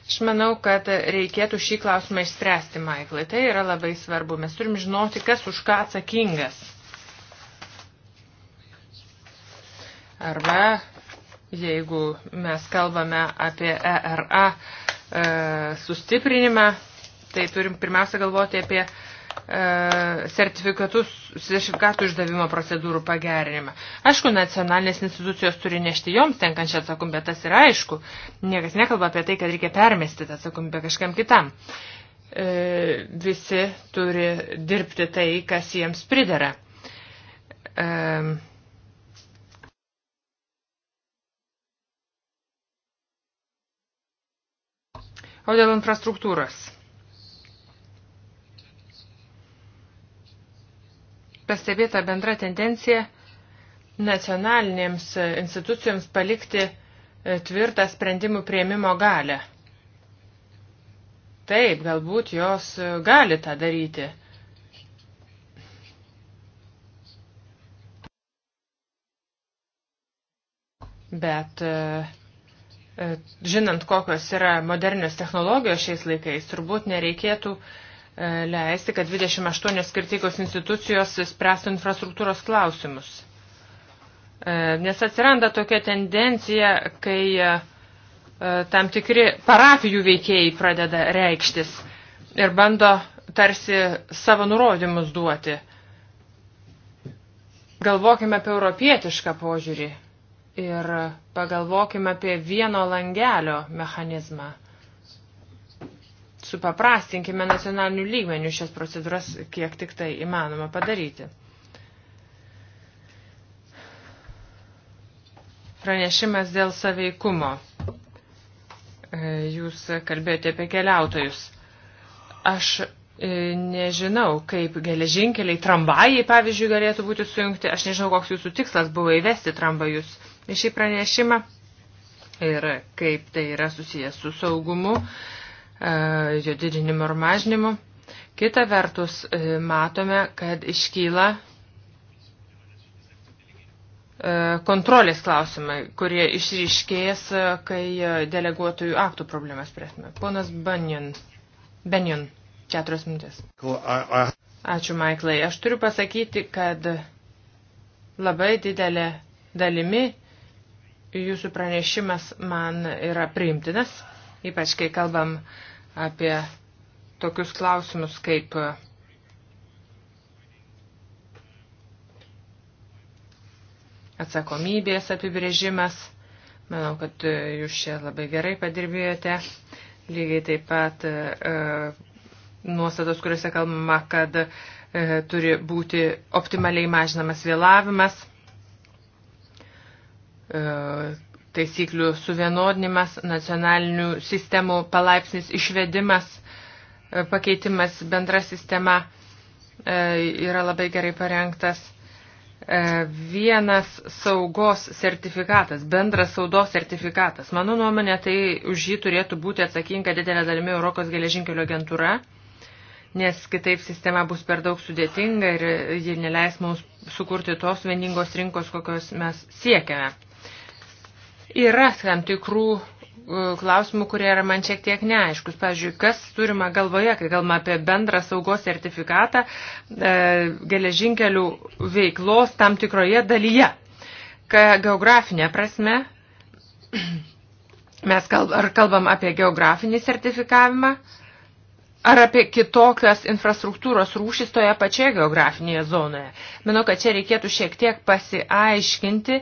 Aš manau, kad reikėtų šį klausimą išspręsti, Maiklai. Tai yra labai svarbu. Mes turim žinoti, kas už ką atsakingas. Arba, jeigu mes kalbame apie ERA e, sustiprinimą, tai turim pirmiausia galvoti apie e, E, sertifikatus, sertifikatų išdavimo procedūrų pagerinimą. Aišku, nacionalinės institucijos turi nešti joms tenkančią atsakomybę, tas yra aišku. Niekas nekalba apie tai, kad reikia permesti tą atsakomybę kažkam kitam. E, visi turi dirbti tai, kas jiems pridara. E, o dėl infrastruktūros. pastebėta bendra tendencija nacionalinėms e, institucijoms palikti e, tvirtą sprendimų prieimimo galę. Taip, galbūt jos e, gali tą daryti. Bet žinant, kokios yra modernios technologijos šiais laikais, turbūt nereikėtų uh, E, leisti, kad 28 skirtingos institucijos spręstų infrastruktūros klausimus. E, nes atsiranda tokia tendencija, kai e, tam tikri parapijų veikėjai pradeda reikštis ir bando tarsi savo nurodymus duoti. Galvokime apie europietišką požiūrį ir pagalvokime apie vieno langelio mechanizmą supaprastinkime nacionalinių lygmenių šias procedūras, kiek tik tai įmanoma padaryti. Pranešimas dėl saveikumo. E, jūs kalbėjote apie keliautojus. Aš e, nežinau, kaip geležinkeliai, tramvajai, pavyzdžiui, galėtų būti sujungti. Aš nežinau, koks jūsų tikslas buvo įvesti tramvajus į šį pranešimą ir kaip tai yra susijęs su saugumu E, jo didinimu ir mažinimu. Kita vertus, e, matome, kad iškyla e, kontrolės klausimai, kurie išryškės, kai deleguotojų aktų problemas spręsime. Ponas Banjon, Benjon, keturios minutės. Ačiū, Maiklai. Aš turiu pasakyti, kad labai didelė dalimi jūsų pranešimas man yra priimtinas, ypač kai kalbam uh, apie tokius klausimus kaip atsakomybės apibrėžimas. Manau, kad e, jūs čia labai gerai padirbėjote. Lygiai taip pat e, e, nuostatos, kuriuose kalbama, kad e, turi būti optimaliai mažinamas vėlavimas. E, taisyklių suvienodinimas, nacionalinių sistemų palaipsnis išvedimas, e, pakeitimas bendra sistema e, yra labai gerai parengtas. E, vienas saugos sertifikatas, bendras saudos sertifikatas. Mano nuomonė, tai už jį turėtų būti atsakinga didelė dalimi Europos geležinkelio agentūra, nes kitaip sistema bus per daug sudėtinga ir ji neleis mums sukurti tos vieningos rinkos, kokios mes siekiame. Yra tam tikrų e, klausimų, kurie yra man šiek tiek neaiškus. Pavyzdžiui, kas turima galvoje, kai kalbame apie bendrą saugos sertifikatą e, geležinkelių veiklos tam tikroje dalyje. Ka geografinė prasme, mes kalb, ar kalbam apie geografinį sertifikavimą, ar apie kitokias infrastruktūros rūšis toje pačioje geografinėje zonoje. Manau, kad čia reikėtų šiek tiek pasiaiškinti,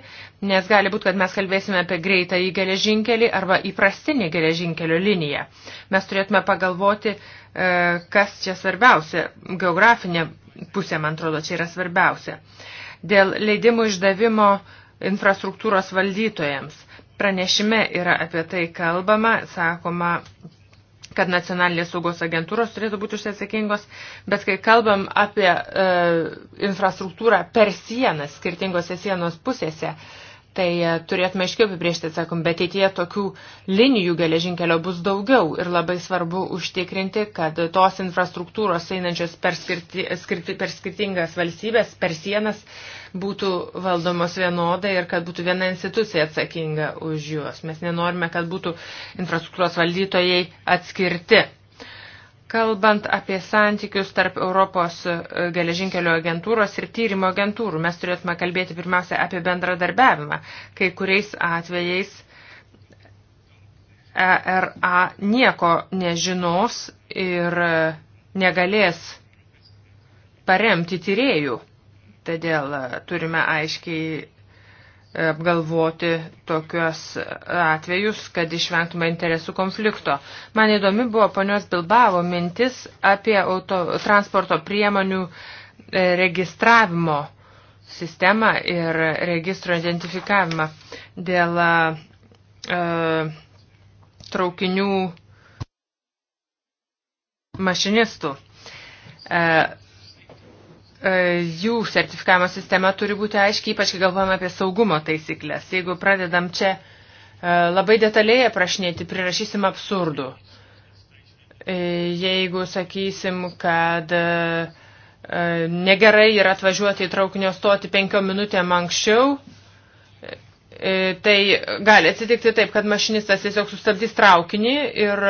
nes gali būti, kad mes kalbėsime apie greitą į geležinkelį arba įprastinį geležinkelio liniją. Mes turėtume pagalvoti, e, kas čia svarbiausia. Geografinė pusė, man atrodo, čia yra svarbiausia. Dėl leidimų išdavimo infrastruktūros valdytojams pranešime yra apie tai kalbama, sakoma, kad nacionalinės saugos agentūros turėtų būti užsiatsakingos, tai bet kai kalbam apie e, infrastruktūrą per sienas, skirtingose sienos pusėse, tai e, turėtume aiškiau apibriežti atsakom, bet ateityje tokių linijų geležinkelio bus daugiau ir labai svarbu užtikrinti, kad tos infrastruktūros einančios per, skirti, skirti, per skirtingas valstybės, per sienas, e, būtų valdomos vienodai ir kad būtų viena institucija atsakinga už juos. Mes nenorime, kad būtų infrastruktūros valdytojai atskirti. Kalbant apie santykius tarp Europos e, geležinkelio agentūros ir tyrimo agentūrų, mes turėtume kalbėti pirmiausia apie bendradarbiavimą. Kai kuriais atvejais ERA nieko nežinos ir e, negalės paremti tyriejų Todėl e, turime aiškiai e, apgalvoti tokius atvejus, kad išvengtume interesų konflikto. Man įdomi buvo ponios Bilbavo mintis apie auto, transporto priemonių e, registravimo sistemą ir registro identifikavimą dėl e, traukinių mašinistų. E, E, jų sertifikavimo sistema turi būti aiškiai, ypač kai galvojame apie saugumo taisyklės. Jeigu pradedam čia e, labai detaliai aprašinėti, prirašysim absurdų. E, jeigu sakysim, kad negerai yra atvažiuoti į traukinio stoti penkiom minutėm anksčiau, tai gali atsitikti taip, kad mašinistas tiesiog sustabdys traukinį ir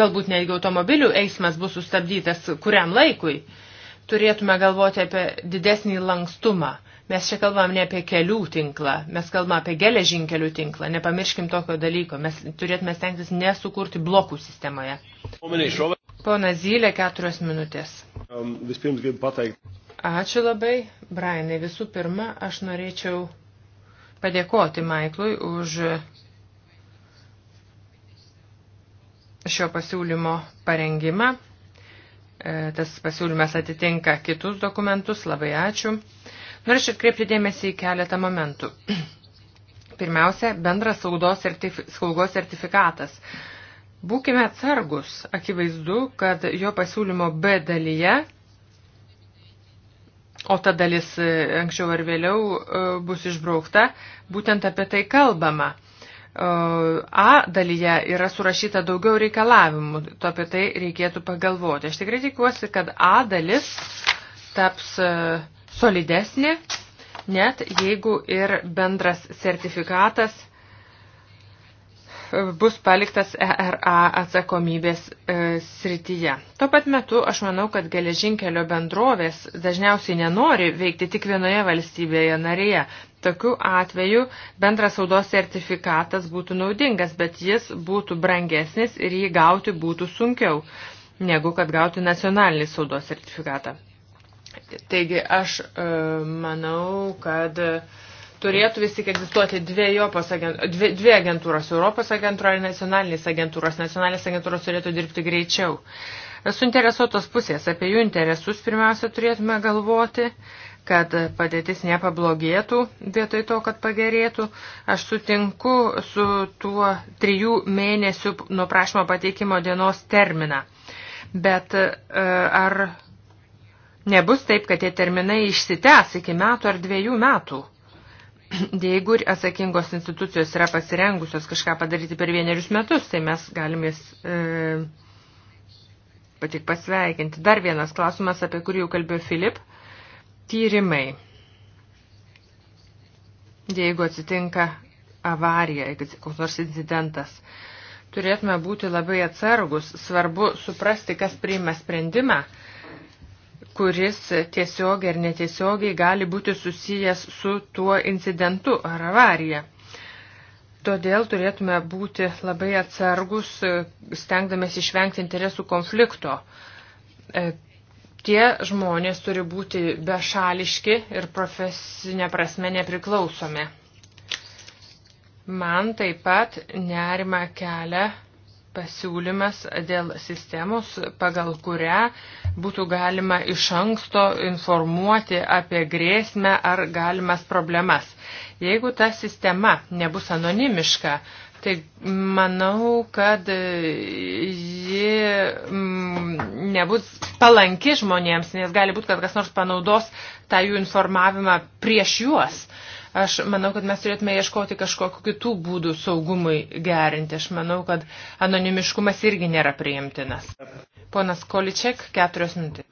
galbūt netgi automobilių eismas bus sustabdytas kuriam laikui turėtume galvoti apie didesnį lankstumą. Mes čia kalbam ne apie kelių tinklą, mes kalbam apie geležinkelių tinklą, nepamirškim tokio dalyko, mes turėtume stengtis nesukurti blokų sistemoje. Pona Zylė, keturios minutės. Um, Ačiū labai, Brainai. Visų pirma, aš norėčiau padėkoti Maiklui už šio pasiūlymo parengimą. E, tas pasiūlymas atitinka kitus dokumentus. Labai ačiū. Norėčiau atkreipti dėmesį į keletą momentų. Pirmiausia, bendras saugos sertifi sertifikatas. Būkime atsargus. Akivaizdu, kad jo pasiūlymo B dalyje O ta dalis e, anksčiau ar vėliau e, bus išbraukta, būtent apie tai kalbama. A dalyje yra surašyta daugiau reikalavimų, to apie tai reikėtų pagalvoti. Aš tikrai tikiuosi, kad A dalis taps e, solidesnė, net jeigu ir bendras sertifikatas e, bus paliktas ERA atsakomybės e, srityje. Tuo pat metu aš manau, kad geležinkelio bendrovės dažniausiai nenori veikti tik vienoje valstybėje narėje. Tokiu atveju bendras saudos sertifikatas būtų naudingas, bet jis būtų brangesnis ir jį gauti būtų sunkiau, negu kad gauti nacionalinį saudos sertifikatą. Taigi aš e, manau, kad turėtų vis tik egzistuoti dvi, dvi agentūros, Europos agentūra ir nacionalinės agentūros. Nacionalinės agentūros turėtų dirbti greičiau. Uh, Suinteresuotos pusės apie jų interesus pirmiausia turėtume galvoti, kad padėtis nepablogėtų vietoj to, kad pagerėtų. Aš sutinku su tuo trijų mėnesių nuo prašymo pateikimo dienos terminą. Bet e, ar nebus taip, kad tie terminai išsitęs iki metų ar dviejų metų? Jeigu atsakingos institucijos yra pasirengusios kažką padaryti per vienerius metus, tai mes galim jas e, patik pasveikinti. Dar vienas klausimas, apie kurį jau kalbėjo Filip. Tyrimai. Jeigu atsitinka avarija, koks nors incidentas, turėtume būti labai atsargus. Svarbu suprasti, kas priima sprendimą, kuris tiesiogiai ar netiesiogiai gali būti susijęs su tuo incidentu ar avarija. Todėl turėtume būti labai atsargus, stengdamės išvengti interesų konflikto. E, tie žmonės turi būti bešališki ir profesinė prasme nepriklausomi. Man taip pat nerima kelia pasiūlymas dėl sistemos, pagal kurią būtų galima iš anksto informuoti apie grėsmę ar galimas problemas. Jeigu ta sistema nebus anonimiška, tai manau, kad e, ji mm, nebus palanki žmonėms, nes gali būti, kad kas nors panaudos tą jų informavimą prieš juos. Aš manau, kad mes turėtume ieškoti kažkokiu kitų būdų saugumui gerinti. Aš manau, kad anonimiškumas irgi nėra priimtinas. Ponas Količek, keturios minutės.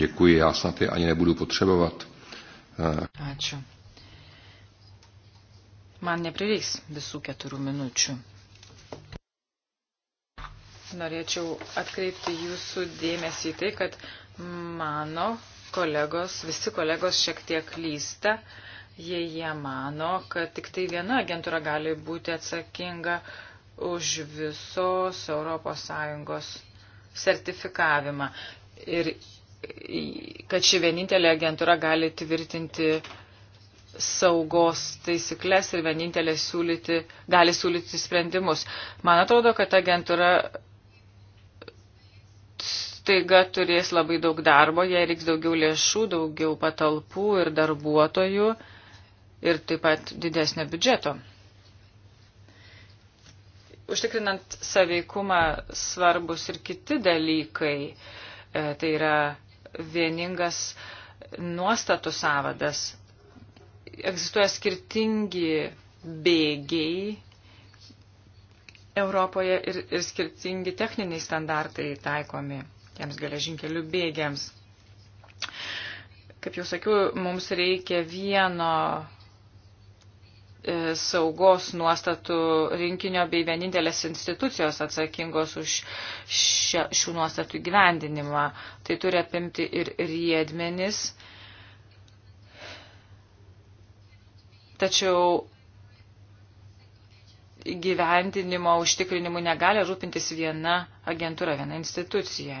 Děkuji, já snad je ani nebudu potřebovat. Ačiū. Man neprireiks visų keturių minučių. Norėčiau atkreipti jūsų dėmesį į tai, kad mano kolegos, visi kolegos šiek tiek lysta, jei jie mano, kad tik tai viena agentūra gali būti atsakinga už visos ES sertifikavimą ir kad ši vienintelė agentūra gali tvirtinti saugos taisyklės ir vienintelė siūlyti, gali siūlyti sprendimus. Man atrodo, kad agentūra staiga turės labai daug darbo, jai reiks daugiau lėšų, daugiau patalpų ir darbuotojų ir taip pat didesnio biudžeto. Užtikrinant saveikumą svarbus ir kiti dalykai, e, tai yra vieningas nuostatų savadas egzistuoja skirtingi bėgiai Europoje ir, ir skirtingi techniniai standartai taikomi tiems geležinkelių bėgiams. Kaip jau sakiau, mums reikia vieno e, saugos nuostatų rinkinio bei vienintelės institucijos atsakingos už šia, šių nuostatų gyvendinimą. Tai turi apimti ir riedmenis, tačiau gyvendinimo užtikrinimu negali rūpintis viena agentūra, viena institucija.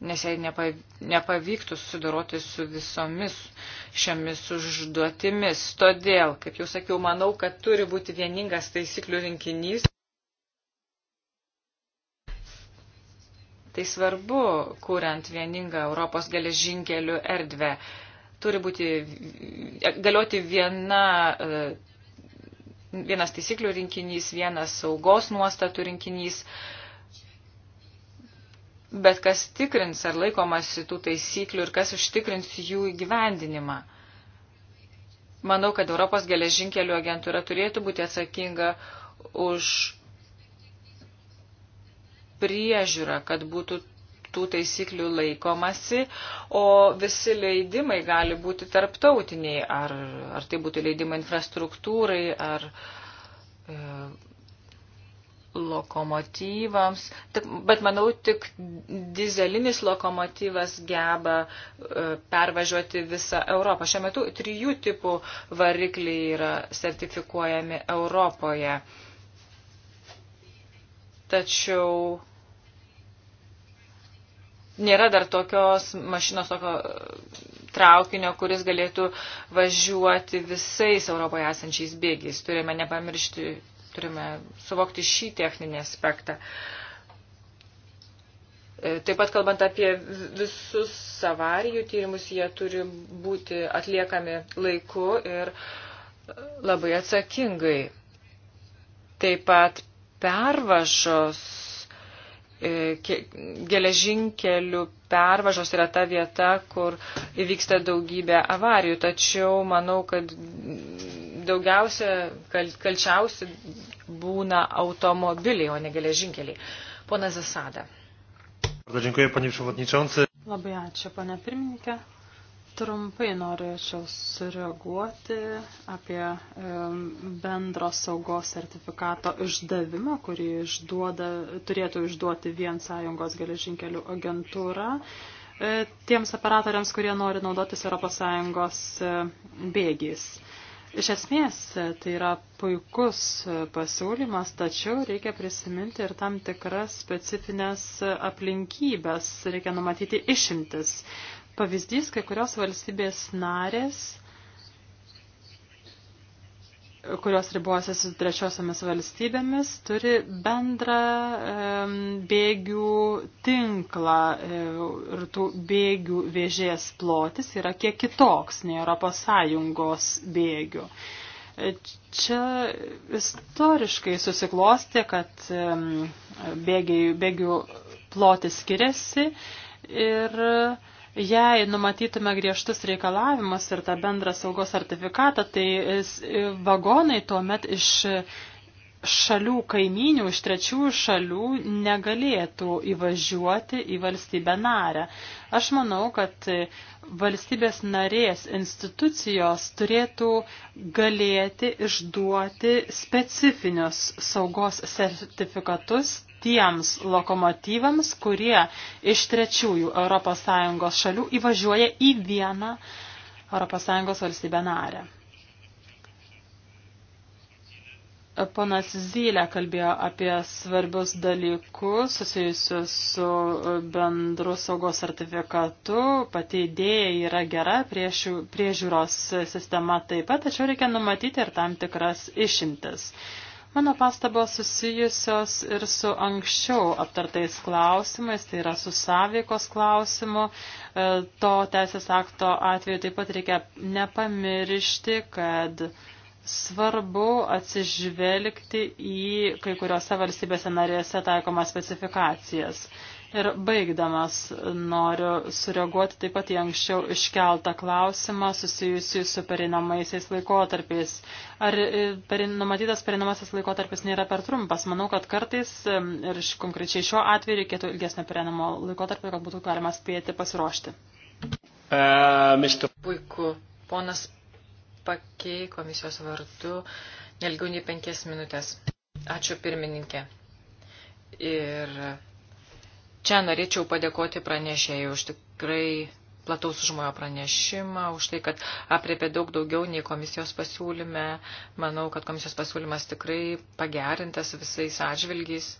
Nes jei nepavyktų susidoroti su visomis šiomis užduotimis. Todėl, kaip jau sakiau, manau, kad turi būti vieningas taisyklių rinkinys. Tai svarbu, kuriant vieningą Europos geležinkelių erdvę turi būti, galioti viena, e, vienas taisyklių rinkinys, vienas saugos nuostatų rinkinys, bet kas tikrins, ar laikomasi tų taisyklių ir kas užtikrins jų įgyvendinimą. Manau, kad Europos geležinkelių agentūra turėtų būti atsakinga už priežiūrą, kad būtų tų taisyklių laikomasi, o visi leidimai gali būti tarptautiniai, ar, ar tai būtų leidimai infrastruktūrai, ar e, lokomotyvams. Tik, bet manau, tik dizelinis lokomotyvas geba e, pervažiuoti visą Europą. Šiuo metu trijų tipų varikliai yra sertifikuojami Europoje. Tačiau nėra dar tokios mašinos, tokio e, traukinio, kuris galėtų važiuoti visais Europoje esančiais bėgiais. Turime nepamiršti, turime suvokti šį techninį aspektą. E, taip pat kalbant apie visus avarijų tyrimus, jie turi būti atliekami laiku ir e, labai atsakingai. Taip pat pervažos E, geležinkelių pervažos yra ta vieta, kur įvyksta daugybė avarijų. Tačiau manau, kad daugiausia, kal, kalčiausi būna automobiliai, o ne geležinkeliai. Pona Zasada. Dziękuję, panie przewodniczący. Labai ačiū, pane pirmininkė. Trumpai norėčiau sureaguoti apie bendro saugos sertifikato išdavimą, kurį išduoda, turėtų išduoti vien Sąjungos geležinkelių agentūra e, tiems operatoriams, kurie nori naudotis ES e, bėgiais. Iš esmės, e, tai yra puikus pasiūlymas, tačiau reikia prisiminti ir tam tikras specifines aplinkybės, reikia numatyti išimtis pavyzdys, kai kurios valstybės narės, kurios ribuosi su trečiosiamis valstybėmis, turi bendrą bėgių tinklą e, ir tų bėgių vėžės plotis yra kiek kitoks nei Europos Sąjungos bėgių. E, čia istoriškai susiklosti, kad bėgiai, bėgių plotis skiriasi ir uh, Jei numatytume griežtus reikalavimus ir tą bendrą saugos sertifikatą, tai e, vagonai tuomet iš šalių kaimynių, iš trečiųjų šalių negalėtų įvažiuoti į valstybę narę. Aš manau, kad valstybės narės institucijos turėtų galėti išduoti specifinius saugos sertifikatus tiems lokomotyvams, kurie iš trečiųjų ES šalių įvažiuoja į vieną ES valstybę narę. Ponas Zylė kalbėjo apie svarbius dalykus susijusius su bendru saugos sertifikatu. Pati idėja yra gera, priežiūros sistema taip pat, tačiau reikia numatyti ir tam tikras išimtis. Mano pastabos susijusios ir su anksčiau aptartais klausimais, tai yra su sąveikos klausimu. E, to teisės akto atveju taip pat reikia nepamiršti, kad svarbu atsižvelgti į kai kuriuose valstybėse narėse taikomas specifikacijas. Ir baigdamas noriu sureaguoti taip pat į anksčiau iškeltą klausimą susijusį su perinamaisiais laikotarpiais. Ar e, perin, numatytas perinamasis laikotarpis nėra per trumpas? Manau, kad kartais ir konkrečiai šiuo atveju reikėtų ilgesnio perinamo laikotarpio, kad būtų galima spėti pasiruošti. Uh, mister... Puiku. Ponas Pakei komisijos vardu nelgiau nei penkias minutės. Ačiū pirmininkė. Ir čia norėčiau padėkoti pranešėjai už tikrai plataus užmojo pranešimą, už tai, kad apriepė daug daugiau nei komisijos pasiūlyme. Manau, kad komisijos pasiūlymas tikrai pagerintas visais atžvilgiais.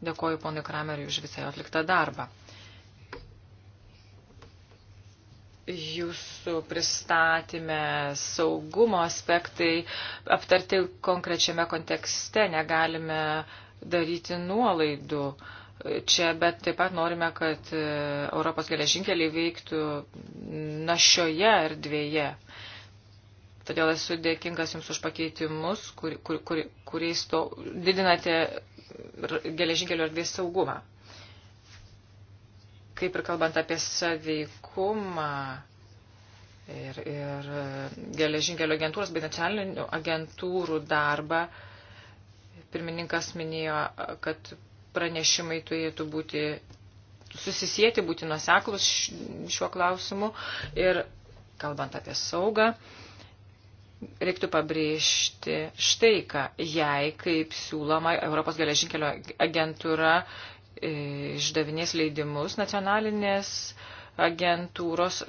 Dėkoju ponui Krameriui už visą atliktą darbą. Jūsų pristatymė saugumo aspektai aptarti konkrečiame kontekste negalime daryti nuolaidų. Uh, čia, bet taip pat norime, kad e, Europos geležinkeliai veiktų našioje erdvėje. Todėl esu dėkingas Jums už pakeitimus, kur, kur, kur, kuriais to didinate geležinkelio erdvės saugumą. Kaip ir kalbant apie saveikumą ir, ir geležinkelio agentūros bei nacionalinių agentūrų darbą, pirmininkas minėjo, kad pranešimai turėtų būti susisieti, būti nuseklus šiuo klausimu. Ir kalbant apie saugą, reiktų pabrėžti štai ką, jei, kaip siūloma, Europos geležinkelio agentūra e, išdavinės leidimus nacionalinės agentūros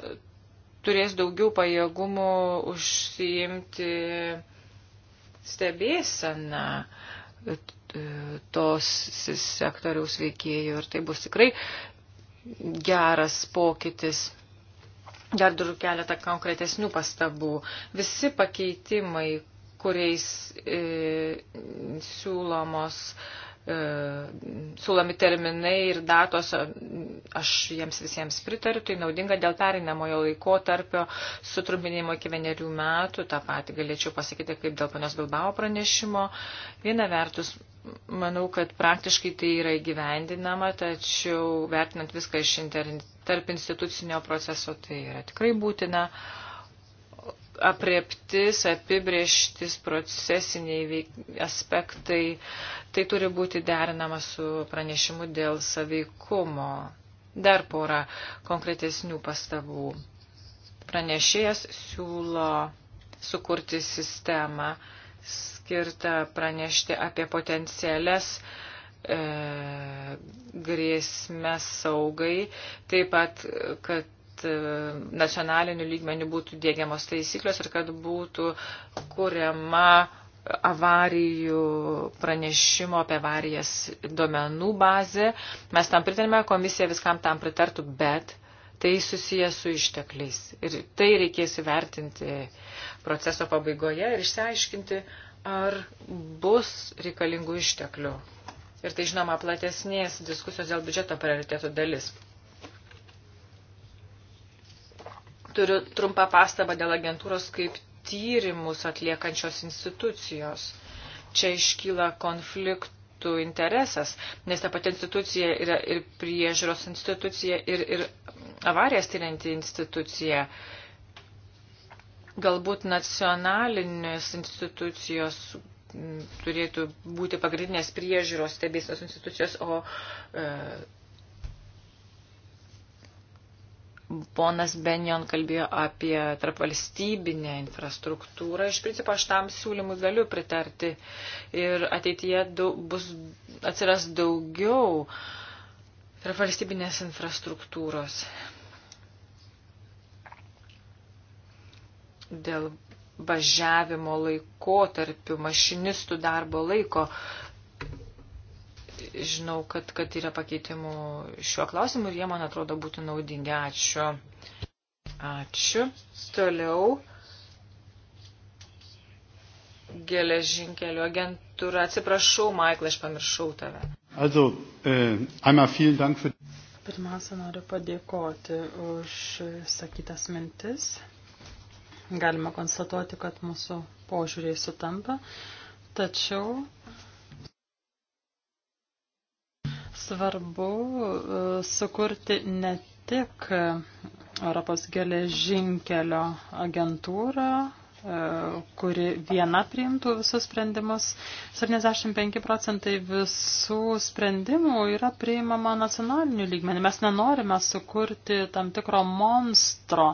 turės daugiau pajėgumų užsiimti stebėseną E, tos sektoriaus veikėjų ir tai bus tikrai geras pokytis. Dar turiu keletą konkretesnių pastabų. Visi pakeitimai, kuriais e, siūlomos e, E, sulami terminai ir datos, e, aš jiems visiems pritariu, tai naudinga dėl perinamojo laiko tarpio sutrumpinimo iki vienerių metų, tą patį galėčiau pasakyti kaip dėl ponios Bilbao pranešimo. Viena vertus, manau, kad praktiškai tai yra įgyvendinama, tačiau vertinant viską iš tarp institucinio proceso, tai yra tikrai būtina. Uh, apreptis, apibrieštis, procesiniai aspektai, tai turi būti derinama su pranešimu dėl saveikumo. Dar porą konkretesnių pastabų. Pranešėjas siūlo sukurti sistemą skirtą pranešti apie potencialias e, grėsmės saugai, taip pat, kad E, nacionaliniu lygmeniu būtų dėgiamos taisyklės ir kad būtų kuriama avarijų pranešimo apie avarijas duomenų bazė. Mes tam pritarime, komisija viskam tam pritartų, bet tai susijęs su ištekliais. Ir tai reikės įvertinti proceso pabaigoje ir išsiaiškinti, ar bus reikalingų išteklių. Ir tai, žinoma, platesnės diskusijos dėl biudžeto prioritėtų dalis. Turiu trumpą pastabą dėl agentūros kaip tyrimus atliekančios institucijos. Čia iškyla konfliktų subjektų interesas, nes ta pati institucija yra ir priežiūros institucija, ir, ir avarijas tyrianti institucija. Galbūt nacionalinės institucijos turėtų būti pagrindinės priežiūros stebėsios institucijos, o e, Ponas Benjon kalbėjo apie tarpvalstybinę infrastruktūrą. Iš principo aš tam siūlymui galiu pritarti ir ateityje daug, bus, atsiras daugiau tarpvalstybinės infrastruktūros. Dėl važiavimo laiko tarp mašinistų darbo laiko žinau, kad, kad yra pakeitimų šiuo klausimu ir jie, man atrodo, būtų naudingi. Ačiū. Ačiū. Toliau. Geležinkelio agentūra. Atsiprašau, Maikla, aš pamiršau tave. Also, äh, einmal vielen Dank für... Pirmiausia, noriu padėkoti už sakytas mintis. Galima konstatuoti, kad mūsų požiūriai sutampa, tačiau Svarbu e, sukurti ne tik Europos geležinkelio agentūrą, e, kuri viena priimtų visus sprendimus. 75 procentai visų sprendimų yra priimama nacionaliniu lygmeniu. Mes nenorime sukurti tam tikro monstro.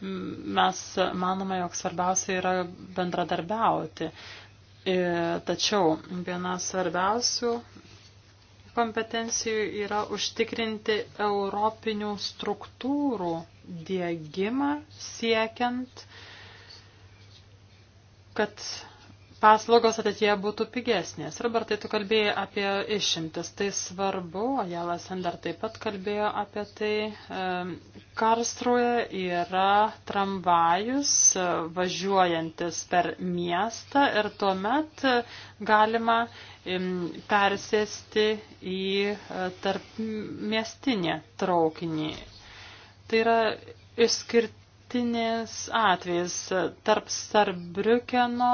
Mes manome, jog svarbiausia yra bendradarbiauti. E, tačiau viena svarbiausių kompetencijų yra užtikrinti europinių struktūrų diegimą siekiant, kad paslaugos ateityje būtų pigesnės. Robertai, tu kalbėjai apie išimtis, tai svarbu, Ajala Sender taip pat kalbėjo apie tai. Karstruoje yra tramvajus e, važiuojantis per miestą ir tuomet e, galima persėsti į e, tarp miestinį traukinį. Tai yra išskirt Gimtinės atvejs tarp Starbriukeno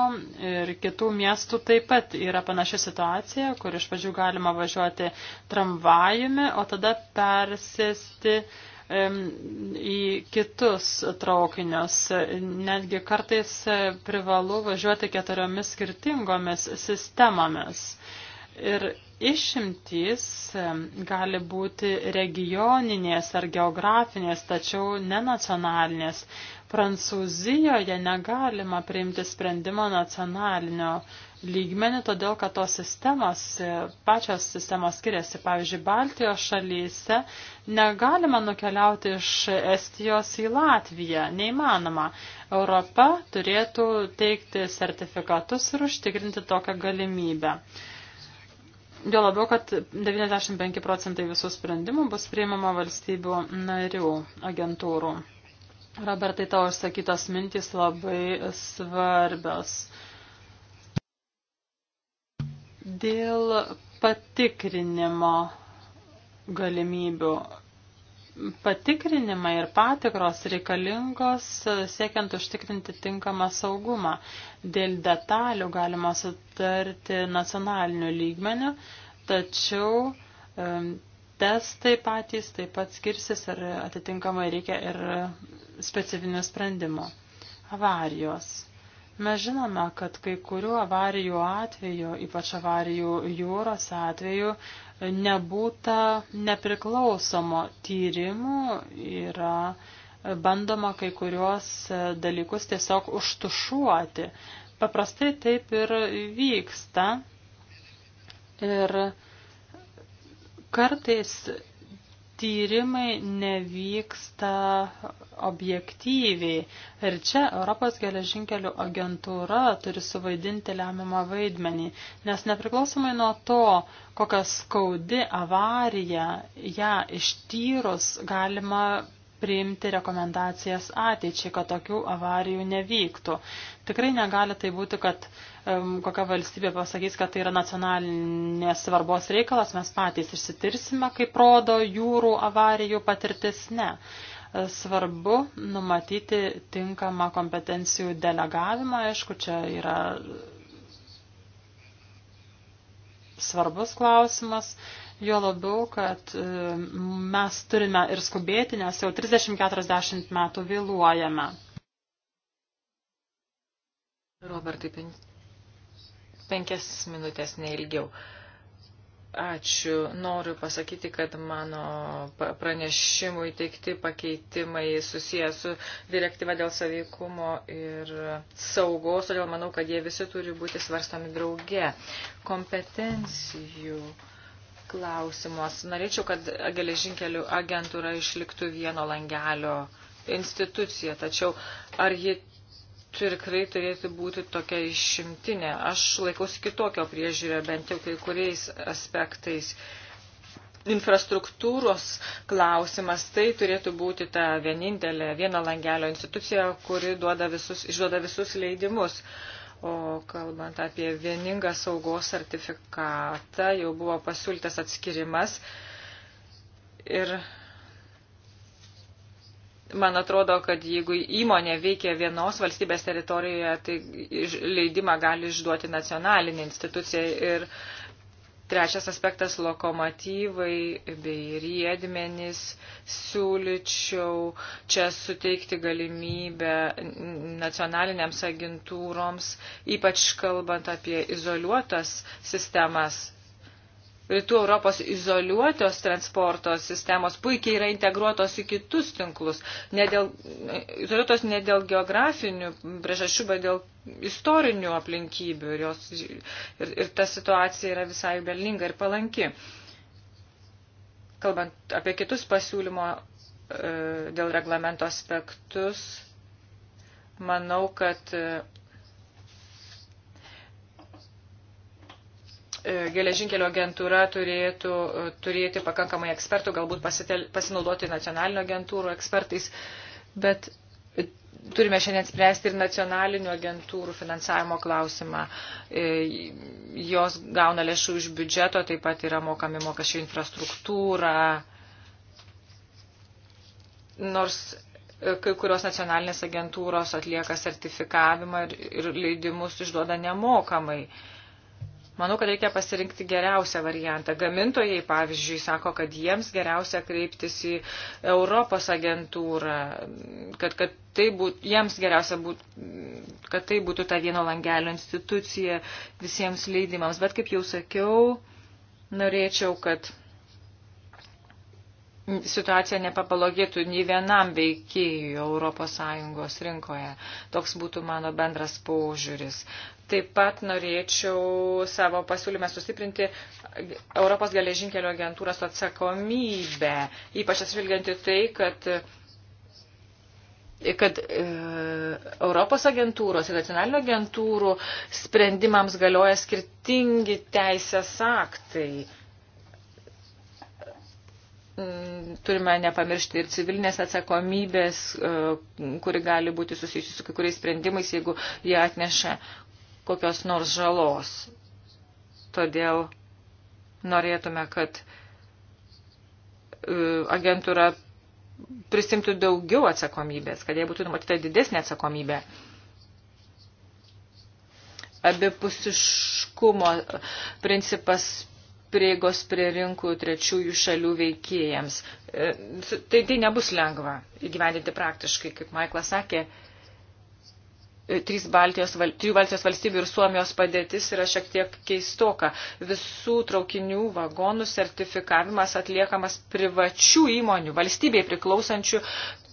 ir kitų miestų taip pat yra panaši situacija, kur iš pradžių galima važiuoti tramvajumi, o tada persėsti į kitus traukinius. Netgi kartais privalu važiuoti keturiomis skirtingomis sistemomis. Ir Išimtys gali būti regioninės ar geografinės, tačiau ne nacionalinės. Prancūzijoje negalima priimti sprendimo nacionalinio lygmenį, todėl kad tos sistemos, e, pačios sistemos skiriasi. Pavyzdžiui, Baltijos šalyse negalima nukeliauti iš Estijos į Latviją, neįmanoma. Europa turėtų teikti sertifikatus ir užtikrinti tokią galimybę. Dėl labiau, kad 95 procentai visų sprendimų bus priimama valstybių narių agentūrų. Robertai, tavo išsakytos mintys labai svarbios. Dėl patikrinimo galimybių Patikrinimai ir patikros reikalingos e, siekiant užtikrinti tinkamą saugumą. Dėl detalių galima sutarti nacionaliniu lygmeniu, tačiau e, testai patys taip pat skirsis ir atitinkamai reikia ir specifinių sprendimų. Avarijos. Mes žinome, kad kai kurių avarijų atveju, ypač avarijų jūros atveju, nebūta nepriklausomo tyrimų, yra bandoma kai kuriuos dalykus tiesiog užtušuoti. Paprastai taip ir vyksta. Ir kartais tyrimai nevyksta objektyviai. Ir čia Europos geležinkelių agentūra turi suvaidinti lemiamą vaidmenį, nes nepriklausomai nuo to, kokia skaudi avarija ją ištyrus galima priimti rekomendacijas ateičiai, kad tokių avarijų nevyktų. Tikrai negali tai būti, kad um, kokia valstybė pasakys, kad tai yra nacionalinės svarbos reikalas, mes patys išsitirsime, kaip rodo jūrų avarijų patirtis. Ne. Svarbu numatyti tinkamą kompetencijų delegavimą, aišku, čia yra svarbus klausimas. Jo labiau, kad e, mes turime ir skubėti, nes jau 30-40 metų vėluojame. Robertai, penkias minutės neilgiau. Ačiū. Noriu pasakyti, kad mano pranešimui teikti pakeitimai susijęs su direktyva dėl saveikumo ir saugos, todėl manau, kad jie visi turi būti svarstami drauge. Kompetencijų klausimas. Norėčiau, kad geležinkelių agentūra išliktų vieno langelio institucija, tačiau ar ji tikrai turėtų būti tokia išimtinė. Aš laikausi kitokio priežiūrio, bent jau kai kuriais aspektais. Infrastruktūros klausimas tai turėtų būti ta vienintelė vieno langelio institucija, kuri duoda visus, išduoda visus leidimus. O kalbant apie vieningą saugos sertifikatą, jau buvo pasiūlytas atskirimas. Ir Man atrodo, kad jeigu įmonė veikia vienos valstybės teritorijoje, tai leidimą gali išduoti nacionalinė institucija. Ir trečias aspektas - lokomotyvai bei riedmenys. Siūlyčiau čia suteikti galimybę nacionaliniams agentūroms, ypač kalbant apie izoliuotas sistemas rytų Europos izoliuotos transporto sistemos puikiai yra integruotos į kitus tinklus. Ne dėl, izoliuotos ne dėl geografinių priežasčių, bet dėl istorinių aplinkybių. Ir, jos, ir, ir ta situacija yra visai belninga ir palanki. Kalbant apie kitus pasiūlymo e, dėl reglamento aspektus, manau, kad e, E, geležinkelio agentūra turėtų e, turėti pakankamai ekspertų, galbūt pasitel, pasinaudoti nacionalinio agentūrų ekspertais, bet e, turime šiandien spręsti ir nacionalinių agentūrų finansavimo klausimą. Jos gauna lėšų iš biudžeto, taip pat yra mokami mokesčiai infrastruktūra. Nors kai kurios nacionalinės agentūros atlieka sertifikavimą ir, ir leidimus išduoda nemokamai. E, Manau, kad reikia pasirinkti geriausią variantą. Gamintojai, pavyzdžiui, sako, kad jiems geriausia kreiptis į Europos agentūrą, kad, kad tai būt, jiems geriausia būt, kad tai būtų ta vieno langelio institucija visiems leidimams. Bet, kaip jau sakiau, norėčiau, kad situacija nepapalogėtų nei vienam veikėjui Europos Sąjungos rinkoje. Toks būtų mano bendras paužiūris. Taip pat norėčiau savo pasiūlymę sustiprinti Europos geležinkelio agentūros atsakomybę, ypač atsvilgianti tai, kad kad e, Europos agentūros ir nacionalinių agentūrų sprendimams galioja skirtingi teisės aktai. Mm, turime nepamiršti ir civilinės atsakomybės, e, kuri gali būti susijusi su kai kuriais sprendimais, jeigu jie atneša kokios nors žalos. Todėl norėtume, kad e, agentūra prisimtų daugiau atsakomybės, kad jie būtų numatyta didesnė atsakomybė. Abipusiškumo principas prieigos prie rinkų trečiųjų šalių veikėjams. E, tai, tai nebus lengva įgyvendinti praktiškai, kaip Maiklas sakė, trys Baltijos, trijų Baltijos valstybių ir Suomijos padėtis yra šiek tiek keistoka. Visų traukinių vagonų sertifikavimas atliekamas privačių įmonių, valstybei priklausančių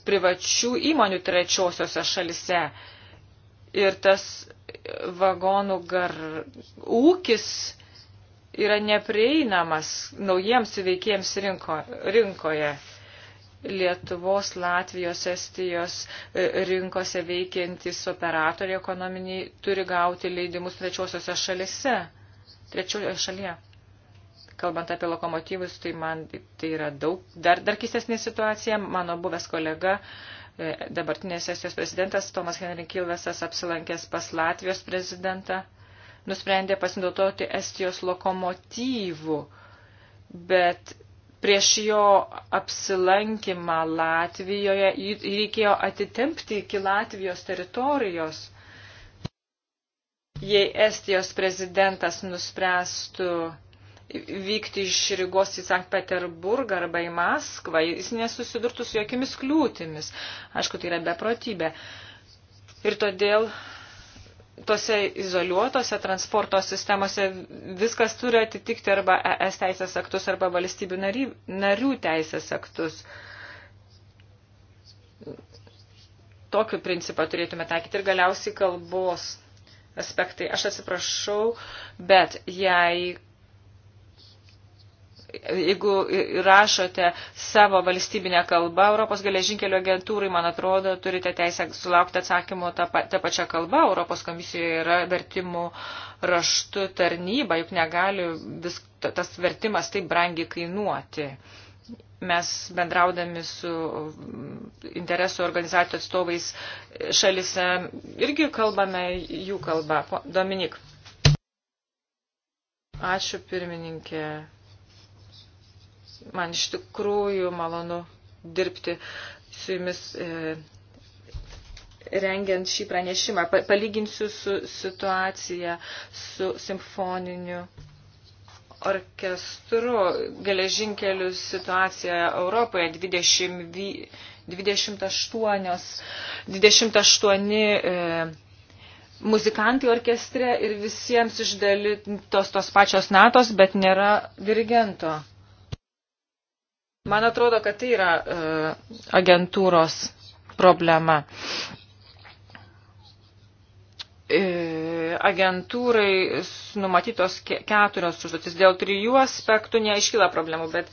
privačių įmonių trečiosiose šalise. Ir tas vagonų gar... ūkis yra neprieinamas naujiems veikėjams rinko, rinkoje. Lietuvos, Latvijos, Estijos e, rinkose veikiantis operatoriai ekonominiai turi gauti leidimus trečiosiose šalise, trečioje šalyje. Kalbant apie lokomotyvus, tai man tai yra daug, dar, dar keistesnė situacija. Mano buvęs kolega, e, dabartinės Estijos prezidentas Tomas Henrik Kilvesas apsilankęs pas Latvijos prezidentą, nusprendė pasinaudoti Estijos lokomotyvų, bet prieš jo apsilankimą Latvijoje jį reikėjo atitempti iki Latvijos teritorijos. Jei Estijos prezidentas nuspręstų vykti iš Rygos į Sankt Peterburgą arba į Maskvą, jis nesusidurtų su jokiamis kliūtimis. Aišku, tai yra beprotybė. Ir todėl tose izoliuotose transporto sistemose viskas turi atitikti arba ES teisės aktus, arba valstybių narių, narių teisės aktus. Tokiu principą turėtume taikyti ir galiausiai kalbos aspektai. Aš atsiprašau, bet jei jeigu rašote savo valstybinę kalbą Europos geležinkelio agentūrai, man atrodo, turite teisę sulaukti atsakymo tą, pa, tą pačią kalbą. Europos komisijoje yra vertimų raštų tarnyba, juk negali vis, tas vertimas taip brangiai kainuoti. Mes bendraudami su mm, interesų organizacijų atstovais šalise irgi kalbame jų kalbą. Dominik. Ačiū pirmininkė. Man iš tikrųjų malonu dirbti su jumis e, rengiant šį pranešimą. Pa, palyginsiu su situacija su simfoniniu orkestru, geležinkelių situacija Europoje 20, 28, 28 e, muzikantai orkestre ir visiems išdalintos tos pačios natos, bet nėra dirigento. Man atrodo, kad tai yra uh, agentūros problema. E, agentūrai numatytos keturios užduotis. Dėl trijų aspektų neiškyla problemų, bet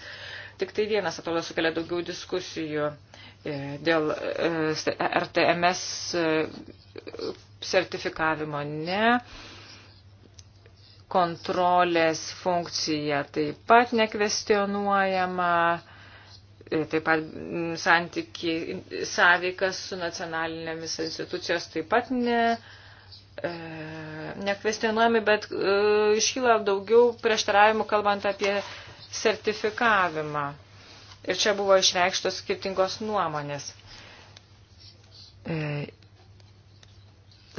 tik tai vienas, atrodo, sukelia daugiau diskusijų e, dėl RTMS sertifikavimo ne, kontrolės funkcija taip pat nekvestionuojama, E, taip pat santykiai, sąveikas su nacionalinėmis institucijos taip pat ne, e, nekvestionuojami, bet e, iškyla daugiau prieštaravimų kalbant apie sertifikavimą. Ir čia buvo išreikštos skirtingos nuomonės. E,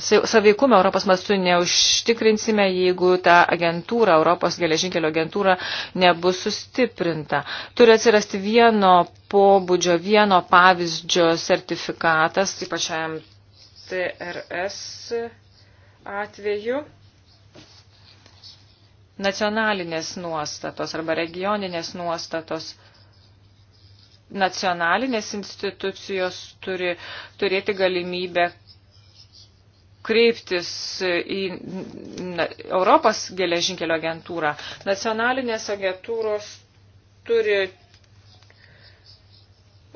saveikumo Europos mastu neužtikrinsime, jeigu ta agentūra, Europos geležinkelio agentūra nebus sustiprinta. Turi atsirasti vieno pobūdžio, vieno pavyzdžio sertifikatas, ypač TRS atveju. Nacionalinės nuostatos arba regioninės nuostatos nacionalinės institucijos turi turėti galimybę kreiptis į Europos geležinkelio agentūrą. Nacionalinės agentūros turi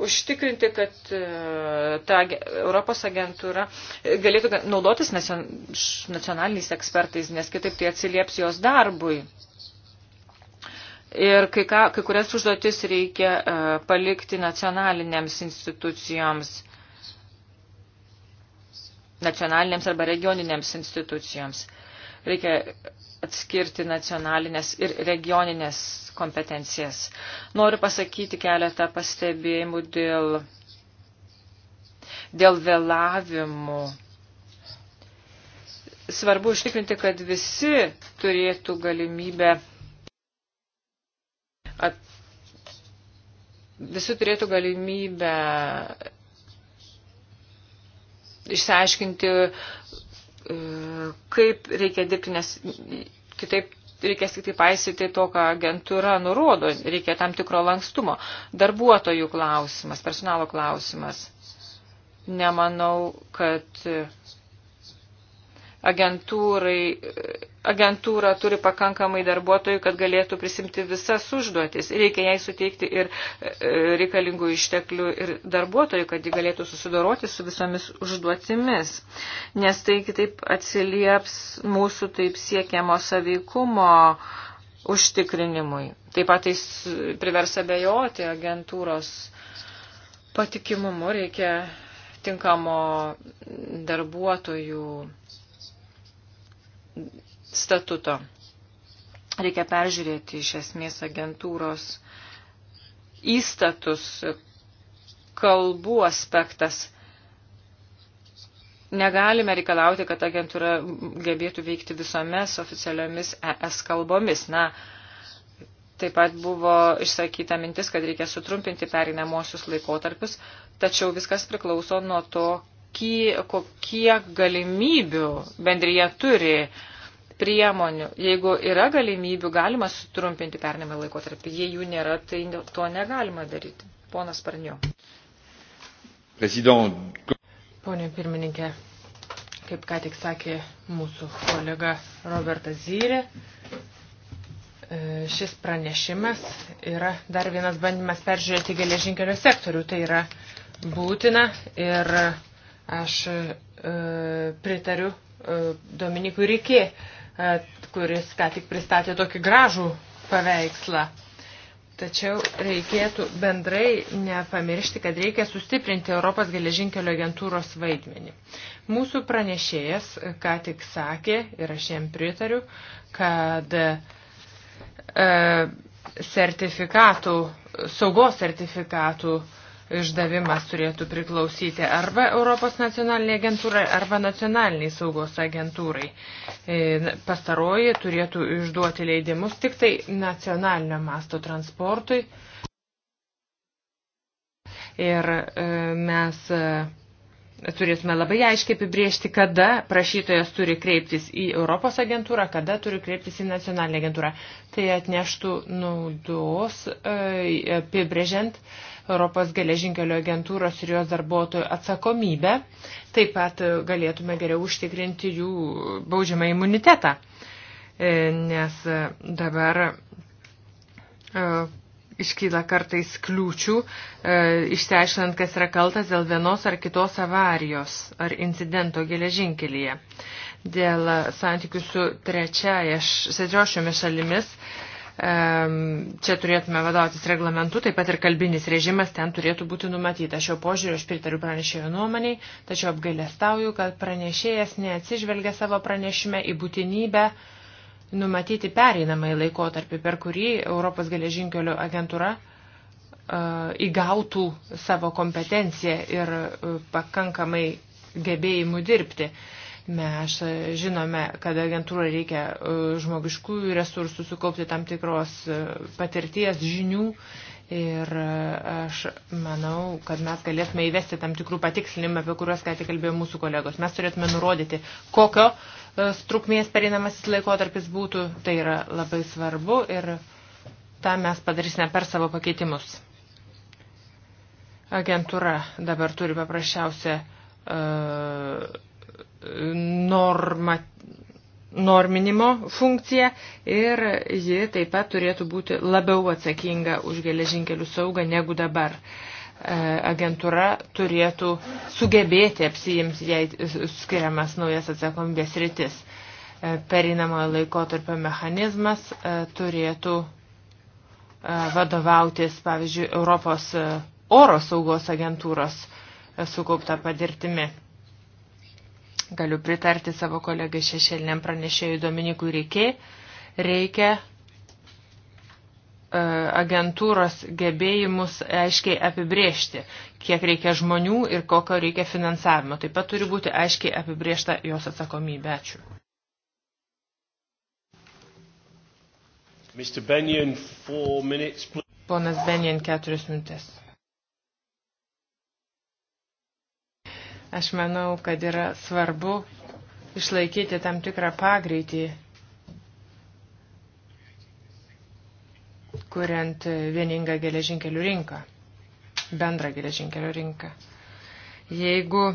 užtikrinti, kad e, ta Europos agentūra e, galėtų naudotis nacionaliniais ekspertais, nes kitaip tai atsilieps jos darbui. Ir kai, ką, kai kurias užduotis reikia e, palikti nacionalinėms institucijoms nacionalinėms arba regioninėms institucijoms. Reikia atskirti nacionalinės ir regioninės kompetencijas. Noriu pasakyti keletą pastebėjimų dėl, dėl vėlavimų. Svarbu užtikrinti, kad visi turėtų galimybę at, visi turėtų galimybę išsiaiškinti, e, kaip reikia dirbti, nes kitaip reikės tik tai paisyti to, ką agentūra nurodo, reikia tam tikro lankstumo. Darbuotojų klausimas, personalo klausimas. Nemanau, kad agentūrai, agentūra turi pakankamai darbuotojų, kad galėtų prisimti visas užduotis. Reikia jai suteikti ir e, reikalingų išteklių ir darbuotojų, kad ji galėtų susidoroti su visomis užduotimis. Nes tai kitaip atsilieps mūsų taip siekiamo saveikumo užtikrinimui. Taip pat jis tai privers abejoti agentūros patikimumu, reikia tinkamo darbuotojų statuto. Reikia peržiūrėti iš esmės agentūros įstatus, kalbų aspektas. Negalime reikalauti, kad agentūra gebėtų veikti visomis oficialiomis ES kalbomis. Na, Taip pat buvo išsakyta mintis, kad reikia sutrumpinti perinamosius laikotarpius, tačiau viskas priklauso nuo to, kokie, kokie galimybių bendryje turi priemonių. Jeigu yra galimybių, galima sutrumpinti pernėmį laikotarpį. Jei jų nėra, tai to negalima daryti. Ponas Parniu. President. Pone pirmininkė, kaip ką tik sakė mūsų kolega Robertas Zyrė, e, šis pranešimas yra dar vienas bandymas peržiūrėti geležinkelio sektorių. Tai yra būtina ir Aš e, pritariu e, Dominikui Rikė, e, kuris ką tik pristatė tokį gražų paveikslą. Tačiau reikėtų bendrai nepamiršti, kad reikia sustiprinti Europos geležinkelio agentūros vaidmenį. Mūsų pranešėjas ką tik sakė, ir aš jam pritariu, kad e, sertifikatų, saugos sertifikatų e, išdavimas turėtų priklausyti arba Europos nacionaliniai agentūrai, arba nacionaliniai saugos agentūrai. E, pastaroji turėtų išduoti leidimus tik tai nacionalinio masto transportui. Ir e, mes turėsime labai aiškiai apibriežti, kada prašytojas turi kreiptis į Europos agentūrą, kada turi kreiptis į nacionalinę agentūrą. Tai atneštų naudos e, apibrėžiant Europos geležinkelio agentūros ir jos darbuotojų atsakomybę. Taip pat e, galėtume geriau užtikrinti jų baudžiamą imunitetą. E, nes dabar iškyla kartais kliūčių, e, išsiaiškinant, kas yra kaltas dėl vienos ar kitos avarijos ar incidento geležinkelyje. Dėl santykių su trečiaja, trečiošiomis šalimis, e, čia turėtume vadovautis reglamentu, taip pat ir kalbinis režimas ten turėtų būti numatytas. Šio požiūrio aš pritariu pranešėjo nuomoniai, tačiau apgailestauju, kad pranešėjas neatsižvelgia savo pranešime į būtinybę numatyti pereinamąjį laikotarpį, per kurį Europos geležinkelio agentūra e, įgautų savo kompetenciją ir e, pakankamai gebėjimų dirbti. Mes e, žinome, kad agentūrai reikia žmogiškųjų resursų sukaupti tam tikros patirties, žinių Ir aš manau, kad mes galėtume įvesti tam tikrų patikslinimų, apie kuriuos ką tik kalbėjo mūsų kolegos. Mes turėtume nurodyti, kokio trukmės pereinamasis laikotarpis būtų, tai yra labai svarbu ir tą mes padarysime per savo pakeitimus. Agentūra dabar turi paprasčiausią uh, norma, norminimo funkciją ir ji taip pat turėtų būti labiau atsakinga už geležinkelių saugą negu dabar. Uh, E, agentūra turėtų sugebėti apsijimti jai skiriamas naujas atsakomybės rytis. E, Perinamojo laikotarpio mechanizmas e, turėtų vadovautis, pavyzdžiui, Europos oro saugos agentūros sukaupta padirtimi. Galiu pritarti savo kolegai šešėliniam pranešėjui Dominikui Reikė. Reikia E, agentūros gebėjimus aiškiai apibriežti, kiek reikia žmonių ir kokio reikia finansavimo. Taip pat turi būti aiškiai apibriešta jos atsakomybė. Ačiū. Benyon, minutes, Ponas Benjen, keturias minutės. Aš manau, kad yra svarbu išlaikyti tam tikrą pagreitį kuriant vieningą geležinkelių rinką, bendrą geležinkelių rinką. Jeigu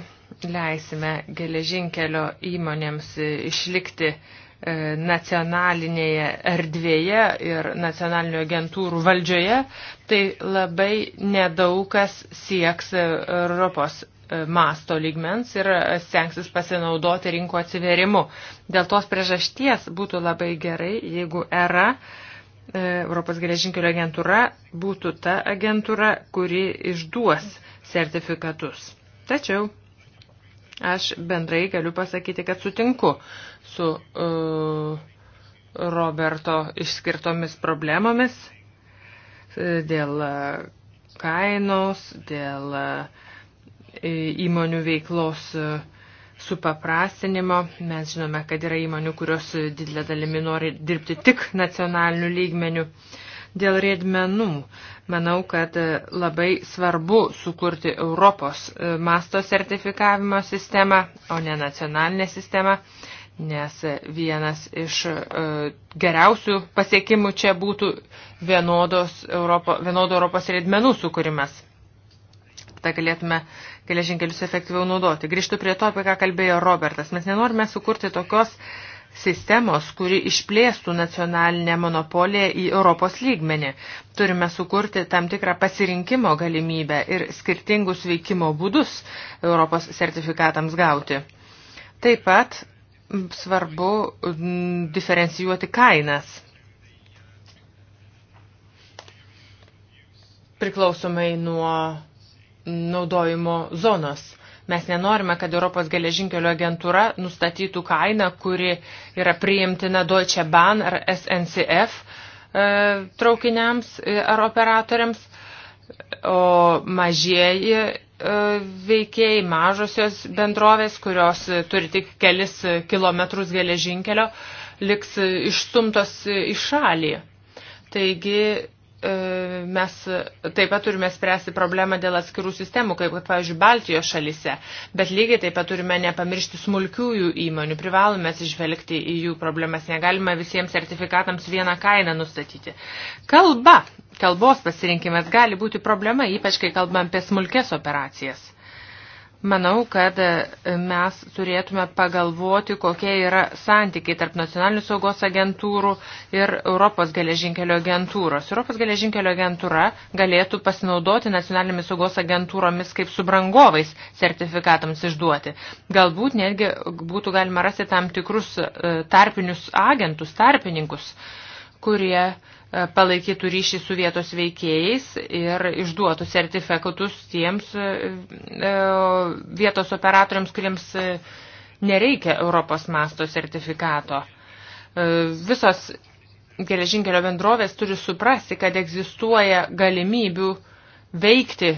leisime geležinkelio įmonėms išlikti e, nacionalinėje erdvėje ir nacionalinių agentūrų valdžioje, tai labai nedaugas sieks Europos e, masto lygmens ir stengsis pasinaudoti rinko atsiverimu. Dėl tos priežasties būtų labai gerai, jeigu era uh, E, Europos geležinkelio agentūra būtų ta agentūra, kuri išduos sertifikatus. Tačiau aš bendrai galiu pasakyti, kad sutinku su uh, Roberto išskirtomis problemomis e, dėl kainos, dėl įmonių veiklos uh, supaprastinimo. Mes žinome, kad yra įmonių, kurios didelė dalimi nori dirbti tik nacionaliniu lygmeniu. Dėl riedmenų manau, kad labai svarbu sukurti Europos e, masto sertifikavimo sistemą, o ne nacionalinę sistemą, nes vienas iš e, geriausių pasiekimų čia būtų vienodos Europo, vienodo Europos riedmenų sukūrimas. Tada galėtume geležinkelius efektyviau naudoti. Grįžtu prie to, apie ką kalbėjo Robertas. Mes nenorime sukurti tokios sistemos, kuri išplėstų nacionalinę monopoliją į Europos lygmenį. Turime sukurti tam tikrą pasirinkimo galimybę ir skirtingus veikimo būdus Europos sertifikatams gauti. Taip pat svarbu diferencijuoti kainas. Priklausomai nuo naudojimo zonos. Mes nenorime, kad Europos geležinkelio agentūra nustatytų kainą, kuri yra priimtina Deutsche Bahn ar SNCF e, traukiniams e, ar operatoriams, o mažieji e, veikėjai, mažosios bendrovės, kurios turi tik kelis kilometrus geležinkelio, liks išstumtos į šalį. Taigi E, mes taip pat turime spręsti problemą dėl atskirų sistemų, kaip, pavyzdžiui, Baltijos šalise, bet lygiai taip pat turime nepamiršti smulkiųjų įmonių, privalome atsižvelgti į jų problemas, negalime visiems sertifikatams vieną kainą nustatyti. Kalba, kalbos pasirinkimas gali būti problema, ypač kai kalbam apie smulkės operacijas. Manau, kad e, mes turėtume pagalvoti, kokie yra santykiai tarp nacionalinių saugos agentūrų ir Europos geležinkelio agentūros. Europos geležinkelio agentūra galėtų pasinaudoti nacionalinėmis saugos agentūromis kaip subrangovais sertifikatams išduoti. Galbūt netgi būtų galima rasti tam tikrus e, tarpinius agentus, tarpininkus, kurie uh, palaikytų ryšį su vietos veikėjais ir išduotų sertifikatus tiems e, e, vietos operatoriams, kuriems e, nereikia Europos masto sertifikato. Visos geležinkelio bendrovės turi suprasti, kad egzistuoja galimybių veikti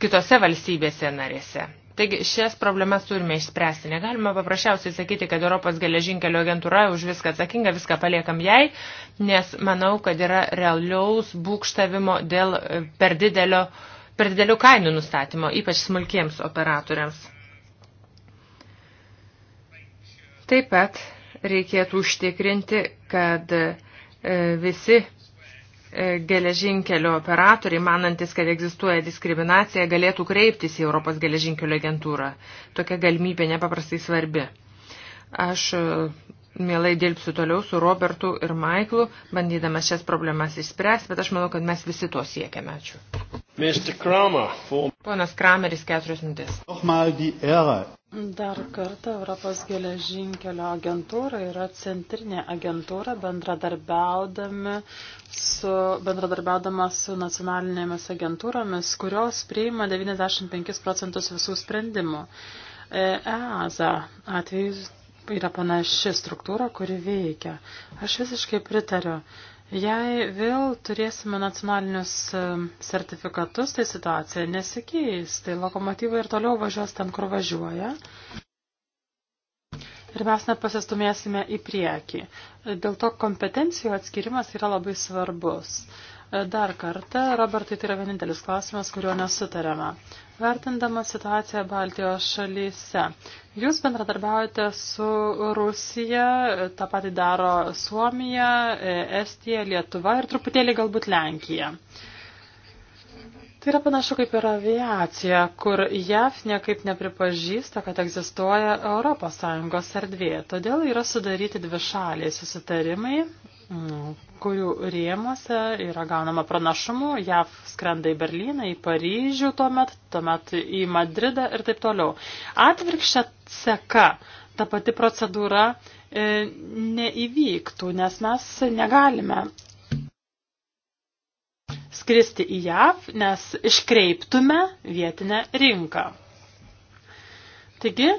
kitose valstybėse narėse. Taigi šias problemas turime išspręsti. Negalime paprasčiausiai sakyti, kad Europos geležinkelio agentūra už viską atsakinga, viską paliekam jai, nes manau, kad yra realiaus būkštavimo dėl e, per, didelio, per didelių kainų nustatymo, ypač smulkiems operatoriams. Taip pat reikėtų užtikrinti, kad e, visi E, geležinkelio operatoriai, manantis, kad egzistuoja diskriminacija, galėtų kreiptis į Europos geležinkelio agentūrą. Tokia galimybė nepaprastai svarbi. Aš e, mielai dirbsiu toliau su Robertu ir Maiklu, bandydamas šias problemas išspręsti, bet aš manau, kad mes visi to siekiame. Ačiū. Kramer, for... Ponas Krameris, keturios minutės. Dar kartą Europos geležinkelio agentūra yra centrinė agentūra bendradarbiaudama su, bendradarbiaudama su nacionalinėmis agentūromis, kurios priima 95 procentus visų sprendimų. EASA e atveju yra panaši struktūra, kuri veikia. Aš visiškai pritariu Jei vėl turėsime nacionalinius e, sertifikatus, tai situacija nesikeis, tai lokomotyvai ir toliau važiuos ten, kur važiuoja. Ir mes nepasistumėsime į priekį. Dėl to kompetencijų atskirimas yra labai svarbus. E, dar kartą, Robertai, tai yra vienintelis klausimas, kuriuo nesutarėme. Vertindama situaciją Baltijos šalyse, jūs bendradarbiaujate su Rusija, tą patį daro Suomija, Estija, Lietuva ir truputėlį galbūt Lenkija. Tai yra panašu kaip ir aviacija, kur JAV niekaip nepripažįsta, kad egzistuoja ES erdvė, todėl yra sudaryti dvi šaliai susitarimai Nu, kurių rėmuose yra gaunama pranašumų, JAV skrenda į Berliną, į Paryžių tuomet, tuomet į Madridą ir taip toliau. Atvirkščia seka ta pati procedūra e, neįvyktų, nes mes negalime skristi į JAV, nes iškreiptume vietinę rinką. Taigi,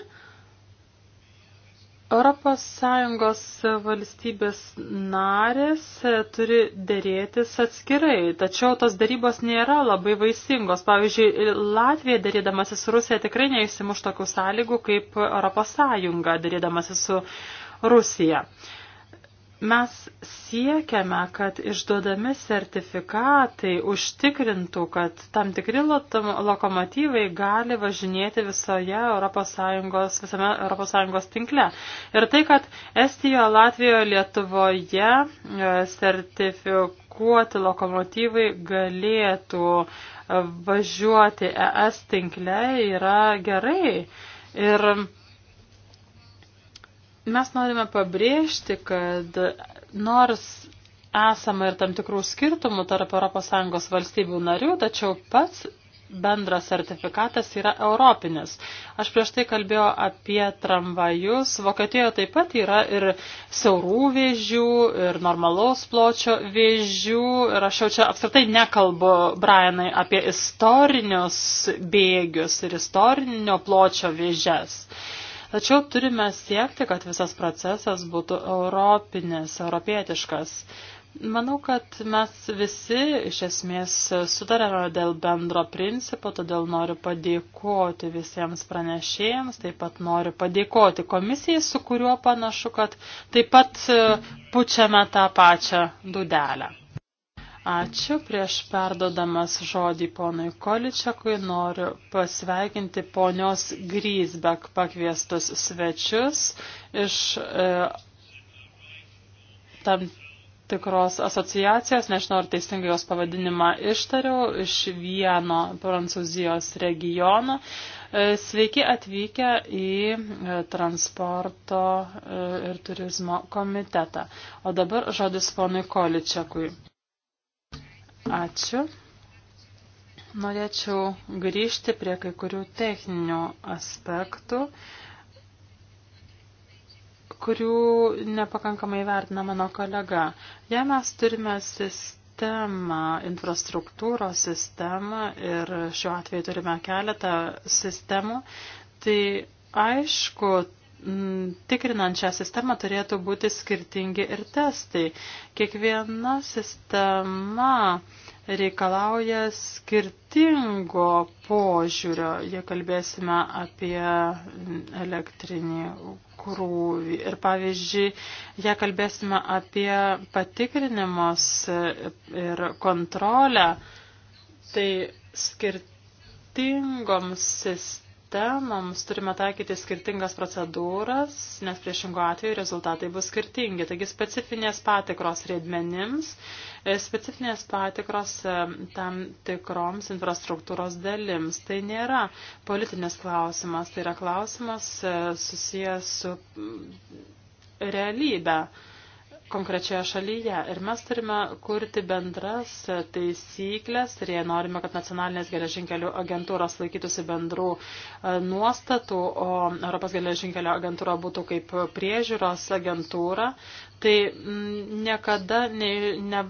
ES valstybės narės e, turi dėrėtis atskirai, tačiau tos darybos nėra labai vaisingos. Pavyzdžiui, Latvija dėrėdamasi su Rusija tikrai neįsimuš tokių sąlygų kaip ES dėrėdamasi su Rusija. Uh, Mes siekiame, kad išduodami sertifikatai užtikrintų, kad tam tikri lokomotyvai gali važinėti visoje ES, visame ES tinkle. Ir tai, kad Estijoje, Latvijoje, Lietuvoje e, sertifikuoti lokomotyvai galėtų e, važiuoti ES tinkle yra gerai. Ir Mes norime pabrėžti, kad nors esama ir tam tikrų skirtumų tarp ES valstybių narių, tačiau pats bendras sertifikatas yra europinis. Aš prieš tai kalbėjau apie tramvajus. Vokietijoje taip pat yra ir siaurų vėžių, ir normalaus pločio vėžių. Ir aš jau čia apskritai nekalbu, Brianai, apie istorinius bėgius ir istorinio pločio vėžes. Uh, Tačiau turime siekti, kad visas procesas būtų europinis, europietiškas. Manau, kad mes visi iš esmės sutarėme dėl bendro principo, todėl noriu padėkoti visiems pranešėjams, taip pat noriu padėkoti komisijai, su kuriuo panašu, kad taip pat pučiame tą pačią dudelę. Ačiū. Prieš perdodamas žodį ponui Količiakui noriu pasveikinti ponios Grisbek pakviestus svečius iš e, tam tikros asociacijos, nežinau ar teisingai jos pavadinimą ištariau, iš vieno Prancūzijos regiono. E, sveiki atvykę į e, transporto e, ir turizmo komitetą. O dabar žodis ponui Količiakui. Ačiū. Norėčiau grįžti prie kai kurių techninių aspektų, kurių nepakankamai vertina mano kolega. Jei mes turime sistemą, infrastruktūros sistemą ir šiuo atveju turime keletą sistemų, tai aišku, tikrinant šią sistemą turėtų būti skirtingi ir testai. Kiekviena sistema reikalauja skirtingo požiūrio, jei kalbėsime apie elektrinį krūvį. Ir pavyzdžiui, jei kalbėsime apie patikrinimus ir kontrolę, tai skirtingoms sistemams temoms turime taikyti skirtingas procedūras, nes priešingo atveju rezultatai bus skirtingi. Taigi specifinės patikros riedmenims, e, specifinės patikros e, tam tikroms infrastruktūros dalims. Tai nėra politinis klausimas, tai yra klausimas e, susijęs su realybė konkrečioje šalyje. Ir mes turime kurti bendras taisyklės ir jei norime, kad nacionalinės geležinkelių agentūros laikytųsi bendrų e, nuostatų, o Europos geležinkelio agentūra būtų kaip priežiūros agentūra, tai mm, niekada ne, ne,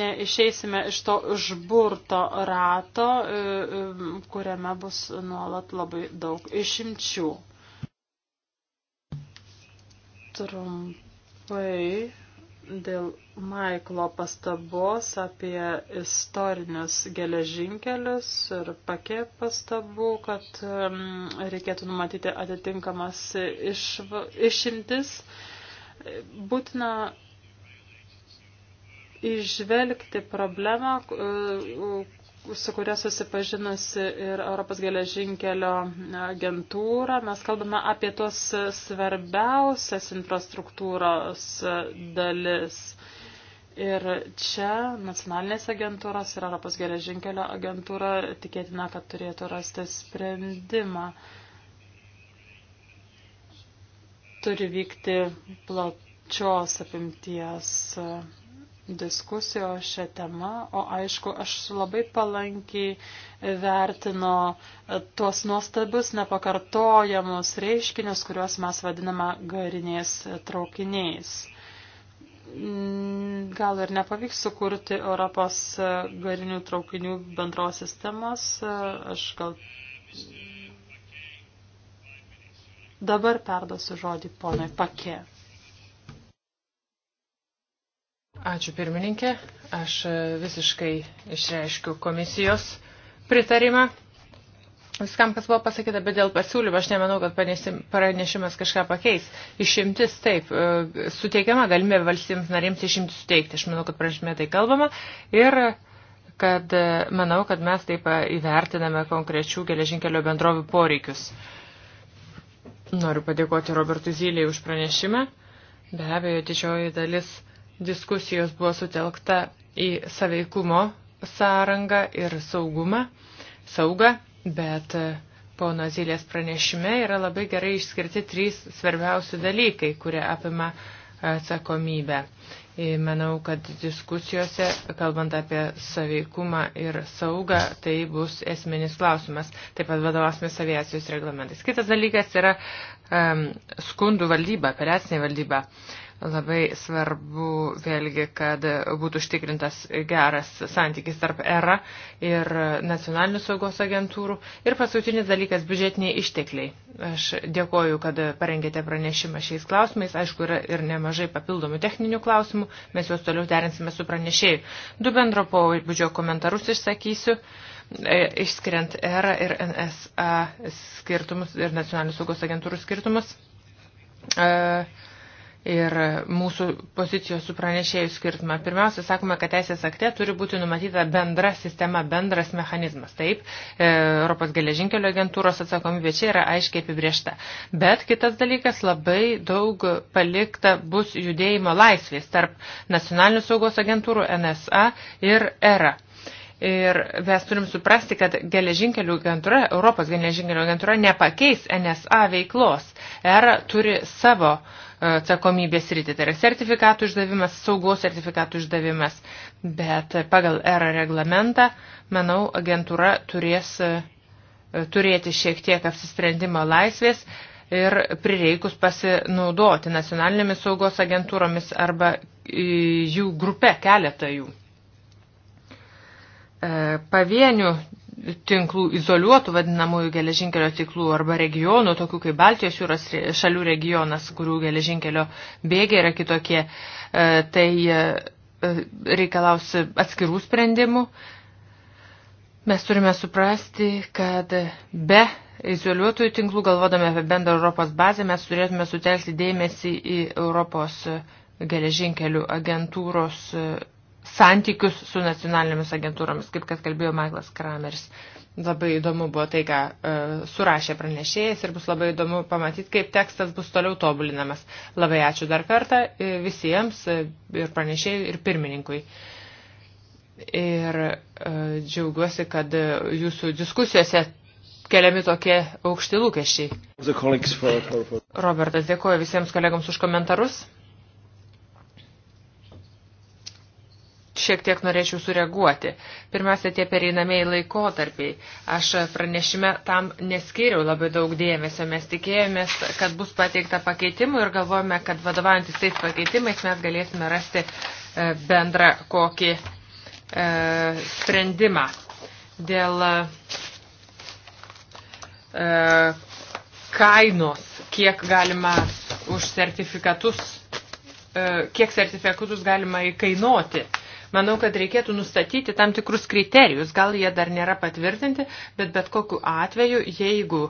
neišeisime iš to užburto rato, e, e, kuriame bus nuolat labai daug išimčių. Trumpai dėl Maiklo pastabos apie istorinius geležinkelius ir pakė pastabų, kad reikėtų numatyti atitinkamas išv... išimtis. Būtina išvelgti problemą, su kuria susipažinusi ir Europos geležinkelio agentūra. Mes kalbame apie tos svarbiausias infrastruktūros dalis. Ir čia nacionalinės agentūros ir Europos geležinkelio agentūra tikėtina, kad turėtų rasti sprendimą. Turi vykti plačios apimties diskusijos šią temą, o aišku, aš labai palankiai vertino e, tuos nuostabius nepakartojamus reiškinius, kuriuos mes vadiname gariniais traukiniais. Gal ir nepavyks sukurti Europos e, garinių traukinių bendros sistemos, e, aš gal dabar perduosiu žodį ponai Pake. Ačiū pirmininkė. Aš visiškai išreiškiu komisijos pritarimą viskam, kas buvo pasakyta, bet dėl pasiūlymų aš nemanau, kad pranešimas kažką pakeis. Išimtis taip, e, suteikiama galimybė valstybėms narėms išimti suteikti. Aš manau, kad pranešime tai kalbama ir kad e, manau, kad mes taip e, įvertiname konkrečių geležinkelio bendrovių poreikius. Noriu padėkoti Robertui Zyliai už pranešimą. Be abejo, didžioji dalis diskusijos buvo sutelkta į saveikumo sąrangą ir saugumą, saugą, bet e, pono Zylės pranešime yra labai gerai išskirti trys svarbiausi dalykai, kurie apima atsakomybę. Manau, kad diskusijose, kalbant apie saveikumą ir saugą, tai bus esminis klausimas. Taip pat vadovasime aviacijos reglamentais. Kitas dalykas yra um, skundų valdyba, apeliacinė valdyba. Uh, Labai svarbu vėlgi, kad būtų užtikrintas geras santykis tarp ERA ir nacionalinių saugos agentūrų. Ir paskutinis dalykas - biudžetiniai ištekliai. Aš dėkoju, kad parengėte pranešimą šiais klausimais. Aišku, yra ir nemažai papildomų techninių klausimų. Mes juos toliau derinsime su pranešėjai. Du bendro pobūdžio komentarus išsakysiu e, išskiriant ERA ir NSA skirtumus ir nacionalinių saugos agentūrų skirtumus. Uh, ir mūsų pozicijos su pranešėjų skirtumą. Pirmiausia, sakome, kad teisės akte turi būti numatyta bendra sistema, bendras mechanizmas. Taip, e, Europos geležinkelio agentūros atsakomybė čia yra aiškiai apibriešta. Bet kitas dalykas, labai daug palikta bus judėjimo laisvės tarp nacionalinių saugos agentūrų NSA ir ERA. Ir mes turim suprasti, kad geležinkelių agentūra, Europos geležinkelių agentūra nepakeis NSA veiklos. ERA turi savo e, atsakomybės rytį. Tai yra sertifikatų išdavimas, saugos sertifikatų išdavimas. Bet pagal ERA reglamentą, manau, agentūra turės e, turėti šiek tiek apsisprendimo laisvės ir prireikus pasinaudoti nacionalinėmis saugos agentūromis arba e, jų grupe keletą jų. E, pavienių tinklų izoliuotų vadinamųjų geležinkelio tinklų arba regionų, tokių kaip Baltijos jūros šalių regionas, kurių geležinkelio bėgiai yra kitokie, e, tai e, reikalaus atskirų sprendimų. Mes turime suprasti, kad be izoliuotųjų tinklų, galvodami apie bendrą Europos bazę, mes turėtume sutelkti dėmesį į Europos geležinkelių agentūros santykius su nacionalinėmis agentūromis, kaip kad kalbėjo Michaelas Kramers. Labai įdomu buvo tai, ką e, surašė pranešėjas ir bus labai įdomu pamatyti, kaip tekstas bus toliau tobulinamas. Labai ačiū dar kartą e, visiems e, ir pranešėjui ir pirmininkui. Ir e, džiaugiuosi, kad e, jūsų diskusijose keliami tokie aukšti lūkesčiai. Robertas dėkoja visiems kolegams už komentarus. šiek tiek norėčiau sureaguoti. Pirmiausia, tie pereinamieji laikotarpiai. Aš pranešime tam neskiriau labai daug dėmesio. Mes tikėjomės, kad bus pateikta pakeitimų ir galvojame, kad vadovaujantis tais pakeitimais mes galėsime rasti e, bendrą kokį e, sprendimą. Dėl e, kainos, kiek galima už sertifikatus, kiek sertifikatus galima įkainuoti Manau, kad reikėtų nustatyti tam tikrus kriterijus, gal jie dar nėra patvirtinti, bet bet kokiu atveju, jeigu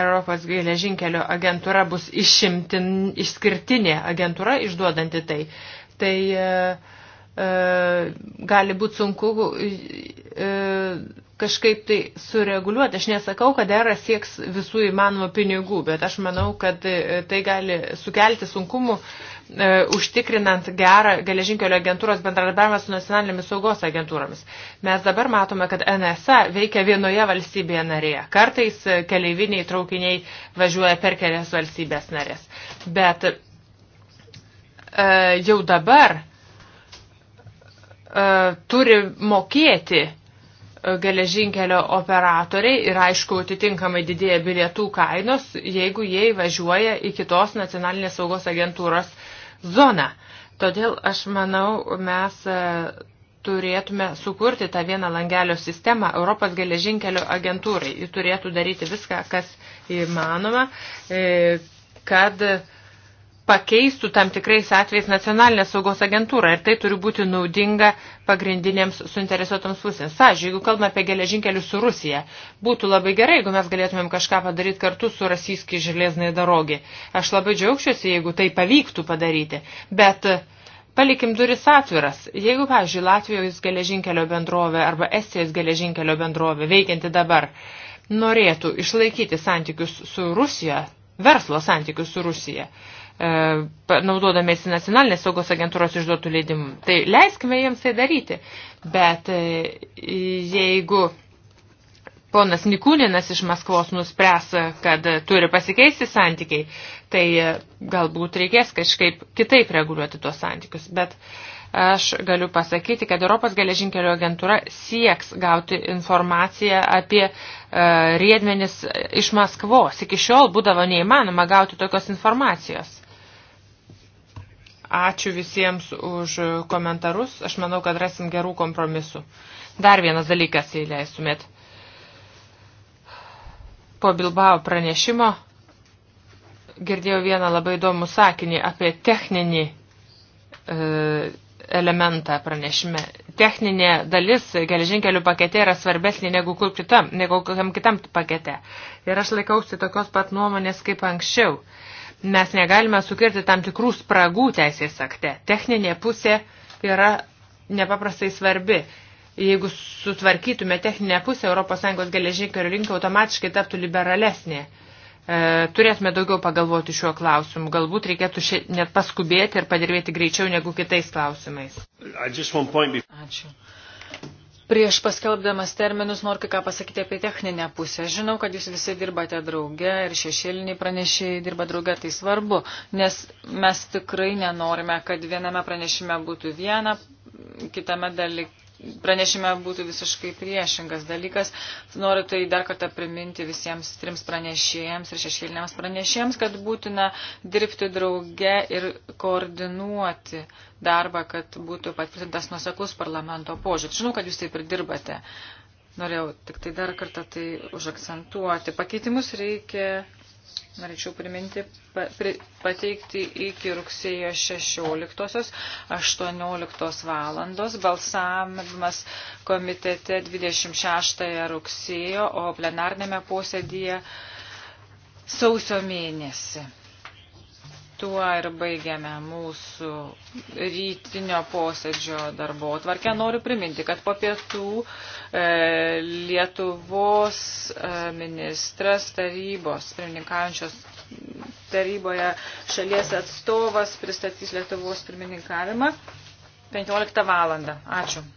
Europos geležinkelio agentūra bus išimtin, išskirtinė agentūra išduodanti tai, tai e, e, gali būti sunku. E, e, kažkaip tai sureguliuoti. Aš nesakau, kad ERA sieks visų įmanomų pinigų, bet aš manau, kad e, tai gali sukelti sunkumų uh, E, užtikrinant gerą geležinkelio agentūros bendradarbiavimą su nacionalinėmis saugos agentūromis. Mes dabar matome, kad NSA veikia vienoje valstybėje narėje. Kartais keleiviniai traukiniai važiuoja per kelias valstybės narės. Bet e, jau dabar e, turi mokėti e, geležinkelio operatoriai ir aišku atitinkamai didėja bilietų kainos, jeigu jie įvažiuoja į kitos nacionalinės saugos agentūros uh, zoną. Todėl aš manau, mes e, turėtume sukurti tą vieną langelio sistemą Europos geležinkelio agentūrai. Ji turėtų daryti viską, kas įmanoma, e, kad pakeistų tam tikrais atvejais nacionalinę saugos agentūrą ir tai turi būti naudinga pagrindinėms suinteresuotoms pusėms. Sąžiūrėjau, jeigu kalbame apie geležinkelius su Rusija, būtų labai gerai, jeigu mes galėtumėm kažką padaryti kartu su Rasyski želėznai darogi. Aš labai džiaugčiausi, jeigu tai pavyktų padaryti, bet palikim duris atviras. Jeigu, pavyzdžiui, Latvijos geležinkelio bendrovė arba Estijos geležinkelio bendrovė veikianti dabar norėtų išlaikyti santykius su Rusija, verslo santykius su Rusija, E, naudodamėsi nacionalinės saugos agentūros išduotų leidimų. Tai leiskime jiems tai daryti. Bet e, jeigu ponas Nikūninas iš Maskvos nuspręs, kad turi pasikeisti santykiai, tai e, galbūt reikės kažkaip kitaip reguliuoti tuos santykius. Bet aš galiu pasakyti, kad Europos geležinkelio agentūra sieks gauti informaciją apie riedmenis iš Maskvos. Iki šiol būdavo neįmanoma gauti tokios informacijos. Ačiū visiems už komentarus. Aš manau, kad rasim gerų kompromisų. Dar vienas dalykas, jei leistumėt. Po Bilbao pranešimo girdėjau vieną labai įdomų sakinį apie techninį e, elementą pranešime. Techninė dalis geležinkelių pakete yra svarbesnė negu kur kitam, negu kitam pakete. Ir aš laikausi tokios pat nuomonės kaip anksčiau. E, Mes negalime sukirti tam tikrų spragų teisės akte. Techninė pusė yra nepaprastai svarbi. Jeigu sutvarkytume techninę pusę, ES geležinkelių rinka automatiškai taptų liberalesnė. E, turėtume daugiau pagalvoti šiuo klausimu. Galbūt reikėtų ši, net paskubėti ir padirbėti greičiau negu kitais klausimais. Ačiū. Prieš paskelbdamas terminus noriu ką pasakyti apie techninę pusę. Žinau, kad jūs visi dirbate drauge ir šešėliniai pranešėjai dirba drauge, tai svarbu, nes mes tikrai nenorime, kad viename pranešime būtų viena, kitame dalyk, pranešime būtų visiškai priešingas dalykas. Noriu tai dar kartą priminti visiems trims pranešėjams ir šešėliniams pranešėjams, kad būtina dirbti drauge ir koordinuoti darbą, kad būtų patvirtintas nuseklus parlamento požiūris. Žinau, kad jūs taip ir dirbate. Norėjau tik tai dar kartą tai užakcentuoti. Pakeitimus reikia norėčiau priminti, pateikti iki rugsėjo 16-18 valandos. Balsavimas komitete 26 rugsėjo, o plenarnėme posėdėje sausio mėnesį. Tuo ir baigiame mūsų rytinio posėdžio darbo tvarkę. Noriu priminti, kad po pietų e, Lietuvos e, ministras tarybos, pirmininkaujančios taryboje šalies atstovas pristatys Lietuvos pirmininkavimą 15 valandą. Ačiū.